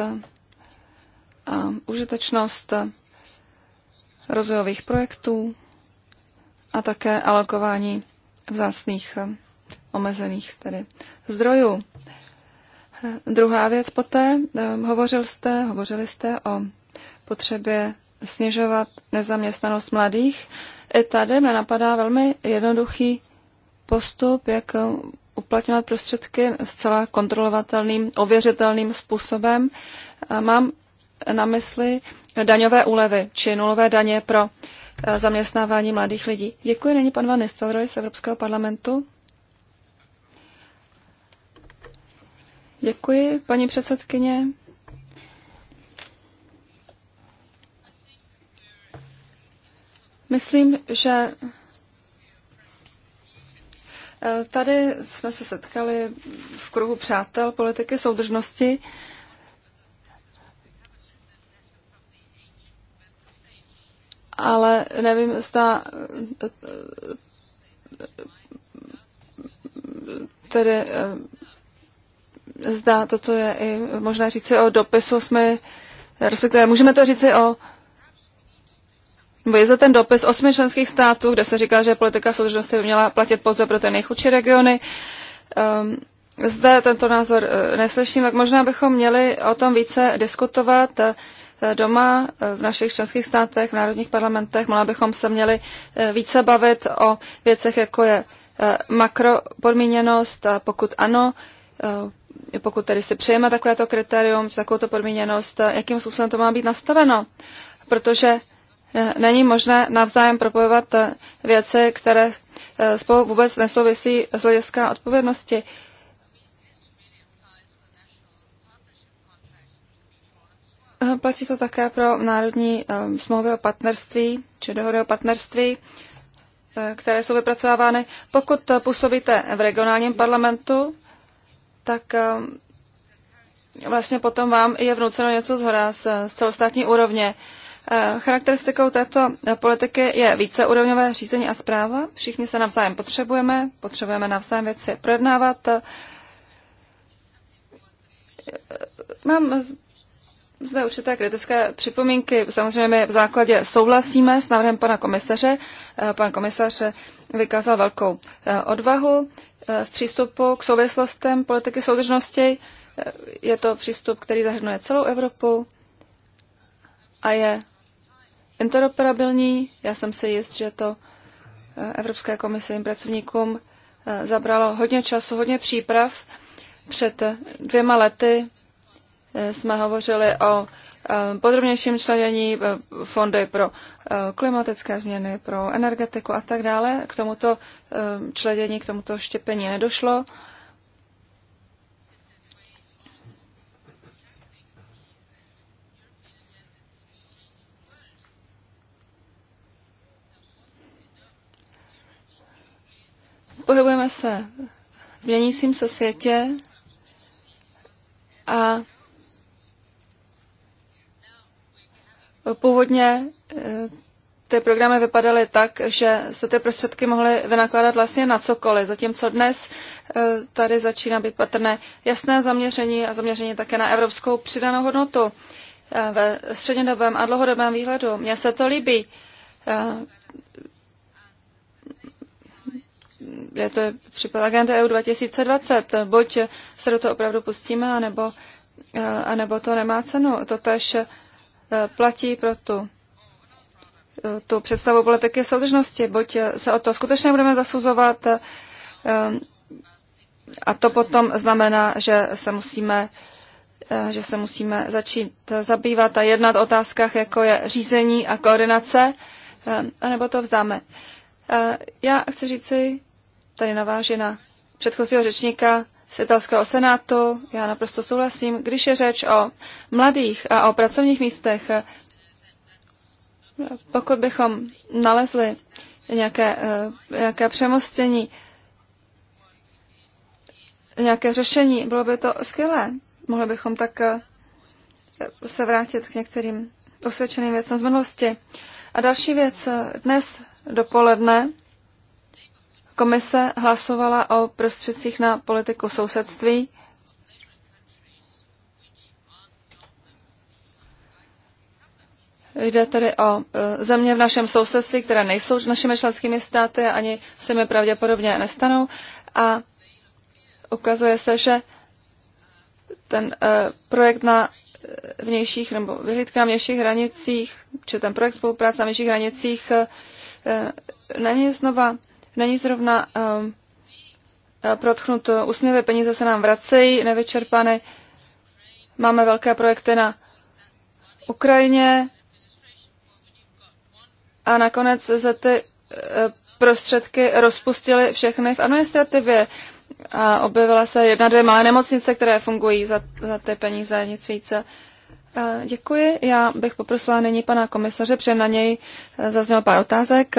a užitečnost rozvojových projektů a také alokování vzácných omezených tedy zdrojů. Druhá věc poté, hovořil jste, hovořili jste o potřebě snižovat nezaměstnanost mladých. I tady mě napadá velmi jednoduchý postup, jak uplatňovat prostředky zcela kontrolovatelným, ověřitelným způsobem. Mám na mysli daňové úlevy či nulové daně pro eh, zaměstnávání mladých lidí. Děkuji, není pan Van Nistelrooy z Evropského parlamentu. Děkuji, paní předsedkyně. Myslím, že eh, tady jsme se setkali v kruhu přátel politiky soudržnosti. ale nevím, zda tedy zda toto je i možná říci o dopisu, jsme, respektive můžeme to říci o nebo je za ten dopis osmi členských států, kde se říká, že politika soudržnosti by měla platit pouze pro ty nejchudší regiony. Um, zde tento názor e, neslyším, tak možná bychom měli o tom více diskutovat. Eh, doma eh, v našich členských státech, v národních parlamentech. Mohla bychom se měli eh, více bavit o věcech, jako je makropodmíněnost, a pokud ano, pokud tedy si přejeme takovéto kritérium, či takovouto podmíněnost, jakým způsobem to má být nastaveno. Protože není možné navzájem propojovat věci, které spolu vůbec nesouvisí z hlediska odpovědnosti. Platí to také pro národní ehm, smlouvy o partnerství či dohody o partnerství, eh, které jsou vypracovávány. Pokud eh, působíte v regionálním parlamentu, tak ehm, vlastně potom vám je vnuceno něco zhora z celostátní úrovně. Eh, charakteristikou této politiky je víceúrovňové řízení a zpráva. Všichni se navzájem potřebujeme, potřebujeme navzájem věci projednávat. Mám zde určité kritické připomínky. Samozřejmě my v základě souhlasíme s návrhem pana komisaře. Eh, pan komisař vykázal velkou eh, odvahu eh, v přístupu k souvislostem politiky soudržnosti. Je to přístup, který zahrnuje celou Evropu a je interoperabilní. Já jsem si jist, že to Evropské komise jim pracovníkům zabralo hodně času, hodně příprav. Před dvěma lety Eh, jsme hovořili o eh, podrobnějším členění eh, fondy pro klimatické změny, pro energetiku a tak dále. K tomuto členění, k tomuto štěpení nedošlo. Pohybujeme se v měnícím se světě a Původně eh, ty programy vypadaly tak, že se ty prostředky mohly vynakládat vlastně na cokoliv, zatímco dnes eh, tady začíná být patrné jasné zaměření a zaměření také na evropskou přidanou hodnotu eh, ve střednědobém a dlouhodobém výhledu. Mně se to líbí. Je to případ agenda EU 2020. Buď se do toho opravdu pustíme, anebo, anebo to nemá cenu. Totež Eh, platí pro tu, eh, tu představu politiky soudržnosti. Buď eh, se o to skutečně budeme zasuzovat, a to potom znamená, že se musíme že se musíme začít zabývat a jednat o otázkách, jako je řízení a koordinace, anebo to vzdáme. Já chci říci, tady naváži na předchozího řečníka, z italského senátu, já naprosto souhlasím, když je řeč o mladých a o pracovních místech, pokud bychom nalezli nějaké, eh, nějaké přemostění, nějaké řešení, bylo by to skvělé. Mohli bychom tak eh, se vrátit k některým osvědčeným věcem z minulosti. A další věc, eh, dnes dopoledne Komise hlasovala o prostředcích na politiku sousedství. Jde tedy o e, země v našem sousedství, které nejsou našimi členskými státy a ani se mi pravděpodobně nestanou. A ukazuje se, že ten e, projekt na vnějších nebo vyhlídka na vnějších hranicích, či ten projekt spolupráce na vnějších hranicích e, není znova není zrovna um, ehm, eh, protchnut úsměvy, eh, peníze se nám vracejí, nevyčerpány. Máme velké projekty na Ukrajině a nakonec se ty eh, prostředky rozpustily všechny v administrativě a objevila se jedna, dvě malé nemocnice, které fungují za, za ty peníze, nic více. Děkuji. Já bych poprosila nyní pana komisaře, protože na něj zazněl pár otázek.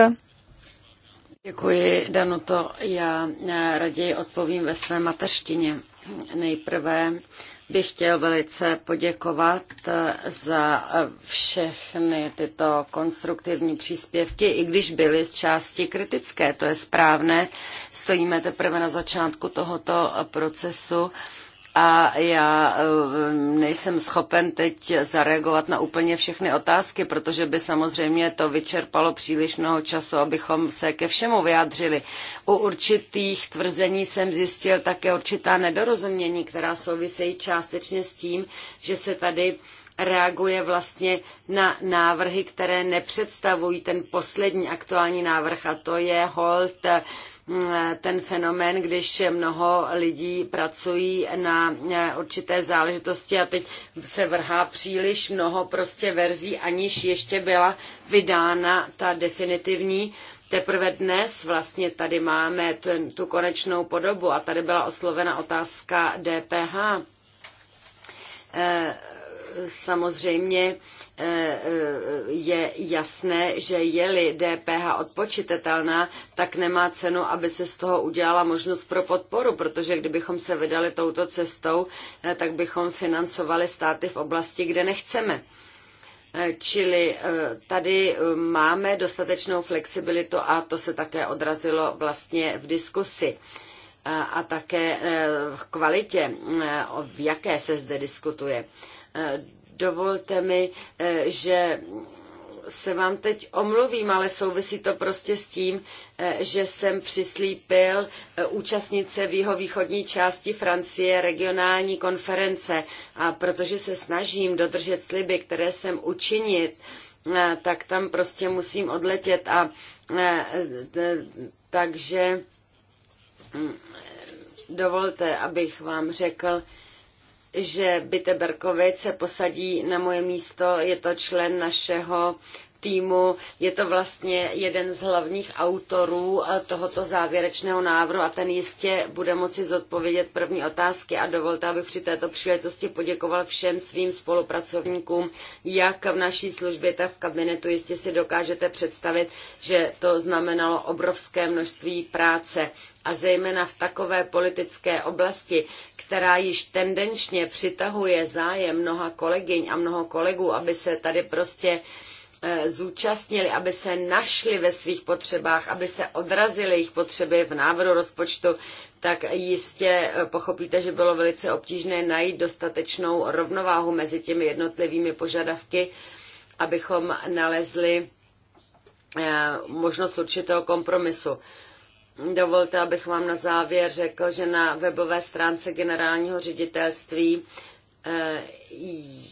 Děkuji, Danuto. Já eh, raději odpovím ve své mateřštině. Nejprve bych chtěl velice poděkovat eh, za eh, všechny tyto konstruktivní příspěvky, i když byly z části kritické, to je správné. Stojíme teprve na začátku tohoto procesu a já eh, nejsem schopen teď zareagovat na úplně všechny otázky, protože by samozřejmě to vyčerpalo příliš mnoho času, abychom se ke všemu vyjádřili. U určitých tvrzení jsem zjistil také určitá nedorozumění, která souvisejí částečně s tím, že se tady reaguje vlastně na návrhy, které nepředstavují ten poslední aktuální návrh a to je hold eh, ten fenomén, když mnoho lidí pracují na eh, určité záležitosti a teď se vrhá příliš mnoho prostě verzí, aniž ještě byla vydána ta definitivní. Teprve dnes vlastně tady máme ten, tu konečnou podobu a tady byla oslovena otázka DPH. E, eh, samozřejmě Eh, eh, je jasné, že je-li DPH odpočitatelná, tak nemá cenu, aby se z toho udělala možnost pro podporu, protože kdybychom se vydali touto cestou, eh, tak bychom financovali státy v oblasti, kde nechceme. Čili tady máme dostatečnou flexibilitu a to se také odrazilo vlastně v diskusi a také v kvalitě, v jaké se zde diskutuje Dovolte mi, eh, že se vám teď omluvím, ale souvisí to prostě s tím, eh, že jsem přislípil eh, účastnice v jeho východní části Francie regionální konference a protože se snažím dodržet sliby, které jsem učinit, tak tam prostě musím odletět a takže mm, dovolte, abych vám řekl, že Biteberkovic se posadí na moje místo, je to člen našeho týmu. Je to vlastně jeden z hlavních autorů eh, tohoto závěrečného návrhu a ten jistě bude moci zodpovědět první otázky a dovolte, abych při této příležitosti poděkoval všem svým spolupracovníkům, jak v naší službě, tak v kabinetu. Jistě si dokážete představit, že to znamenalo obrovské množství práce a zejména v takové politické oblasti, která již tendenčně přitahuje zájem mnoha kolegyň a mnoho kolegů, aby se tady prostě uh, Eh, zúčastnili, aby se našli ve svých potřebách, aby se odrazily jejich potřeby v návrhu rozpočtu, tak jistě eh, pochopíte, že bylo velice obtížné najít dostatečnou rovnováhu mezi těmi jednotlivými požadavky, abychom nalezli eh, možnost určitého kompromisu. Dovolte, abych vám na závěr řekl, že na webové stránce generálního ředitelství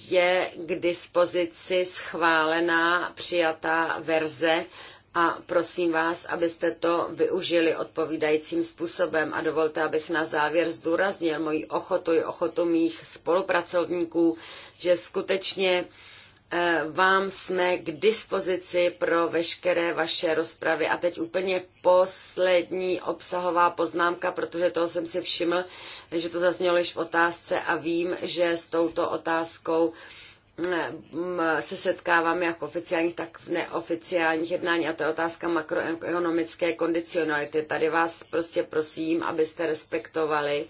je k dispozici schválená přijatá verze a prosím vás, abyste to využili odpovídajícím způsobem a dovolte, abych na závěr zdůraznil moji ochotu i ochotu mých spolupracovníků, že skutečně Eh, vám jsme k dispozici pro veškeré vaše rozpravy. A teď úplně poslední obsahová poznámka, protože toho jsem si všiml, že to zaznělo již v otázce a vím, že s touto otázkou mm, eh, se setkáváme jak v oficiálních, tak v neoficiálních jednání a to je otázka makroekonomické kondicionality. Tady vás prostě prosím, abyste respektovali,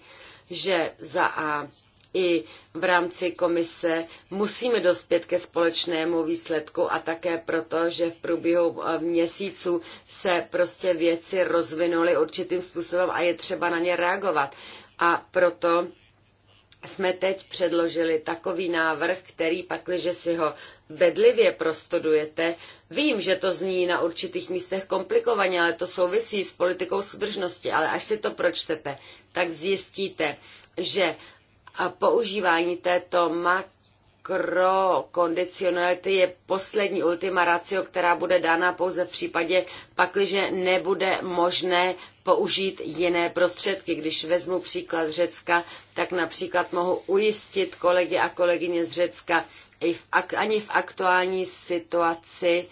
že za A i v rámci komise musíme dospět ke společnému výsledku a také proto, že v průběhu eh, měsíců se prostě věci rozvinuly určitým způsobem a je třeba na ně reagovat. A proto jsme teď předložili takový návrh, který pakliže si ho bedlivě prostudujete, vím, že to zní na určitých místech komplikovaně, ale to souvisí s politikou soudržnosti, ale až si to pročtete, tak zjistíte, že a používání této makrokondicionality je poslední ultima ratio, která bude dána pouze v případě, pakliže nebude možné použít jiné prostředky. Když vezmu příklad Řecka, tak například mohu ujistit kolegy a kolegyně z Řecka, i v, ani v aktuální situaci,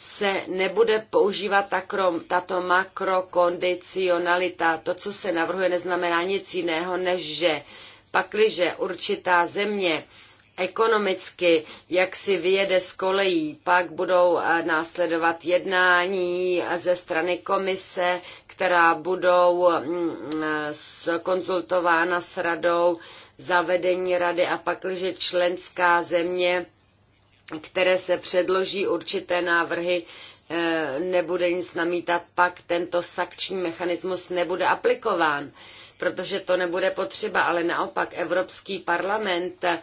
se nebude používat takrom tato makrokondicionalita. To, co se navrhuje, neznamená nic jiného, než že pakliže určitá země ekonomicky, jak si vyjede z kolejí, pak budou eh, následovat jednání ze strany komise, která budou mm, eh, konzultována s radou zavedení rady a pakliže členská země které se předloží určité návrhy, eh, nebude nic namítat, pak tento sakční mechanismus nebude aplikován, protože to nebude potřeba, ale naopak Evropský parlament eh,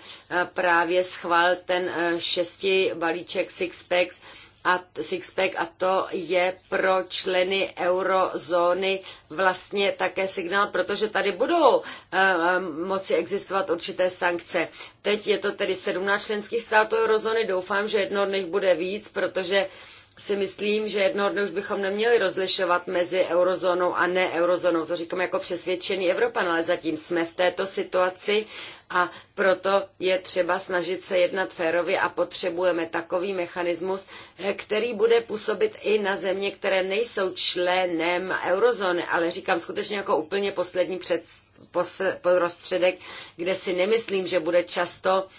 právě schvál ten eh, šesti balíček Sixpacks, a Sixpack a to je pro členy eurozóny vlastně také signál, protože tady budou eh, eh, moci existovat určité sankce. Teď je to tedy 17 členských států eurozóny, doufám, že jedno z nich bude víc, protože uh, si myslím, že jednoho dne už bychom neměli rozlišovat mezi eurozónou a ne eurozónou. To říkám jako přesvědčený Evropan, ale zatím jsme v této situaci a proto je třeba snažit se jednat férově a potřebujeme takový mechanismus, eh, který bude působit i na země, které nejsou členem eurozóny, ale říkám skutečně jako úplně poslední před, prostředek, kde si nemyslím, že bude často uh,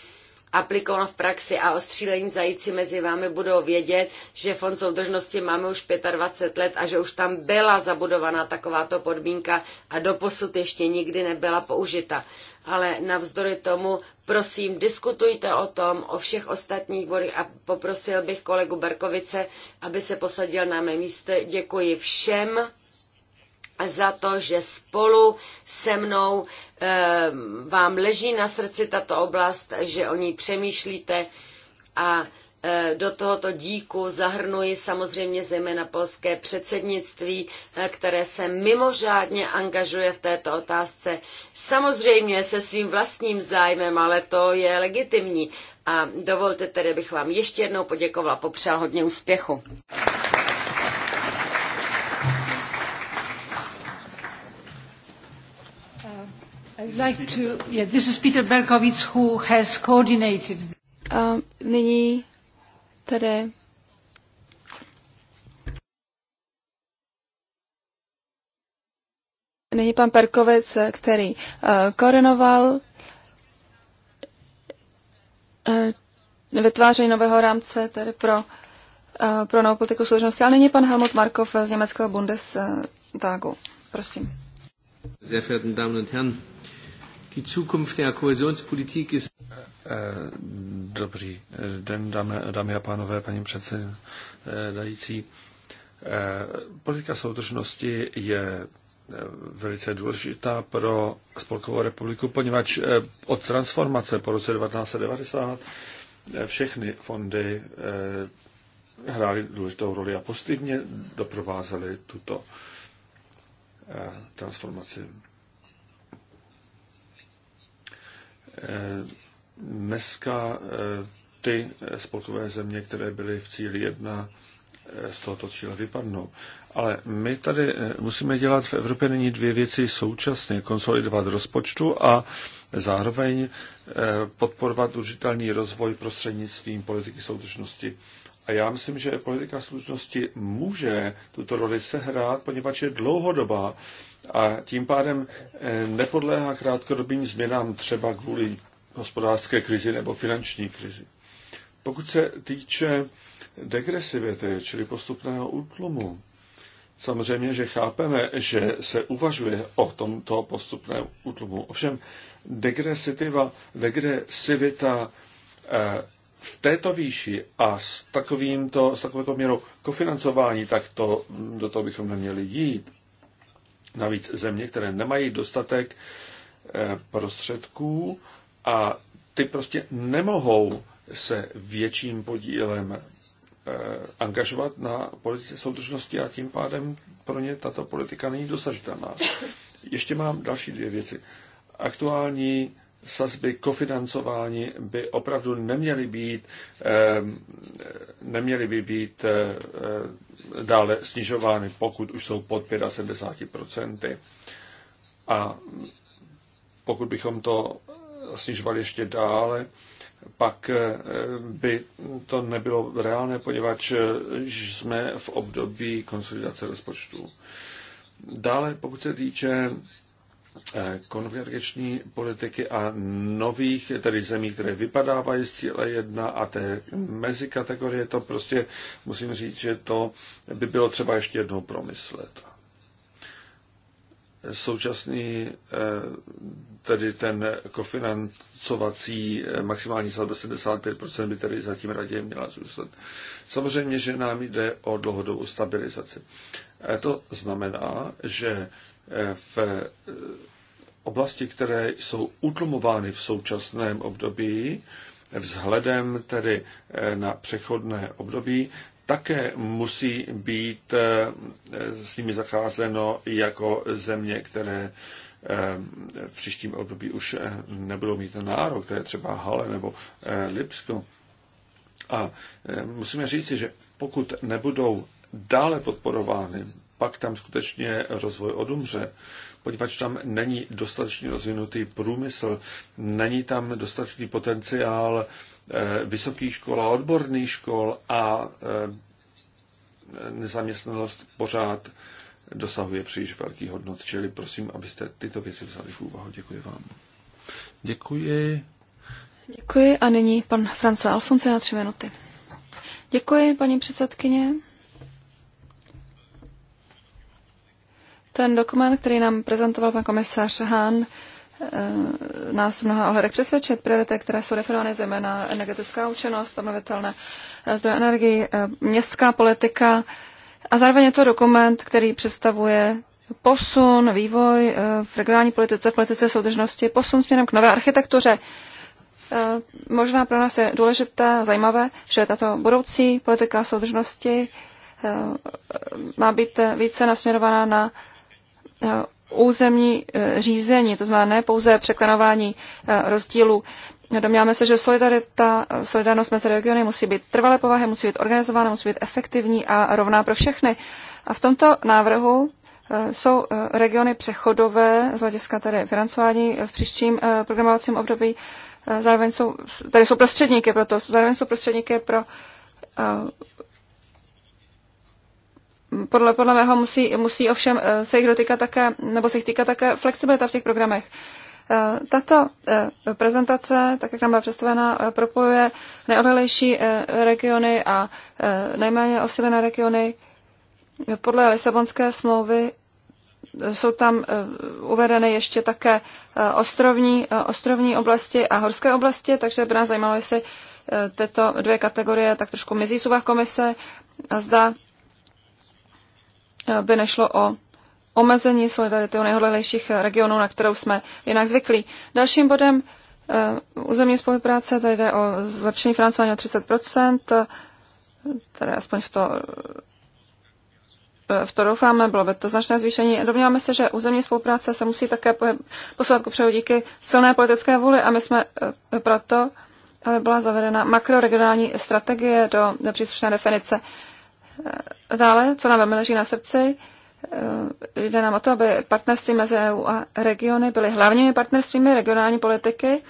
aplikováno v praxi a ostřílení zajíci mezi vámi budou vědět, že fond soudržnosti máme už 25 let a že už tam byla zabudovaná takováto podmínka a doposud ještě nikdy nebyla použita. Ale navzdory tomu, prosím, diskutujte o tom, o všech ostatních bodech a poprosil bych kolegu Berkovice, aby se posadil na mé místo. Děkuji všem za to, že spolu se mnou e, vám leží na srdci tato oblast, že o ní přemýšlíte a e, do tohoto díku zahrnuji samozřejmě zejména polské předsednictví, e, které se mimořádně angažuje v této otázce. Samozřejmě se svým vlastním zájmem, ale to je legitimní. A dovolte tedy, bych vám ještě jednou poděkovala, popřál hodně úspěchu. A nyní tedy Nyní pan Perkovec, který uh, koordinoval uh, vytváření nového rámce tedy pro, uh, pro novou politiku služnosti. A nyní pan Helmut Markov z německého Bundestagu. Prosím. Sehr verehrten Damen und Herren, Die Zukunft der Kohäsionspolitik ist... Eh, dobrý eh, den, dámy, dámy a pánové, paní předsedající. Eh, politika soudržnosti je velice důležitá pro Spolkovou republiku, poněvadž od transformace po roce 1990 všechny fondy hrály důležitou roli a pozitivně doprovázely tuto transformaci. Eh, dneska eh, ty spolkové země, které byly v cíli jedna eh, z tohoto cíle vypadnou. Ale my tady musíme dělat v Evropě nyní dvě věci současně. Konsolidovat rozpočtu a zároveň podporovat užitelný rozvoj prostřednictvím politiky soudržnosti. A já myslím, že politika soudržnosti může tuto roli sehrát, poněvadž je dlouhodobá a tím pádem eh, nepodléhá krátkodobým změnám třeba kvůli hospodářské krizi nebo finanční krizi. Pokud se týče degresivity, čili postupného útlumu, samozřejmě, že chápeme, že se uvažuje o tomto postupném útlumu. Ovšem, degresitiva, degresivita eh, v této výši a s, takovýmto, s takovouto měrou kofinancování, tak to, do toho bychom neměli jít. Navíc země, které nemají dostatek eh, prostředků a ty prostě nemohou se větším podílem eh, angažovat na politice soudržnosti a tím pádem pro ně tato politika není dosažitelná. Ještě mám další dvě věci. Aktuální sazby kofinancování by opravdu neměly být, eh, neměly by být dále snižovány, pokud už jsou pod 75%. A pokud bychom to snižovali ještě dále, pak eh, by to nebylo reálné, poněvadž eh, jsme v období konsolidace rozpočtu. Dále, pokud se týče Eh, konvergenční politiky a nových, tedy zemí, které vypadávají z cíle jedna a té mezi kategorie, to prostě musím říct, že to by bylo třeba ještě jednou promyslet. Současný eh, tedy ten kofinancovací eh, maximální sazba 75% by tedy zatím raději měla zůstat. Samozřejmě, že nám jde o dlouhodobou stabilizaci. To znamená, že v oblasti, které jsou utlumovány v současném období, vzhledem tedy eh, na přechodné období, také musí být eh, s nimi zacházeno jako země, které eh, v příštím období už nebudou mít nárok, to je třeba Hale nebo Lipsko. A musíme říci, že pokud nebudou dále podporovány pak tam skutečně rozvoj odumře, poněvadž tam není dostatečně rozvinutý průmysl, není tam dostatečný potenciál eh, vysokých škol a odborných škol a eh, nezaměstnanost pořád dosahuje příliš velký hodnot. Čili prosím, abyste tyto věci vzali v úvahu. Děkuji vám. Děkuji. Děkuji a nyní pan France Alfonse na tři minuty. Děkuji, paní předsedkyně. Ten dokument, který nám prezentoval pan komisař Hahn, eh, nás v mnoha ohledech přesvědčit. Priority, které jsou definovány zejména energetická účinnost, obnovitelné eh, zdroje energii, eh, městská politika a zároveň je to dokument, který představuje posun, vývoj v regionální politice, v politice soudržnosti, posun směrem k nové architektuře. Možná pro nás je důležité, zajímavé, že tato budoucí politika soudržnosti má být více nasměrovaná na Eh, územní eh, řízení, to znamená ne pouze překlenování eh, rozdílů. Domníváme se, že solidarita, solidarnost mezi regiony musí být trvalé povahy, musí být organizována, musí být efektivní a rovná pro všechny. A v tomto návrhu jsou regiony přechodové z hlediska tedy financování v příštím programovacím období. Zároveň jsou, tady jsou prostředníky pro to, zároveň jsou prostředníky pro podle, podle mého musí, musí ovšem eh, se jich dotýkat také, nebo se jich týkat také flexibilita v těch programech. Eh, tato eh, prezentace, tak jak nám byla představena, propojuje nejodlejší regiony a nejméně osilené regiony. Podle Lisabonské smlouvy jsou tam uvedeny ještě také ostrovní, ostrovní oblasti a horské oblasti, takže by nás zajímalo, jestli tyto dvě kategorie tak trošku mizí v komise a zda by nešlo o omezení solidarity u nejhodlejších regionů, na kterou jsme jinak zvyklí. Dalším bodem eh, územní spolupráce, tady jde o zlepšení financování o 30%, tedy aspoň v to, eh, v to doufáme, bylo by to značné zvýšení. Domníváme se, že územní spolupráce se musí také posouvat ku předu díky silné politické vůli a my jsme eh, proto, aby byla zavedena makroregionální strategie do příslušné definice Dále, co nám velmi leží na srdci, eh, jde nám o to, aby partnerství mezi EU a regiony byly hlavními partnerstvími regionální politiky.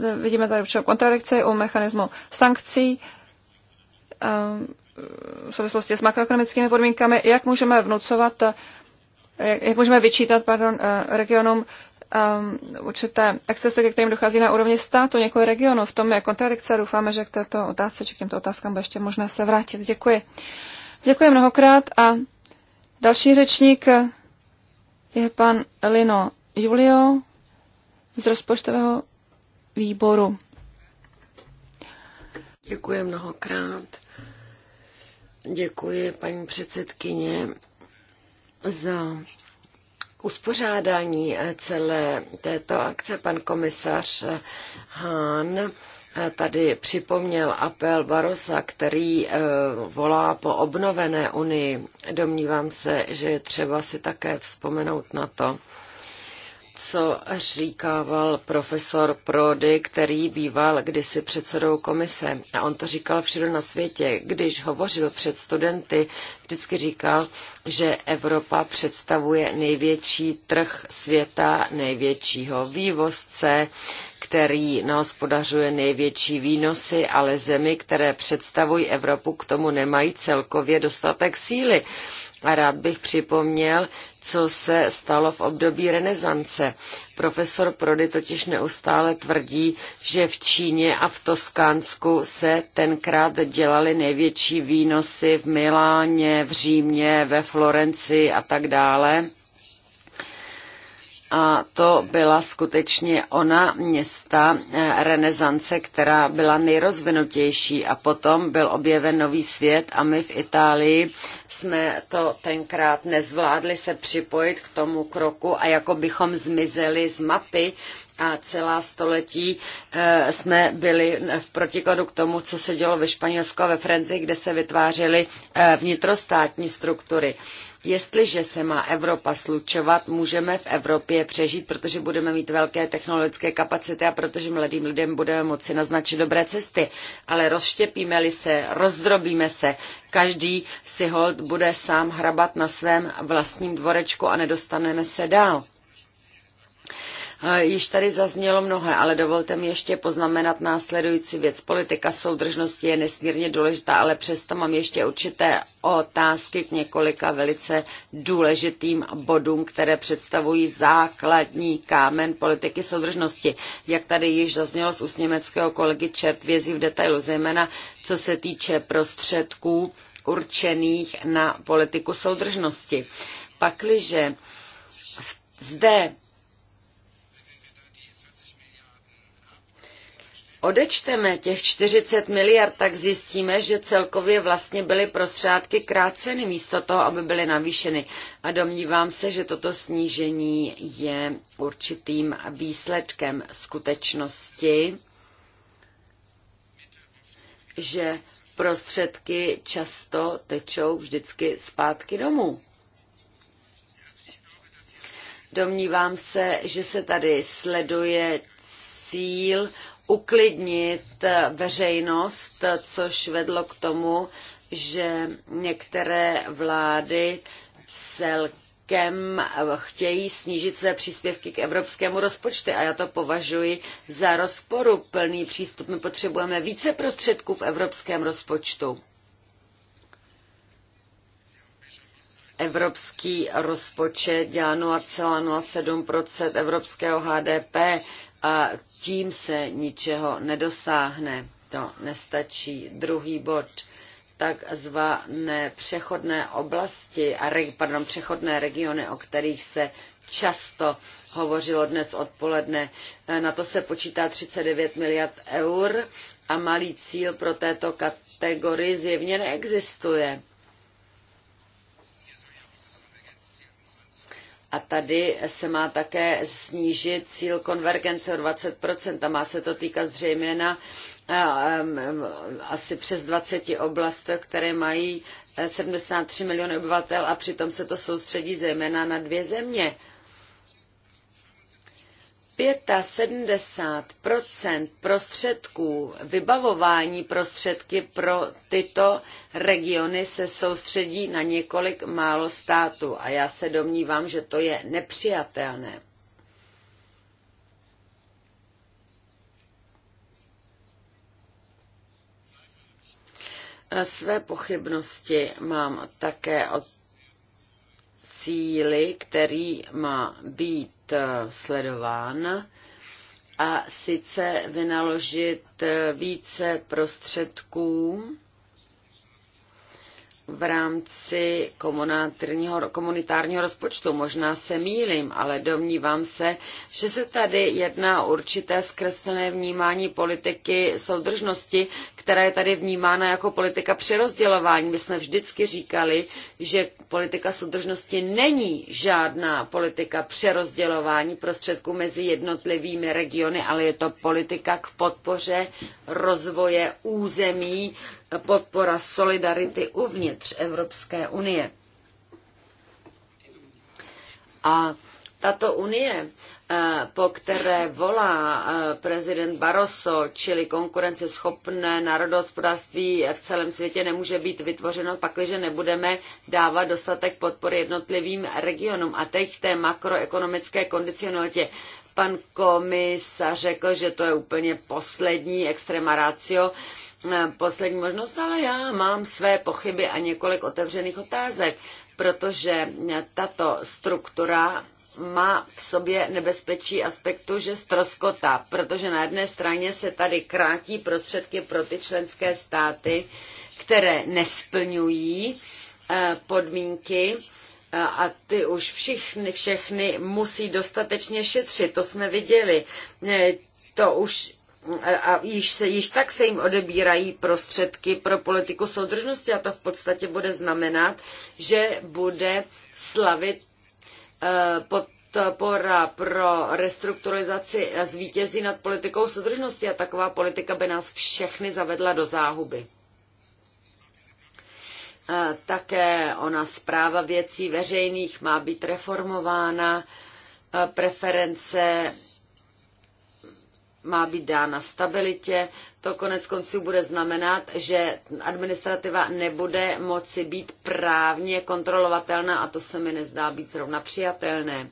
Eh, vidíme tady určitou kontradikci u mechanismu sankcí eh, v souvislosti s makroekonomickými podmínkami, jak můžeme vnucovat jak, můžeme vyčítat pardon, regionům um, určité excesy, ke kterým dochází na úrovni státu, několik regionů. V tom je kontradikce. Doufáme, že k této otázce či k těmto otázkám bude ještě možné se vrátit. Děkuji. Děkuji mnohokrát a další řečník je pan Lino Julio z rozpočtového výboru. Děkuji mnohokrát. Děkuji paní předsedkyně za uspořádání eh, celé této akce. Pan komisař eh, Hahn eh, tady připomněl apel Barosa, který volá po obnovené unii. Domnívám se, že je třeba si také vzpomenout na to, co říkával profesor Prody, který býval kdysi předsedou komise. A on to říkal všude na světě. Když hovořil před studenty, vždycky říkal, že Evropa představuje největší trh světa, největšího vývozce, který nahospodařuje největší výnosy, ale zemi, které představují Evropu, k tomu nemají celkově dostatek síly. A rád bych připomněl, co se stalo v období renesance. Profesor Prody totiž neustále tvrdí, že v Číně a v Toskánsku se tenkrát dělaly největší výnosy v Miláně, v Římě, ve Florenci a tak dále a to byla skutečně ona města eh, renesance, která byla nejrozvinutější a potom byl objeven nový svět a my v Itálii jsme to tenkrát nezvládli se připojit k tomu kroku a jako bychom zmizeli z mapy, a celá století eh, jsme byli v protikladu k tomu, co se dělo ve Španělsku a ve Francii, kde se vytvářely eh, vnitrostátní struktury. Jestliže se má Evropa slučovat, můžeme v Evropě přežít, protože budeme mít velké technologické kapacity a protože mladým lidem budeme moci naznačit dobré cesty. Ale rozštěpíme-li se, rozdrobíme se, každý si hold bude sám hrabat na svém vlastním dvorečku a nedostaneme se dál. Již tady zaznělo mnohé, ale dovolte mi ještě poznamenat následující věc. Politika soudržnosti je nesmírně důležitá, ale přesto mám ještě určité otázky k několika velice důležitým bodům, které představují základní kámen politiky soudržnosti. Jak tady již zaznělo z úst německého kolegy, čert vězí v detailu, zejména co se týče prostředků určených na politiku soudržnosti. Pakliže v zde odečteme těch 40 miliard, tak zjistíme, že celkově vlastně byly prostředky kráceny místo toho, aby byly navýšeny. A domnívám se, že toto snížení je určitým výsledkem skutečnosti, že prostředky často tečou vždycky zpátky domů. Domnívám se, že se tady sleduje cíl uklidnit veřejnost, což vedlo k tomu, že některé vlády celkem chtějí snížit své příspěvky k evropskému rozpočtu a já to považuji za rozporuplný přístup. My potřebujeme více prostředků v evropském rozpočtu. Evropský rozpočet dělá 0,07 evropského HDP a tím se ničeho nedosáhne. To nestačí. Druhý bod takzvané přechodné oblasti a pardon, přechodné regiony, o kterých se často hovořilo dnes odpoledne. Na to se počítá 39 miliard eur a malý cíl pro této kategorii zjevně neexistuje. A tady se má také snížit cíl konvergence o 20% a má se to týkat zřejmě na asi přes 20 oblastech, které mají 73 eh, milionů obyvatel a přitom se to soustředí zejména na dvě země. 75 prostředků vybavování prostředky pro tyto regiony se soustředí na několik málo států a já se domnívám, že to je nepřijatelné. Své pochybnosti mám také cíli, který má být eh, sledován, a sice vynaložit eh, více prostředků v rámci komunitárního rozpočtu. Možná se mýlím, ale domnívám se, že se tady jedná určité zkreslené vnímání politiky soudržnosti, která je tady vnímána jako politika přerozdělování. My jsme vždycky říkali, že politika soudržnosti není žádná politika přerozdělování prostředků mezi jednotlivými regiony, ale je to politika k podpoře rozvoje území, podpora solidarity uvnitř Evropské unie. A tato unie, eh, po které volá eh, prezident Barroso, čili konkurenceschopné národohospodářství v celém světě, nemůže být vytvořeno, pakliže nebudeme dávat dostatek podpory jednotlivým regionům. A teď k té makroekonomické kondicionalitě. Pan komisař řekl, že to je úplně poslední extrema ratio Eh, poslední možnost, ale já mám své pochyby a několik otevřených otázek, protože eh, tato struktura má v sobě nebezpečí aspektu, že stroskota, protože na jedné straně se tady krátí prostředky pro ty členské státy, které nesplňují eh, podmínky a ty už všichni, všechny musí dostatečně šetřit, to jsme viděli. To už a již, se, již tak se jim odebírají prostředky pro politiku soudržnosti a to v podstatě bude znamenat, že bude slavit eh, podpora pro restrukturalizaci zvítězí nad politikou soudržnosti a taková politika by nás všechny zavedla do záhuby. Eh, také ona zpráva věcí veřejných má být reformována, eh, preference má být dána stabilitě. To konec konců bude znamenat, že administrativa nebude moci být právně kontrolovatelná a to se mi nezdá být zrovna přijatelné.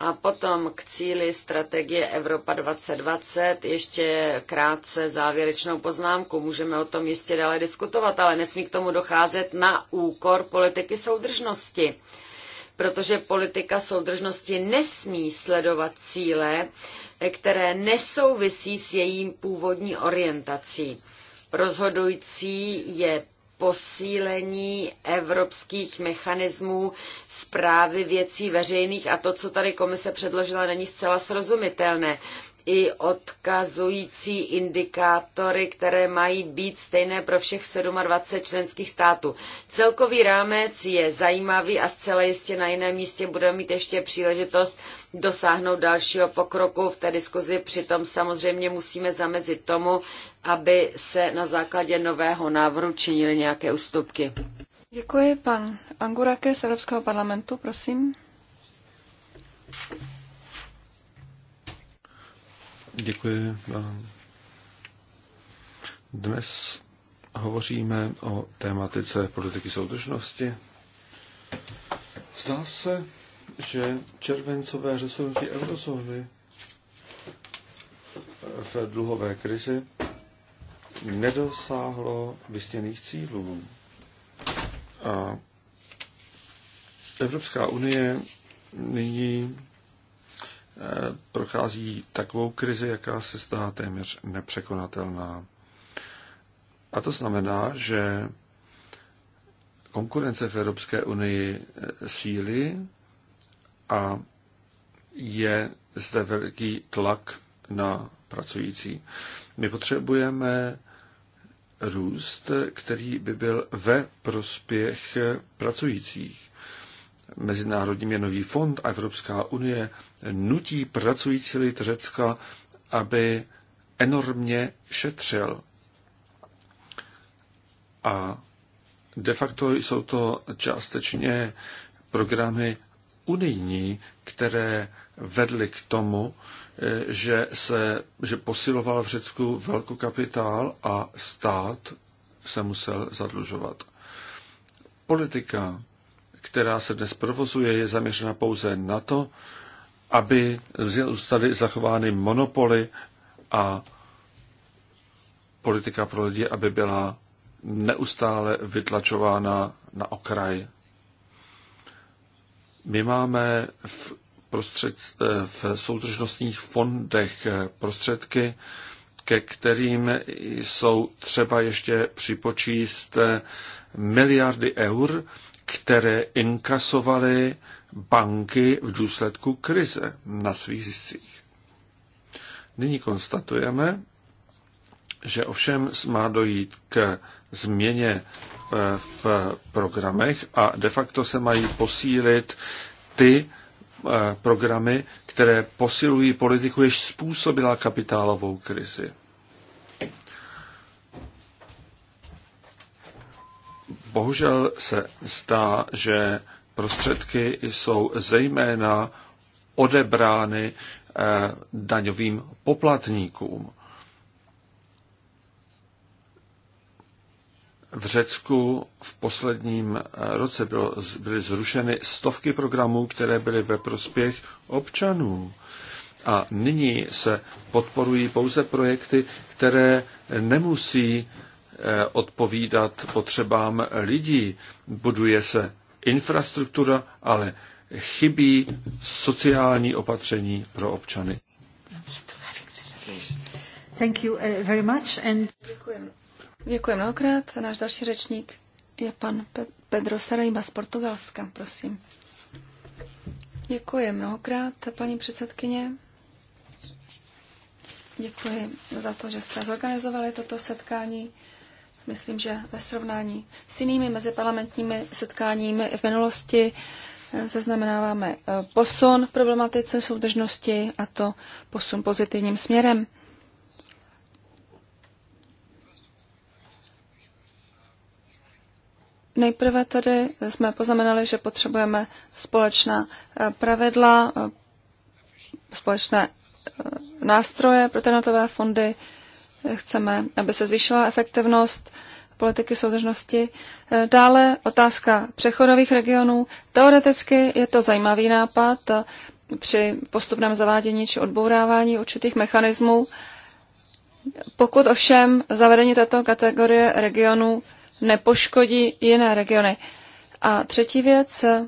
A potom k cíli strategie Evropa 2020 ještě krátce závěrečnou poznámku. Můžeme o tom jistě dále diskutovat, ale nesmí k tomu docházet na úkor politiky soudržnosti protože politika soudržnosti nesmí sledovat cíle, které nesouvisí s jejím původní orientací. Rozhodující je posílení evropských mechanismů zprávy věcí veřejných a to, co tady komise předložila, není zcela srozumitelné i odkazující indikátory, které mají být stejné pro všech 27 členských států. Celkový rámec je zajímavý a zcela jistě na jiném místě budeme mít ještě příležitost dosáhnout dalšího pokroku v té diskuzi. Přitom samozřejmě musíme zamezit tomu, aby se na základě nového návrhu činily nějaké ústupky. Děkuji. Pan Angurake z Evropského parlamentu, prosím. Děkuji vám. Dnes hovoříme o tématice politiky soudržnosti. Zdá se, že červencové rozhodnutí eurozóny v dluhové krizi nedosáhlo vystěných cílů. A Evropská unie nyní prochází takovou krizi, jaká se zdá téměř nepřekonatelná. A to znamená, že konkurence v Evropské unii eh, síly a je zde velký tlak na pracující. My potřebujeme růst, který by byl ve prospěch pracujících. Mezinárodní měnový fond a Evropská unie nutí pracující lid Řecka, aby enormně šetřil. A de facto jsou to částečně programy unijní, které vedly k tomu, že, se, že posiloval v Řecku velkokapitál a stát se musel zadlužovat. Politika která se dnes provozuje, je zaměřena pouze na to, aby zůstaly zachovány monopoly a politika pro lidi, aby byla neustále vytlačována na okraj. My máme v, prostřed, v soudržnostních fondech prostředky, ke kterým jsou třeba ještě připočíst miliardy eur, které inkasovaly banky v důsledku krize na svých ziscích. Nyní konstatujeme, že ovšem má dojít k změně eh, v programech a de facto se mají posílit ty eh, programy, které posilují politiku, jež způsobila kapitálovou krizi. Bohužel se zdá, že prostředky jsou zejména odebrány eh, daňovým poplatníkům. V Řecku v posledním eh, roce bylo, byly zrušeny stovky programů, které byly ve prospěch občanů. A nyní se podporují pouze projekty, které nemusí Eh, odpovídat potřebám lidí. Buduje se infrastruktura, ale chybí sociální opatření pro občany. Thank you eh, very much and... Děkuji. Děkuji mnohokrát. Náš další řečník je pan Pedro Sarajba z Portugalska, prosím. Děkuji mnohokrát, paní předsedkyně. Děkuji za to, že jste zorganizovali toto setkání. Myslím, že ve srovnání s jinými meziparlamentními setkáními v minulosti eh, zaznamenáváme eh, posun v problematice soudržnosti a to posun pozitivním směrem. Nejprve tady jsme poznamenali, že potřebujeme společná eh, pravidla, společné nástroje pro tenotové fondy, Chceme, aby se zvýšila efektivnost politiky soudržnosti. Eh, dále otázka přechodových regionů. Teoreticky je to zajímavý nápad eh, při postupném zavádění či odbourávání určitých mechanismů. Pokud ovšem zavedení této kategorie regionů nepoškodí jiné regiony. A třetí věc, eh,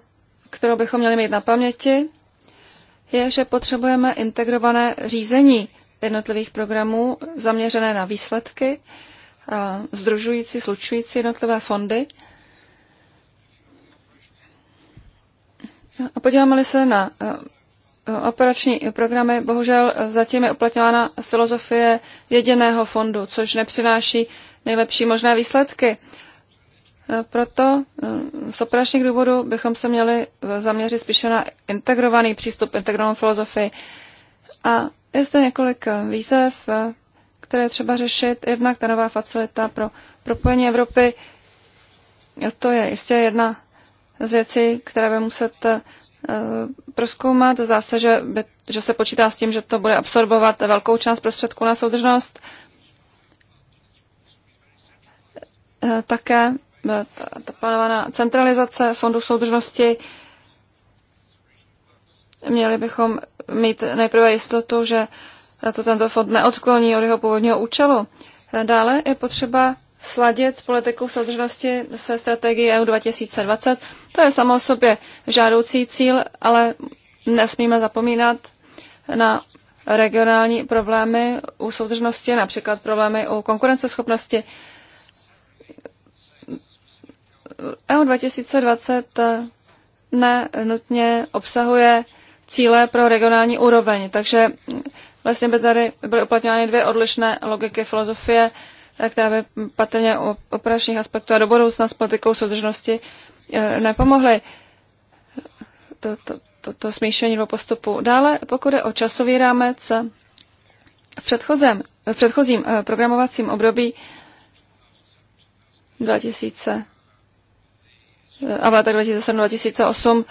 kterou bychom měli mít na paměti, je, že potřebujeme integrované řízení jednotlivých programů zaměřené na výsledky, združující, slučující jednotlivé fondy. A podíváme-li se na eh, eh, operační programy, bohužel zatím je uplatňována filozofie jediného fondu, což nepřináší nejlepší možné výsledky. Eh, proto z operačních důvodů bychom se měli zaměřit spíše na integrovaný přístup, integrovanou filozofii a je zde několik eh, výzev, eh, které třeba řešit. Jednak ta nová facilita pro propojení Evropy, to je jistě jedna z věcí, které by muset eh, proskoumat. Zdá se, že, by, že se počítá s tím, že to bude absorbovat velkou část prostředků na soudržnost. Také ta, ta plánovaná centralizace fondů soudržnosti Měli bychom mít nejprve jistotu, že to tento fond neodkloní od jeho původního účelu. Dále je potřeba sladit politiku soudržnosti se strategií EU 2020. To je samo o sobě žádoucí cíl, ale nesmíme zapomínat na regionální problémy u soudržnosti, například problémy u konkurenceschopnosti. EU 2020 eh, nenutně obsahuje cíle pro regionální úroveň. Takže vlastně by tady byly uplatňovány dvě odlišné logiky filozofie, která by patrně u operačních aspektů a do budoucna s politikou soudržnosti eh, nepomohly. To, to, to, to smíšení do postupu. Dále, pokud je o časový rámec, v, předchozem, v předchozím eh, programovacím období 2000 eh, a v letech 2007-2008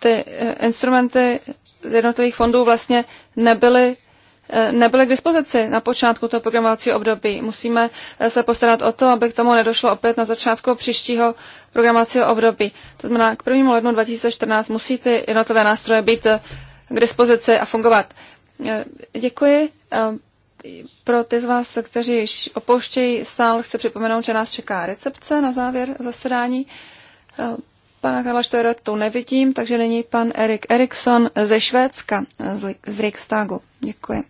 ty eh, instrumenty z jednotlivých fondů vlastně nebyly eh, nebyly k dispozici na počátku toho programovacího období. Musíme eh, se postarat o to, aby k tomu nedošlo opět na začátku příštího programovacího období. To znamená, k 1. lednu 2014 musí ty jednotlivé nástroje být k dispozici a fungovat. Děkuji. Pro ty z vás, kteří již opouštějí sál, chci připomenout, že nás čeká recepce na závěr zasedání. Pana Karla Štojra tu nevidím, takže není pan Erik Eriksson ze Švédska, z Riksdagu. Děkuji.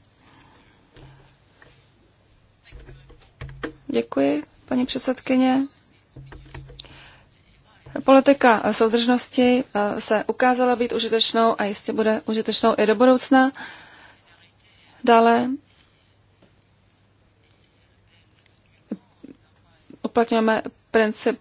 Děkuji, paní předsedkyně. Politika soudržnosti eh, se ukázala být užitečnou a jistě bude užitečnou i do budoucna. Dále uplatňujeme princip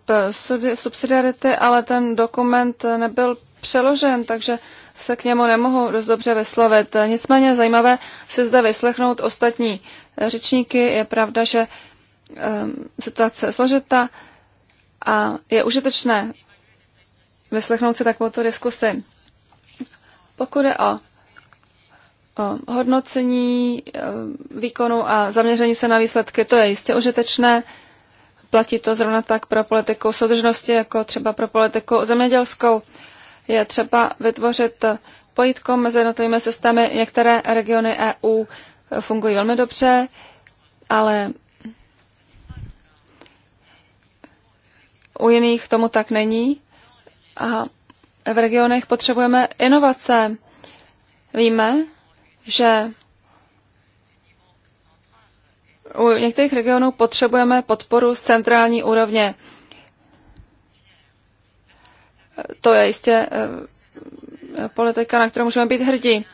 subsidiarity, ale ten dokument nebyl přeložen, takže se k němu nemohu dost dobře vyslovit. Nicméně zajímavé si zde vyslechnout ostatní řečníky. Je pravda, že ehm, situace je složitá a je užitečné vyslechnout si takovouto diskusi. Pokud je o, o hodnocení ehm, výkonu a zaměření se na výsledky, to je jistě užitečné. Platí to zrovna tak pro politiku soudržnosti, jako třeba pro politiku zemědělskou. Je třeba vytvořit pojitko mezi jednotlivými systémy. Některé regiony EU fungují velmi dobře, ale u jiných tomu tak není. A v regionech potřebujeme inovace. Víme, že u některých regionů potřebujeme podporu z centrální úrovně. To je jistě eh, politika, na kterou můžeme být hrdí.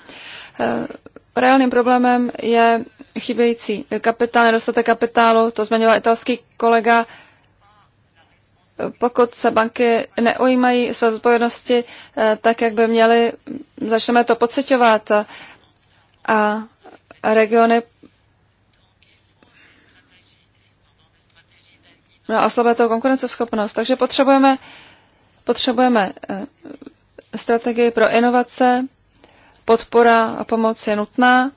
Eh, reálným problémem je chybějící kapitál, nedostatek kapitálu, to zmiňoval italský kolega. Pokud se banky neujímají své odpovědnosti eh, tak, jak by měly, začneme to pocitovat a regiony No a slabé to konkurenceschopnost. Takže potřebujeme, potřebujeme eh, strategii pro inovace, podpora a pomoc je nutná.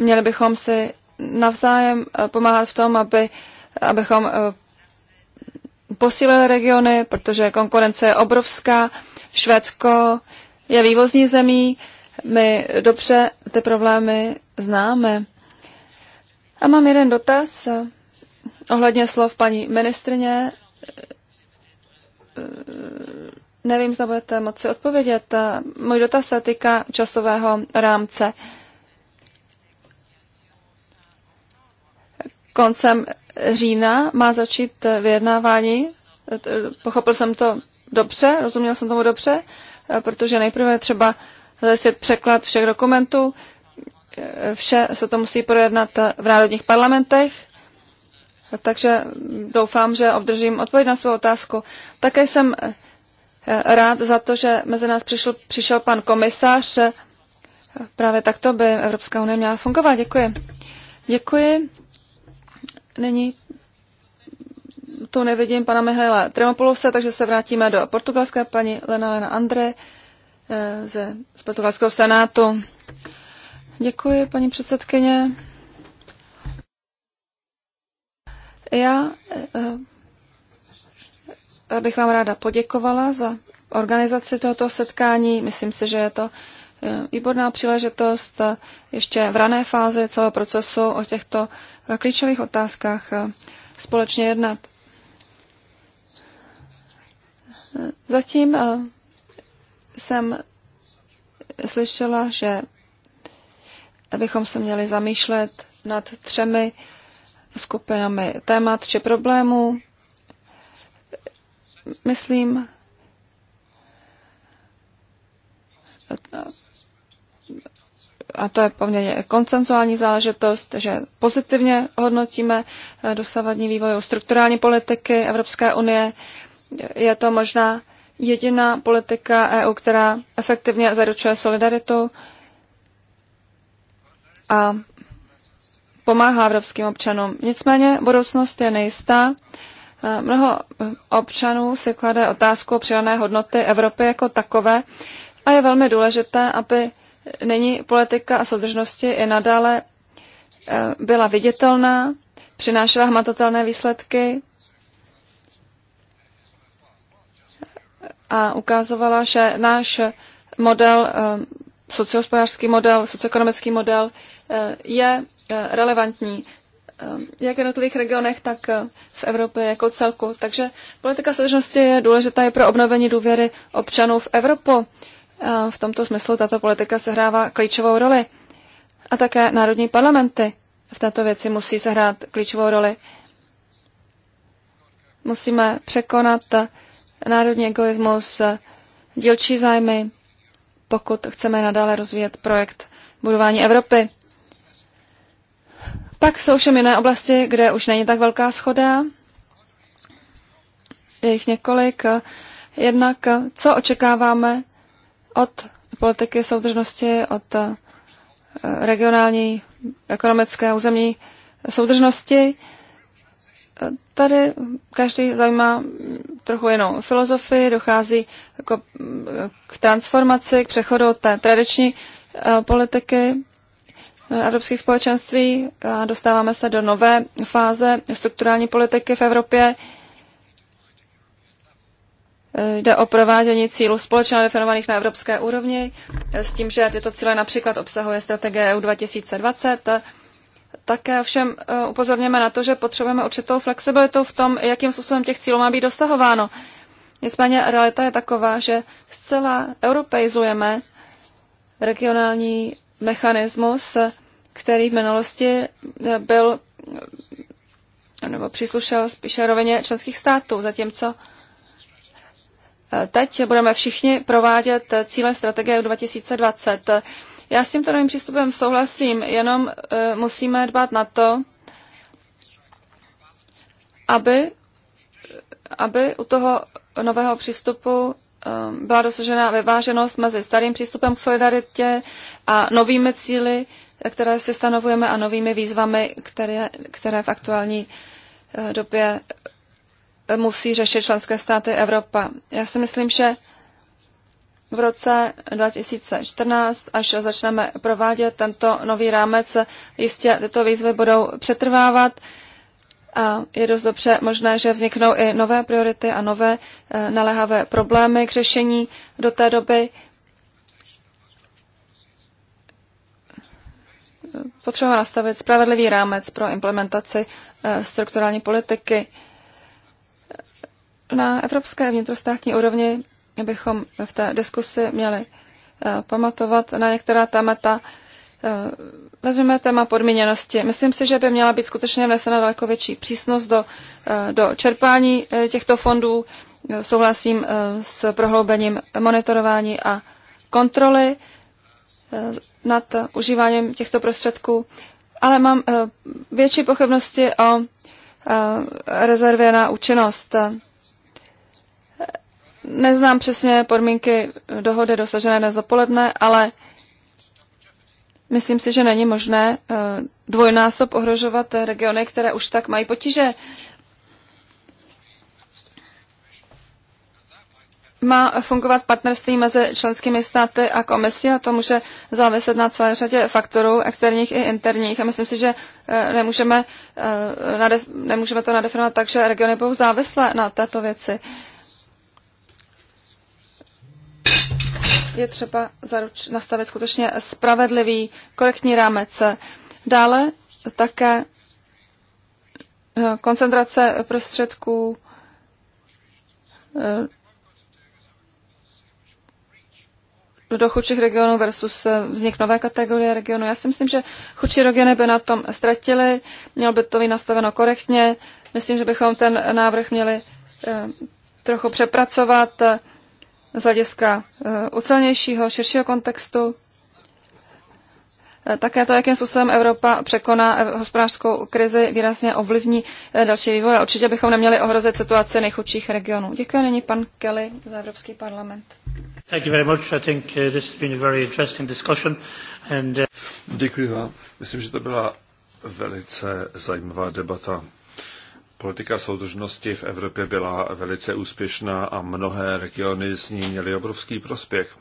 Měli bychom si navzájem eh, pomáhat v tom, aby, abychom eh, posílili regiony, protože konkurence je obrovská. Švédsko je vývozní zemí, my dobře ty problémy známe. A mám jeden dotaz ohledně slov paní ministrně, eh, nevím, zda budete moci odpovědět. Eh, můj dotaz se týká časového rámce. Koncem října má začít vyjednávání. Eh, pochopil jsem to dobře, rozuměl jsem tomu dobře, protože nejprve třeba zajistit překlad všech dokumentů, vše se to musí projednat v národních parlamentech, takže doufám, že obdržím odpověď na svou otázku. Také jsem eh, eh, rád za to, že mezi nás přišel, přišel pan komisař. Eh, právě takto by Evropská unie měla fungovat. Děkuji. Děkuji. Není tu nevidím pana Mihaila Tremopolose, takže se vrátíme do portugalské paní Lena Lena Andre ze, z portugalského senátu. Děkuji, paní předsedkyně. Já eh, eh, bych vám ráda poděkovala za organizaci tohoto setkání. Myslím si, že je to eh, výborná příležitost ještě v rané fázi celého procesu o těchto klíčových otázkách společně jednat. Zatím jsem slyšela, že bychom se měli zamýšlet nad třemi skupinami témat či problémů. Myslím, a to je poměrně koncenzuální záležitost, že pozitivně hodnotíme eh, dosavadní vývoj strukturální politiky Evropské unie. Je to možná jediná politika EU, která efektivně zaručuje solidaritu a pomáhá evropským občanům. Nicméně budoucnost je nejistá. Eh, Mnoho občanů si klade otázku o přidané hodnoty Evropy jako takové a je velmi důležité, aby nyní politika a soudržnosti i nadále eh, byla viditelná, přinášela hmatatelné výsledky a ukázovala, že náš model, eh, sociospodářský model, socioekonomický model je Eh, relevantní eh, jak v jednotlivých regionech, tak eh, v Evropě jako celku. Takže politika soudržnosti je důležitá i pro obnovení důvěry občanů v Evropu. V tomto smyslu tato politika sehrává klíčovou roli. A také národní parlamenty v této věci musí sehrát klíčovou roli. Musíme překonat národní egoismus, dílčí zájmy, pokud chceme nadále rozvíjet projekt budování Evropy. Pak jsou všem jiné oblasti, kde už není tak velká schoda. Je jich několik. Jednak, co očekáváme od politiky soudržnosti, od eh, regionální, ekonomické územní soudržnosti. Tady každý zajímá trochu jinou filozofii, dochází k transformaci, k přechodu té tradiční eh, politiky evropských společenství dostáváme se do nové fáze strukturální politiky v Evropě. Jde o provádění cílů společně definovaných na evropské úrovni, s tím, že tyto cíle například obsahuje strategie EU 2020. Také všem eh, upozorněme na to, že potřebujeme určitou flexibilitu v tom, jakým způsobem těch cílů má být dosahováno. Nicméně realita je taková, že zcela europeizujeme regionální mechanismus, který v minulosti eh, byl nebo příslušel spíše rovině členských států, zatímco eh, teď budeme všichni provádět eh, cíle strategie 2020. Já s tímto novým přístupem souhlasím, jenom musíme dbát na to, aby, aby u toho nového přístupu byla dosažena vyváženost mezi starým přístupem k solidaritě a novými cíly, které si stanovujeme a novými výzvami, které, které v aktuální eh, době musí řešit členské státy Evropa. Já si myslím, že v roce 2014, až začneme provádět tento nový rámec, jistě tyto výzvy budou přetrvávat a je dost dobře možné, že vzniknou i nové priority a nové eh, naléhavé problémy k řešení do té doby. Potřebujeme nastavit spravedlivý rámec pro implementaci eh, strukturální politiky. Na evropské vnitrostátní úrovni bychom v té diskusi měli eh, pamatovat na některá témata. Eh, vezmeme téma podmíněnosti. Myslím si, že by měla být skutečně vnesena daleko větší přísnost do, do čerpání těchto fondů. Souhlasím s prohloubením monitorování a kontroly Eh, nad užíváním těchto prostředků, ale mám eh, větší pochybnosti o eh, rezervě na účinnost. Neznám přesně podmínky dohody dosažené dnes dopoledne, ale myslím si, že není možné dvojnásob ohrožovat regiony, které už tak mají potíže. má fungovat partnerství mezi členskými státy a komisí a to může záviset na celé řadě faktorů, externích i interních. A myslím si, že eh, nemůžeme, eh, nemůžeme to nadefinovat tak, že regiony budou závislé na této věci. Je třeba zaruč, nastavit skutečně spravedlivý, korektní rámec. Dále také eh, koncentrace prostředků do chudších regionů versus eh, vznik nové kategorie regionu. Já si myslím, že chudší regiony by na tom ztratili, mělo by to být nastaveno korektně. Myslím, že bychom ten návrh měli eh, trochu přepracovat eh, z hlediska ucelnějšího, širšího kontextu. Také to, jakým způsobem Evropa překoná hospodářskou krizi, výrazně ovlivní další vývoj. A určitě bychom neměli ohrozit situaci nejchudších regionů. Děkuji nyní pan Kelly za Evropský parlament. Thank you very much. I think uh, this has been a very interesting discussion. And, uh... Děkuji vám. Myslím, že to byla velice zajímavá debata. Politika soudržnosti v Evropě byla velice úspěšná a mnohé regiony z ní měly obrovský prospěch.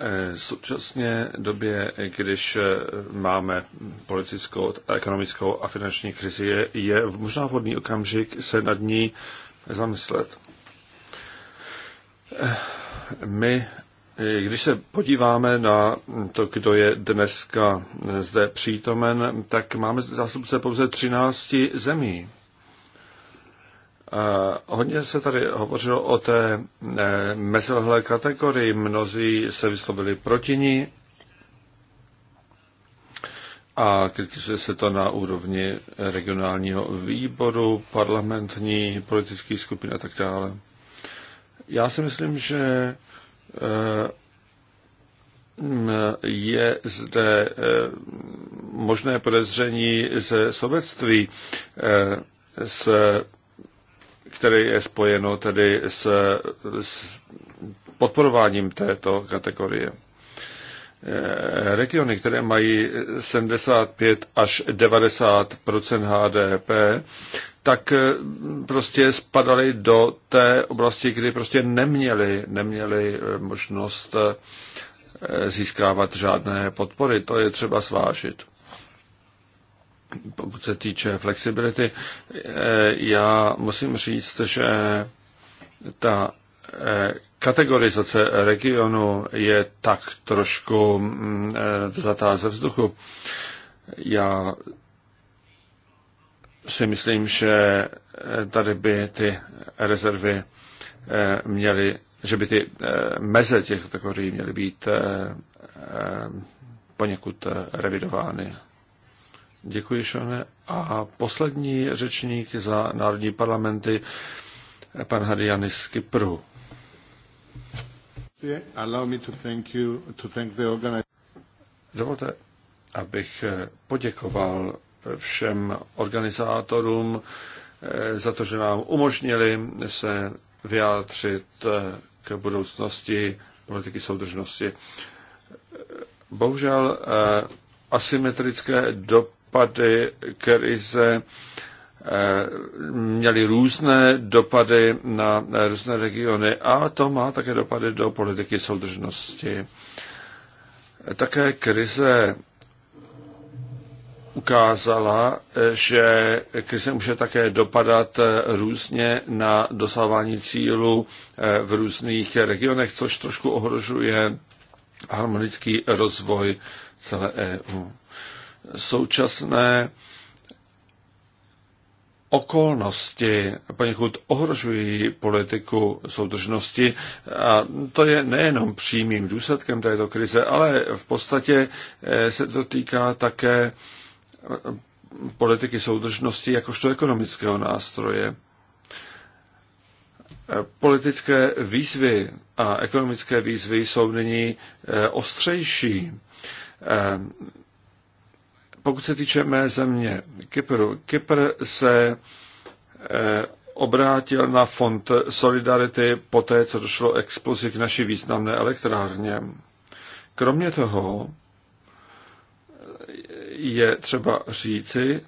Eh, v současné době, když eh, máme politickou, ekonomickou a finanční krizi, je, je možná vhodný okamžik se nad ní zamyslet. My, když se podíváme na to, kdo je dneska zde přítomen, tak máme zástupce pouze 13 zemí. Hodně se tady hovořilo o té e, mezilhlé kategorii, mnozí se vyslovili proti ní a kritizuje se to na úrovni regionálního výboru, parlamentní, politických skupin a tak dále. Já si myslím, že eh, je zde eh, možné podezření ze sobectví, s, eh, které je spojeno tedy s, s podporováním této kategorie. Eh, regiony, které mají 75 až 90 HDP, tak eh, prostě spadaly do té oblasti, kdy prostě neměli, neměli eh, možnost získávat žádné podpory. To je třeba svážit. Pokud se týče flexibility, já musím říct, že ta kategorizace regionu je tak trošku mm, eh, vzatá ze vzduchu. Já si myslím, že eh, tady by ty rezervy eh, měly, že by ty meze těch kategorií měly být poněkud revidovány. Děkuji, Šone. A poslední řečník za národní parlamenty, pan Hadianis z Kypru. Dovolte, abych eh, poděkoval eh, všem organizátorům eh, za to, že nám umožnili se vyjádřit k budoucnosti politiky soudržnosti. Bohužel asymetrické dopady krize Eh, měly různé dopady na eh, různé regiony a to má také dopady do politiky soudržnosti. Eh, také krize ukázala, že krize může také dopadat různě na dosávání cílů v různých regionech, což trošku ohrožuje harmonický rozvoj celé EU. Současné okolnosti poněkud ohrožují politiku soudržnosti a to je nejenom přímým důsledkem této krize, ale v podstatě eh, se to týká také eh, politiky soudržnosti jakožto ekonomického nástroje. Eh, politické výzvy a ekonomické výzvy jsou nyní ostřejší pokud se týče mé země, Kypru, Kypr se eh, obrátil na fond Solidarity po té, co došlo explozi k naší významné elektrárně. Kromě toho eh, je třeba říci,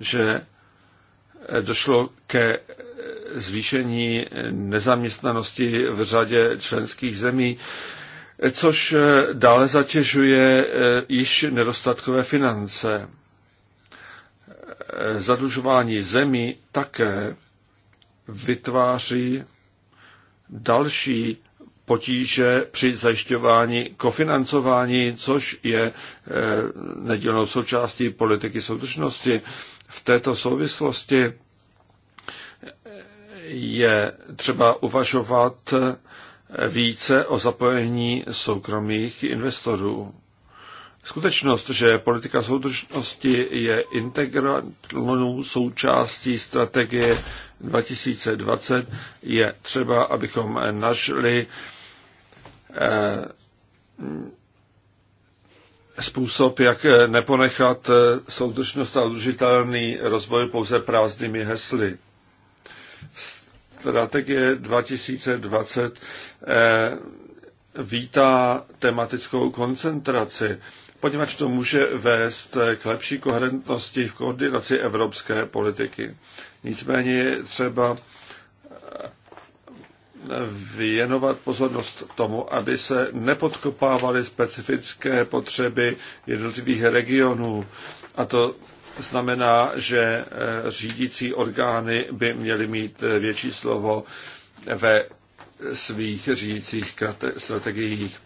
že eh, došlo ke zvýšení nezaměstnanosti v řadě členských zemí což eh, dále zatěžuje eh, již nedostatkové finance. Eh, zadlužování zemí také vytváří další potíže při zajišťování kofinancování, což je nedílnou součástí politiky soudržnosti. V této souvislosti je třeba uvažovat více o zapojení soukromých investorů. Skutečnost, že politika soudržnosti je integrovanou součástí strategie 2020, je třeba, abychom našli eh, způsob, jak neponechat soudržnost a udržitelný rozvoj pouze prázdnými hesly strategie 2020 eh, vítá tematickou koncentraci, poněvadž to může vést k lepší koherentnosti v koordinaci evropské politiky. Nicméně je třeba eh, věnovat pozornost tomu, aby se nepodkopávaly specifické potřeby jednotlivých regionů, a to znamená, že eh, řídící orgány by měly mít eh, větší slovo ve svých řídících strategiích.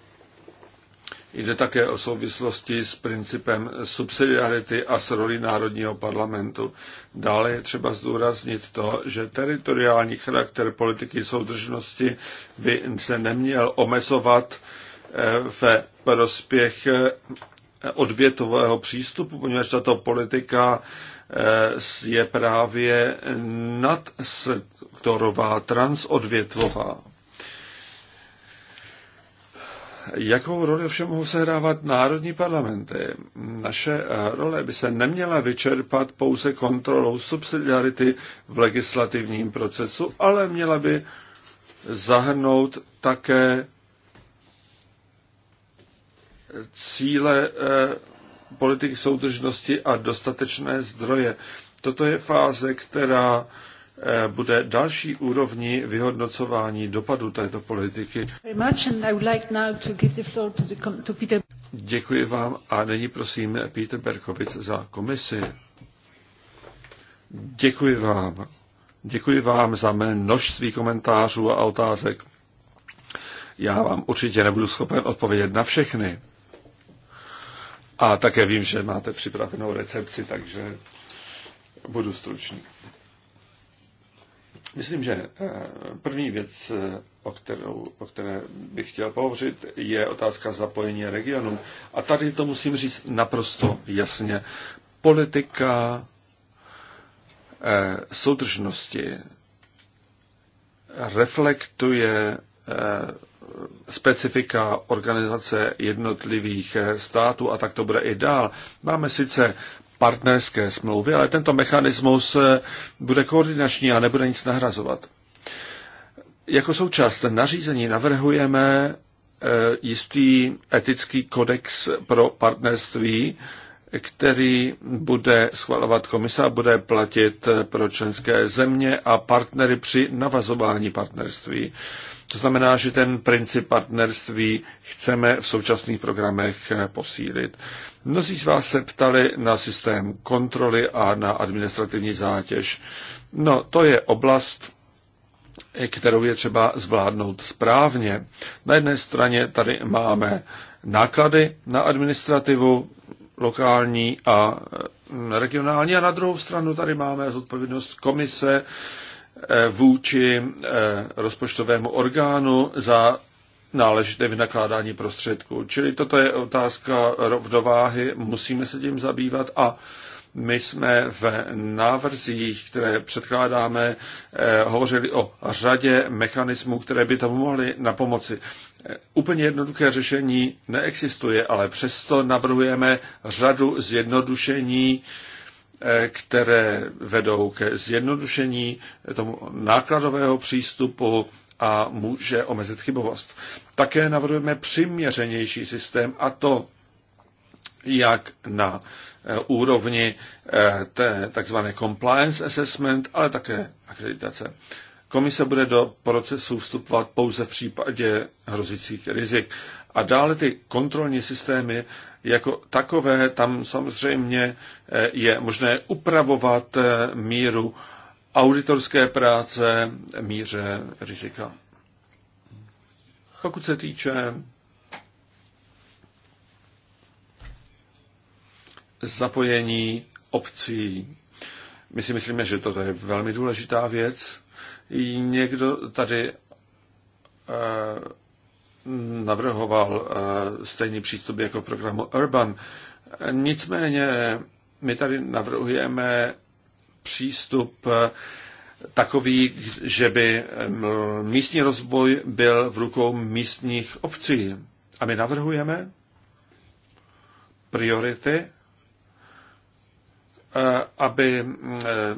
Jde také o souvislosti s principem subsidiarity a s roli Národního parlamentu. Dále je třeba zdůraznit to, že teritoriální charakter politiky soudržnosti by se neměl omezovat eh, ve prospěch odvětového přístupu, poněvadž tato politika eh, je právě nadsektorová, transodvětvová. Jakou roli všem mohou sehrávat národní parlamenty? Naše eh, role by se neměla vyčerpat pouze kontrolou subsidiarity v legislativním procesu, ale měla by zahrnout také cíle eh, politiky soudržnosti a dostatečné zdroje. Toto je fáze, která eh, bude další úrovni vyhodnocování dopadu této politiky. Děkuji vám a nyní prosím Peter Berkovic za komisi. Děkuji vám. Děkuji vám za mé množství komentářů a otázek. Já vám určitě nebudu schopen odpovědět na všechny. A také vím, že máte připravenou recepci, takže budu stručný. Myslím, že eh, první věc, eh, o, kterou, o které bych chtěl pohovořit, je otázka zapojení regionů. A tady to musím říct naprosto jasně. Politika eh, soudržnosti reflektuje specifika organizace jednotlivých eh, států a tak to bude i dál. Máme sice partnerské smlouvy, ale tento mechanismus eh, bude koordinační a nebude nic nahrazovat. Jako součást nařízení navrhujeme eh, jistý etický kodex pro partnerství, který bude schvalovat komisa, bude platit pro členské země a partnery při navazování partnerství. To znamená, že ten princip partnerství chceme v současných programech eh, posílit. Mnozí z vás se ptali na systém kontroly a na administrativní zátěž. No, to je oblast, eh, kterou je třeba zvládnout správně. Na jedné straně tady máme náklady na administrativu lokální a eh, regionální a na druhou stranu tady máme zodpovědnost komise, Eh, vůči eh, rozpočtovému orgánu za náležité vynakládání prostředků. Čili toto je otázka rovnováhy, musíme se tím zabývat a my jsme v návrzích, které předkládáme, eh, hovořili o řadě mechanismů, které by tomu mohly na pomoci. Úplně jednoduché řešení neexistuje, ale přesto navrhujeme řadu zjednodušení Eh, které vedou ke zjednodušení tomu nákladového přístupu a může omezit chybovost. Také navrhujeme přiměřenější systém a to jak na eh, úrovni eh, té tzv. compliance assessment, ale také akreditace. Komise bude do procesu vstupovat pouze v případě hrozících rizik. A dále ty kontrolní systémy jako takové tam samozřejmě eh, je možné upravovat eh, míru auditorské práce, míře rizika. Pokud se týče zapojení obcí, my si myslíme, že toto je velmi důležitá věc. Někdo tady eh, navrhoval eh, stejný přístup jako programu Urban. Nicméně my tady navrhujeme přístup eh, takový, že by eh, místní rozvoj byl v rukou místních obcí. A my navrhujeme priority, aby,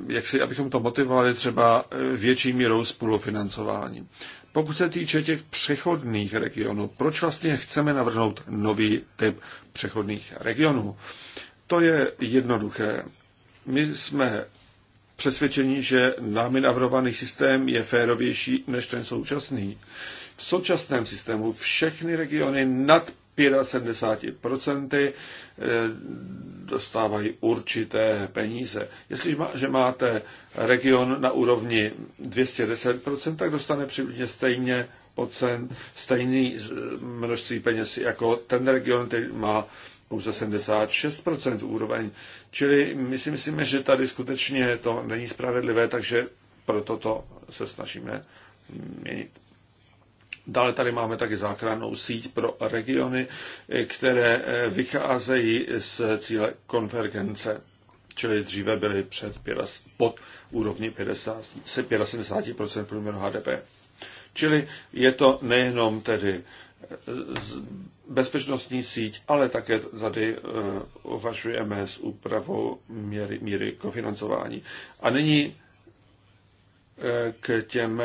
jak si, abychom to motivovali třeba větší mírou spolufinancování. Pokud se týče těch přechodných regionů, proč vlastně chceme navrhnout nový typ přechodných regionů? To je jednoduché. My jsme přesvědčení, že námi navrhovaný systém je férovější než ten současný. V současném systému všechny regiony nad 75%, eh, dostávají určité peníze. Jestliže máte region na úrovni 210%, tak dostane přibližně stejně procent, stejný množství peněz jako ten region, který má pouze 76% úroveň. Čili my si myslíme, že tady skutečně to není spravedlivé, takže proto to se snažíme měnit. Dále tady máme taky záchrannou síť pro regiony, eh, které eh, vycházejí z cíle konvergence, čili dříve byly před 5, pod úrovni 50, 75 průměru HDP. Čili je to nejenom tedy eh, bezpečnostní síť, ale také tady uvažujeme s úpravou míry, míry kofinancování. A nyní k těm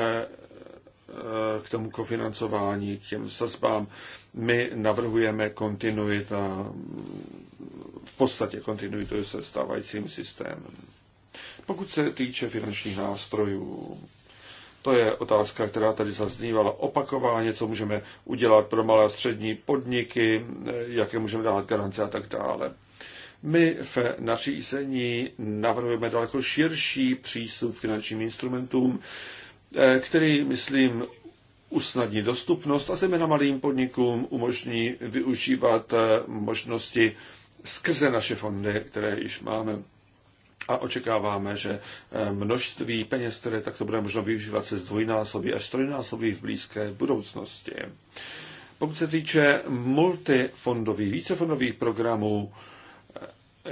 k tomu kofinancování, k těm sazbám. My navrhujeme kontinuita, v podstatě kontinuitu se stávajícím systémem. Pokud se týče finančních nástrojů, to je otázka, která tady zaznívala opakováně, co můžeme udělat pro malé a střední podniky, jaké můžeme dát garance a tak dále. My v nařízení navrhujeme daleko širší přístup k finančním instrumentům, Eh, který, myslím, usnadní dostupnost a zejména malým podnikům umožní využívat eh, možnosti skrze naše fondy, které již máme. A očekáváme, že eh, množství peněz, které takto bude možno využívat, se zdvojnásobí až trojnásobí v blízké budoucnosti. Pokud se týče multifondových, vícefondových programů,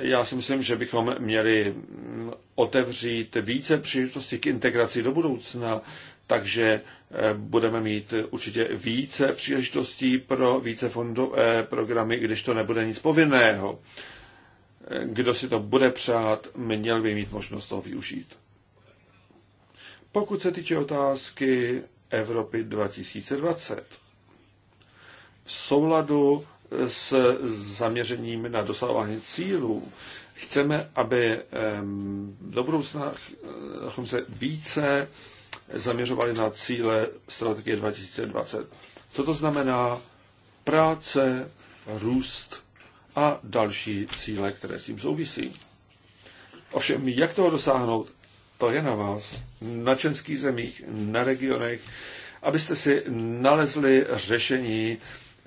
já si myslím, že bychom měli mm, otevřít více příležitostí k integraci do budoucna, takže eh, budeme mít určitě více příležitostí pro více fondové eh, programy, když to nebude nic povinného. Eh, kdo si to bude přát, měl by mít možnost toho využít. Pokud se týče otázky Evropy 2020, v souladu s zaměřením na dosahování cílů, chceme, aby do budoucna se více zaměřovali na cíle strategie 2020. Co to znamená? Práce, růst a další cíle, které s tím souvisí. Ovšem, jak toho dosáhnout, to je na vás, na českých zemích, na regionech, abyste si nalezli řešení,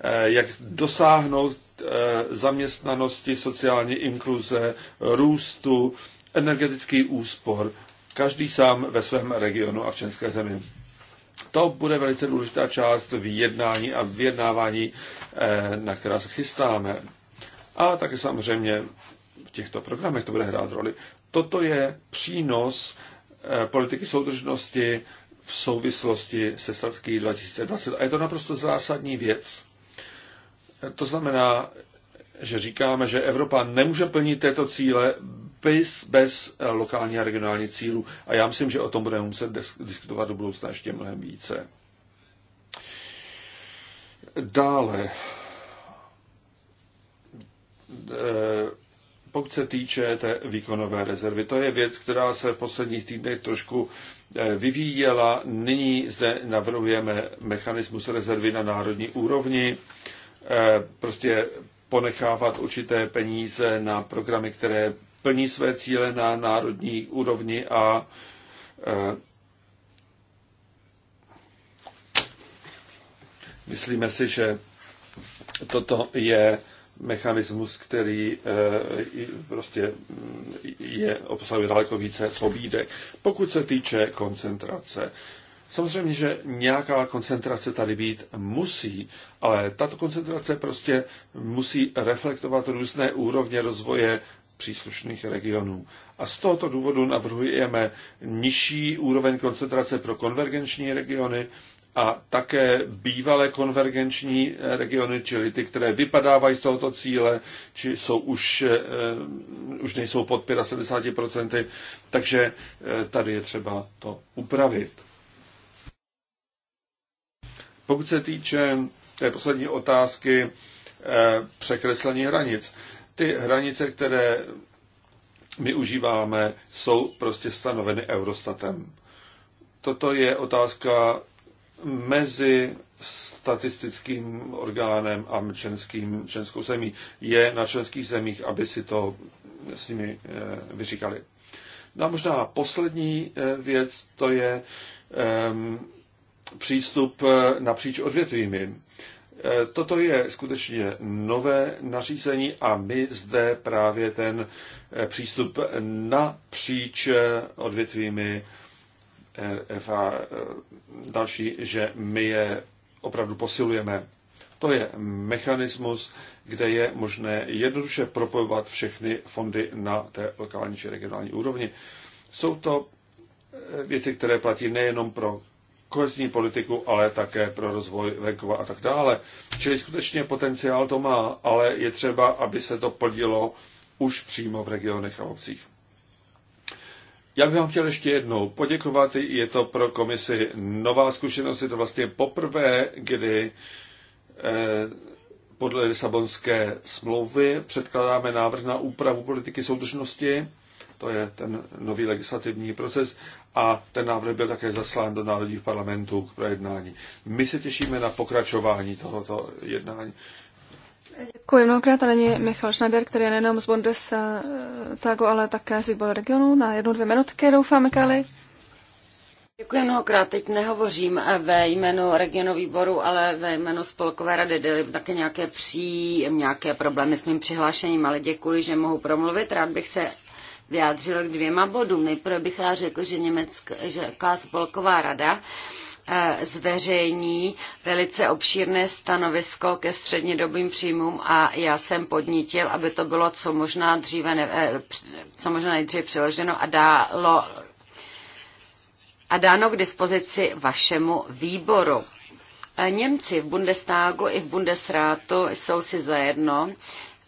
Eh, jak dosáhnout eh, zaměstnanosti, sociální inkluze, růstu, energetický úspor, každý sám ve svém regionu a v české zemi. To bude velice důležitá část vyjednání a vyjednávání, eh, na která se chystáme. A také samozřejmě v těchto programech to bude hrát roli. Toto je přínos politiky soudržnosti v souvislosti se strategií 2020. A je to naprosto zásadní věc. To znamená, že říkáme, že Evropa nemůže plnit této cíle bez, bez lokální a regionální cílů. A já myslím, že o tom budeme muset diskutovat do budoucna ještě mnohem více. Dále, eh, pokud se týče té výkonové rezervy, to je věc, která se v posledních týdnech trošku eh, vyvíjela. Nyní zde navrhujeme mechanismus rezervy na národní úrovni Eh, prostě ponechávat určité peníze na programy, které plní své cíle na národní úrovni a eh, myslíme si, že toto je mechanismus, který eh, prostě mm, je obsahuje daleko více pobídek. Pokud se týče koncentrace, Samozřejmě, že nějaká koncentrace tady být musí, ale tato koncentrace prostě musí reflektovat různé úrovně rozvoje příslušných regionů. A z tohoto důvodu navrhujeme nižší úroveň koncentrace pro konvergenční regiony a také bývalé konvergenční regiony, čili ty, které vypadávají z tohoto cíle, či jsou už, eh, už nejsou pod 75%, takže eh, tady je třeba to upravit. Pokud se týče té poslední otázky eh, překreslení hranic, ty hranice, které my užíváme, jsou prostě stanoveny Eurostatem. Toto je otázka mezi statistickým orgánem a členským, členskou zemí. Je na členských zemích, aby si to s nimi eh, vyříkali. No a možná poslední eh, věc, to je ehm, přístup eh, napříč odvětvími. Eh, toto je skutečně nové nařízení a my zde právě ten eh, přístup napříč odvětvími a další, že my je opravdu posilujeme. To je mechanismus, kde je možné jednoduše propojovat všechny fondy na té lokální či regionální úrovni. Jsou to věci, které platí nejenom pro kohezní politiku, ale také pro rozvoj venkova a tak dále. Čili skutečně potenciál to má, ale je třeba, aby se to plnilo už přímo v regionech a obcích. Já bych vám chtěl ještě jednou poděkovat. Je to pro komisi nová zkušenost. Je to vlastně poprvé, kdy eh, podle Lisabonské smlouvy předkládáme návrh na úpravu politiky soudržnosti. To je ten nový legislativní proces a ten návrh byl také zaslán do národních parlamentů k projednání. My se těšíme na pokračování tohoto jednání. Děkuji mnohokrát paní Michal Schneider, který je nejenom z Bundestagu, ale také z výboru regionu na jednu, dvě minutky, doufám, Kali. Děkuji mnohokrát. Teď nehovořím ve jménu regionu výboru, ale ve jménu Spolkové rady. Byly také nějaké, pří, nějaké problémy s mým přihlášením, ale děkuji, že mohu promluvit. Rád bych se vyjádřil k dvěma bodům. Nejprve bych rád řekl, že Německá spolková rada eh, zveřejní velice obšírné stanovisko ke střednědobým příjmům a já jsem podnítil, aby to bylo co možná, dříve ne, eh, co možná nejdříve přiloženo a dálo a dáno k dispozici vašemu výboru. Eh, Němci v Bundestagu i v Bundesrátu jsou si zajedno,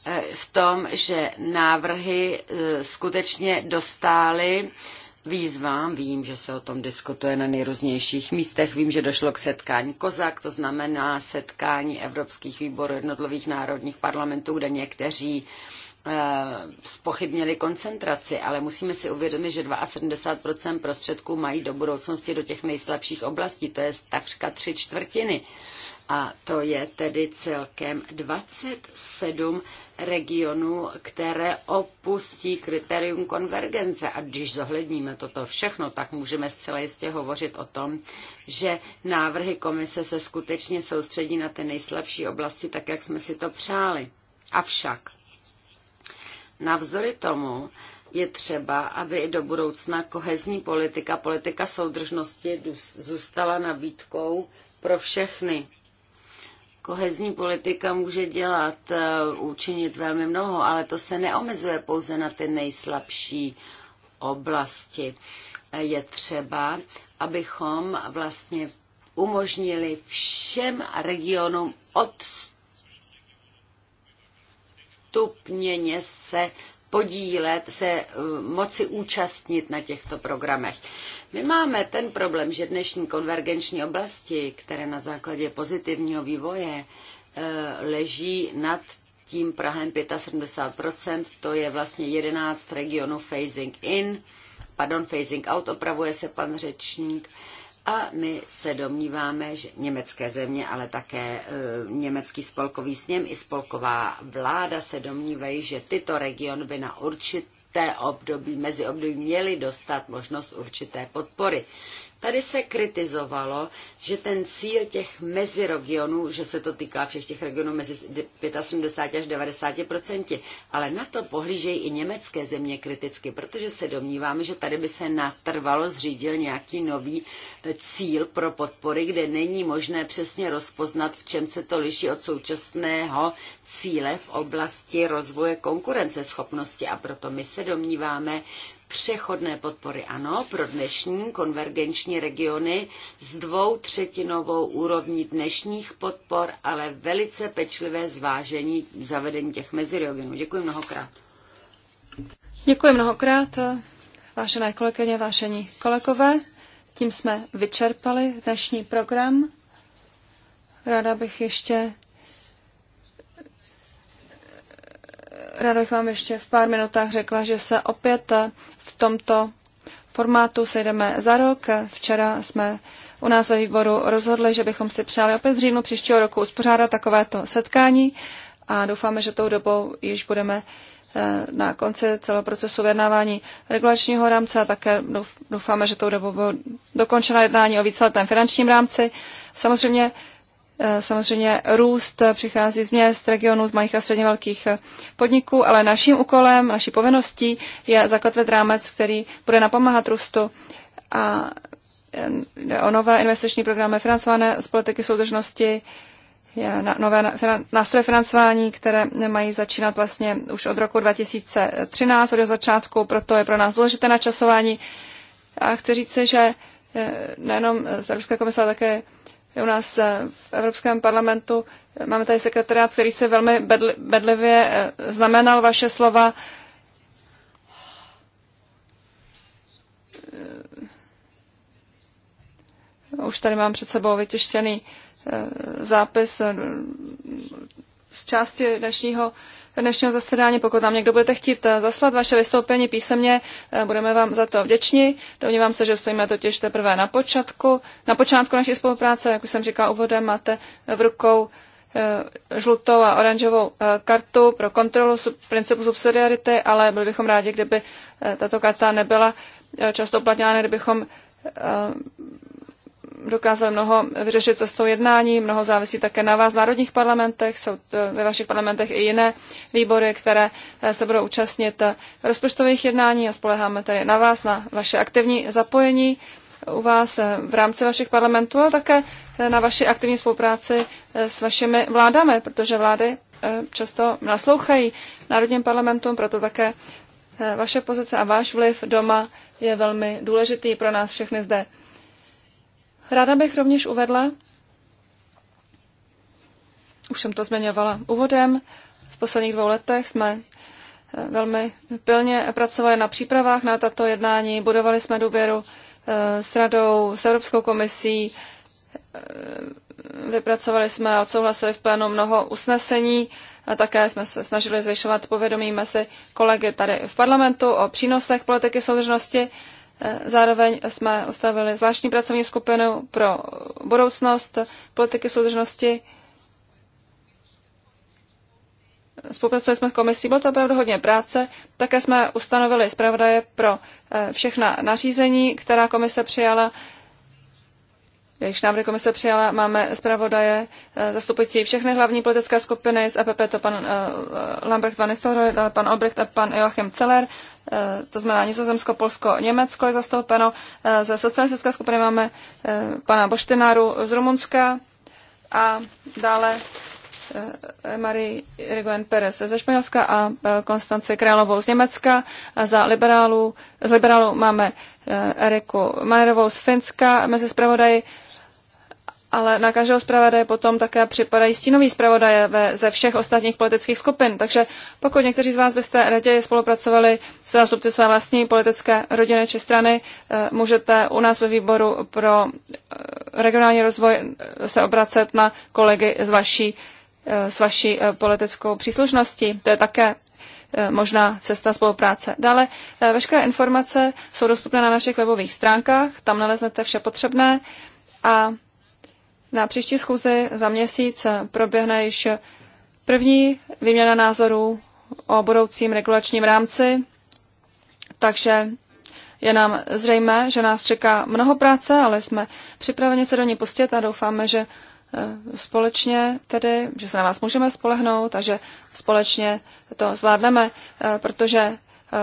Eh, v tom, že návrhy eh, skutečně dostály výzvám. Vím, že se o tom diskutuje na nejrůznějších místech. Vím, že došlo k setkání Kozak, to znamená setkání Evropských výborů jednotlivých národních parlamentů, kde někteří eh, spochybnili koncentraci, ale musíme si uvědomit, že 72% prostředků mají do budoucnosti do těch nejslabších oblastí, to je takřka tři čtvrtiny. A to je tedy celkem 27 regionů, které opustí kritérium konvergence. A když zohledníme toto všechno, tak můžeme zcela jistě hovořit o tom, že návrhy komise se skutečně soustředí na ty nejslabší oblasti, tak jak jsme si to přáli. Avšak navzdory tomu, je třeba, aby i do budoucna kohezní politika, politika soudržnosti zůstala nabídkou pro všechny Kohezní politika může dělat, eh, učinit velmi mnoho, ale to se neomezuje pouze na ty nejslabší oblasti. Eh, je třeba, abychom vlastně umožnili všem regionům odstupněně se podílet, se eh, moci účastnit na těchto programech. My máme ten problém, že dnešní konvergenční oblasti, které na základě pozitivního vývoje eh, leží nad tím Prahem 75%, to je vlastně 11 regionů phasing in, pardon, phasing out, opravuje se pan řečník, a my se domníváme, že německé země, ale také e, německý spolkový sněm i spolková vláda se domnívají, že tyto regiony by na určité období, mezi období měly dostat možnost určité podpory. Tady se kritizovalo, že ten cíl těch meziregionů, že se to týká všech těch regionů mezi 75 až 90 ale na to pohlížejí i německé země kriticky, protože se domníváme, že tady by se natrvalo zřídil nějaký nový eh, cíl pro podpory, kde není možné přesně rozpoznat, v čem se to liší od současného cíle v oblasti rozvoje konkurenceschopnosti. A proto my se domníváme, přechodné podpory, ano, pro dnešní konvergenční regiony s dvou třetinovou úrovní dnešních podpor, ale velice pečlivé zvážení zavedení těch meziregionů. Děkuji mnohokrát. Děkuji mnohokrát, vážené kolegyně, vážení kolegové. Tím jsme vyčerpali dnešní program. Ráda bych ještě Ráda bych vám ještě v pár minutách řekla, že se opět v tomto formátu sejdeme za rok. Včera jsme u nás ve výboru rozhodli, že bychom si přáli opět v říjnu příštího roku uspořádat takovéto setkání a doufáme, že tou dobou již budeme eh, na konci celého procesu vyjednávání regulačního rámce a také doufáme, že tou dobou bylo dokončena jednání o víceletém finančním rámci. Samozřejmě Eh, samozřejmě růst eh, přichází z měst, regionů, z malých a středně velkých eh, podniků, ale naším úkolem, naší povinností je zakotvit rámec, který bude napomáhat růstu a o nové investiční programy financované z politiky soudržnosti, je na, nové finan, nástroje financování, které mají začínat vlastně už od roku 2013, od začátku, proto je pro nás důležité načasování. A chci říct si, že nejenom z Evropské komise, ale také u nás eh, v Evropském parlamentu máme tady sekretariát, který se velmi bedlivě eh, znamenal vaše slova. Eh, už tady mám před sebou vytištěný zápis z části dnešního dnešního zasedání. Pokud nám někdo budete chtít eh, zaslat vaše vystoupení písemně, eh, budeme vám za to vděční. Domnívám se, že stojíme totiž teprve na počátku. Na počátku naší spolupráce, jak už jsem říkal úvodem, máte v rukou eh, žlutou a oranžovou kartu pro kontrolu principu subsidiarity, ale byli bychom rádi, kdyby tato karta nebyla často uplatňována, kdybychom dokázali mnoho vyřešit cestou jednání, mnoho závisí také na vás v národních parlamentech, jsou eh, ve vašich parlamentech i jiné výbory, které eh, se budou účastnit eh, rozpočtových jednání a spoleháme tedy na vás, na vaše aktivní zapojení u vás v rámci vašich parlamentů, ale také na vaši aktivní spolupráci s vašimi vládami, protože vlády často naslouchají národním parlamentům, proto také vaše pozice a váš vliv doma je velmi důležitý pro nás všechny zde. Ráda bych rovněž uvedla, už jsem to zmiňovala úvodem, v posledních dvou letech jsme eh, velmi pilně pracovali na přípravách na tato jednání, budovali jsme důvěru eh, s radou, s Evropskou komisí, eh, vypracovali jsme a odsouhlasili v plénu mnoho usnesení a také jsme se snažili zvyšovat povědomí mezi kolegy tady v parlamentu o přínosech politiky soudržnosti. Zároveň jsme ustavili zvláštní pracovní skupinu pro budoucnost politiky soudržnosti. Spolupracovali jsme s komisí, bylo to opravdu hodně práce. Také jsme ustanovili zpravodaje pro eh, všechna nařízení, která komise přijala. Když návrhy komise přijala, máme zpravodaje eh, zastupující všechny hlavní politické skupiny. Z EPP to pan eh, Lambrecht van Nistelrooy, pan Albrecht a pan Joachim Celer. Eh, to znamená Nizozemsko, Polsko, Německo je zastoupeno. Eh, ze socialistické skupiny máme eh, pana Boštenáru z Rumunska a dále Marie Rigoen Perez ze Španělska a Konstance Královou z Německa. A za liberálů, z liberálů máme Eriku Manerovou z Finska. Mezi zpravodaji ale na každého zpravodaje potom také připadají stínoví zpravodaje ze všech ostatních politických skupin. Takže pokud někteří z vás byste raději spolupracovali s zástupci své vlastní politické rodiny či strany, eh, můžete u nás ve výboru pro eh, regionální rozvoj eh, se obracet na kolegy z vaší, s vaší politickou příslušností. To je také možná cesta spolupráce. Dále veškeré informace jsou dostupné na našich webových stránkách, tam naleznete vše potřebné a na příští schůzi za měsíc proběhne již první výměna názorů o budoucím regulačním rámci, takže je nám zřejmé, že nás čeká mnoho práce, ale jsme připraveni se do ní pustit a doufáme, že eh, společně tedy, že se na vás můžeme spolehnout a že společně to zvládneme, eh, protože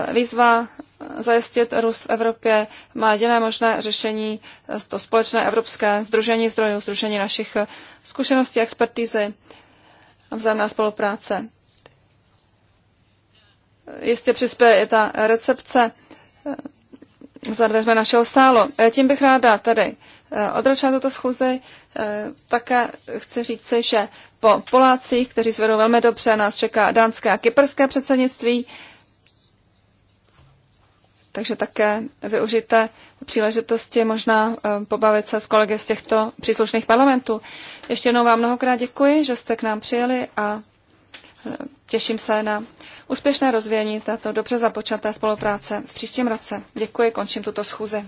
eh, výzva zajistit růst v Evropě, má jediné možné řešení to společné evropské združení zdrojů, združení našich zkušeností, expertízy a vzájemná spolupráce. Jistě přispěje i ta recepce eh, za dveřmi našeho sálu. Eh, tím bych ráda tady eh, odročila tuto schůzi. Také chci říci, že po Polácích, kteří zvedou velmi dobře, nás čeká dánské a kyperské předsednictví takže také využijte příležitosti možná eh, pobavit se s kolegy z těchto příslušných parlamentů. Ještě jednou vám mnohokrát děkuji, že jste k nám přijeli a eh, těším se na úspěšné rozvíjení této dobře započaté spolupráce v příštím roce. Děkuji, končím tuto schůzi.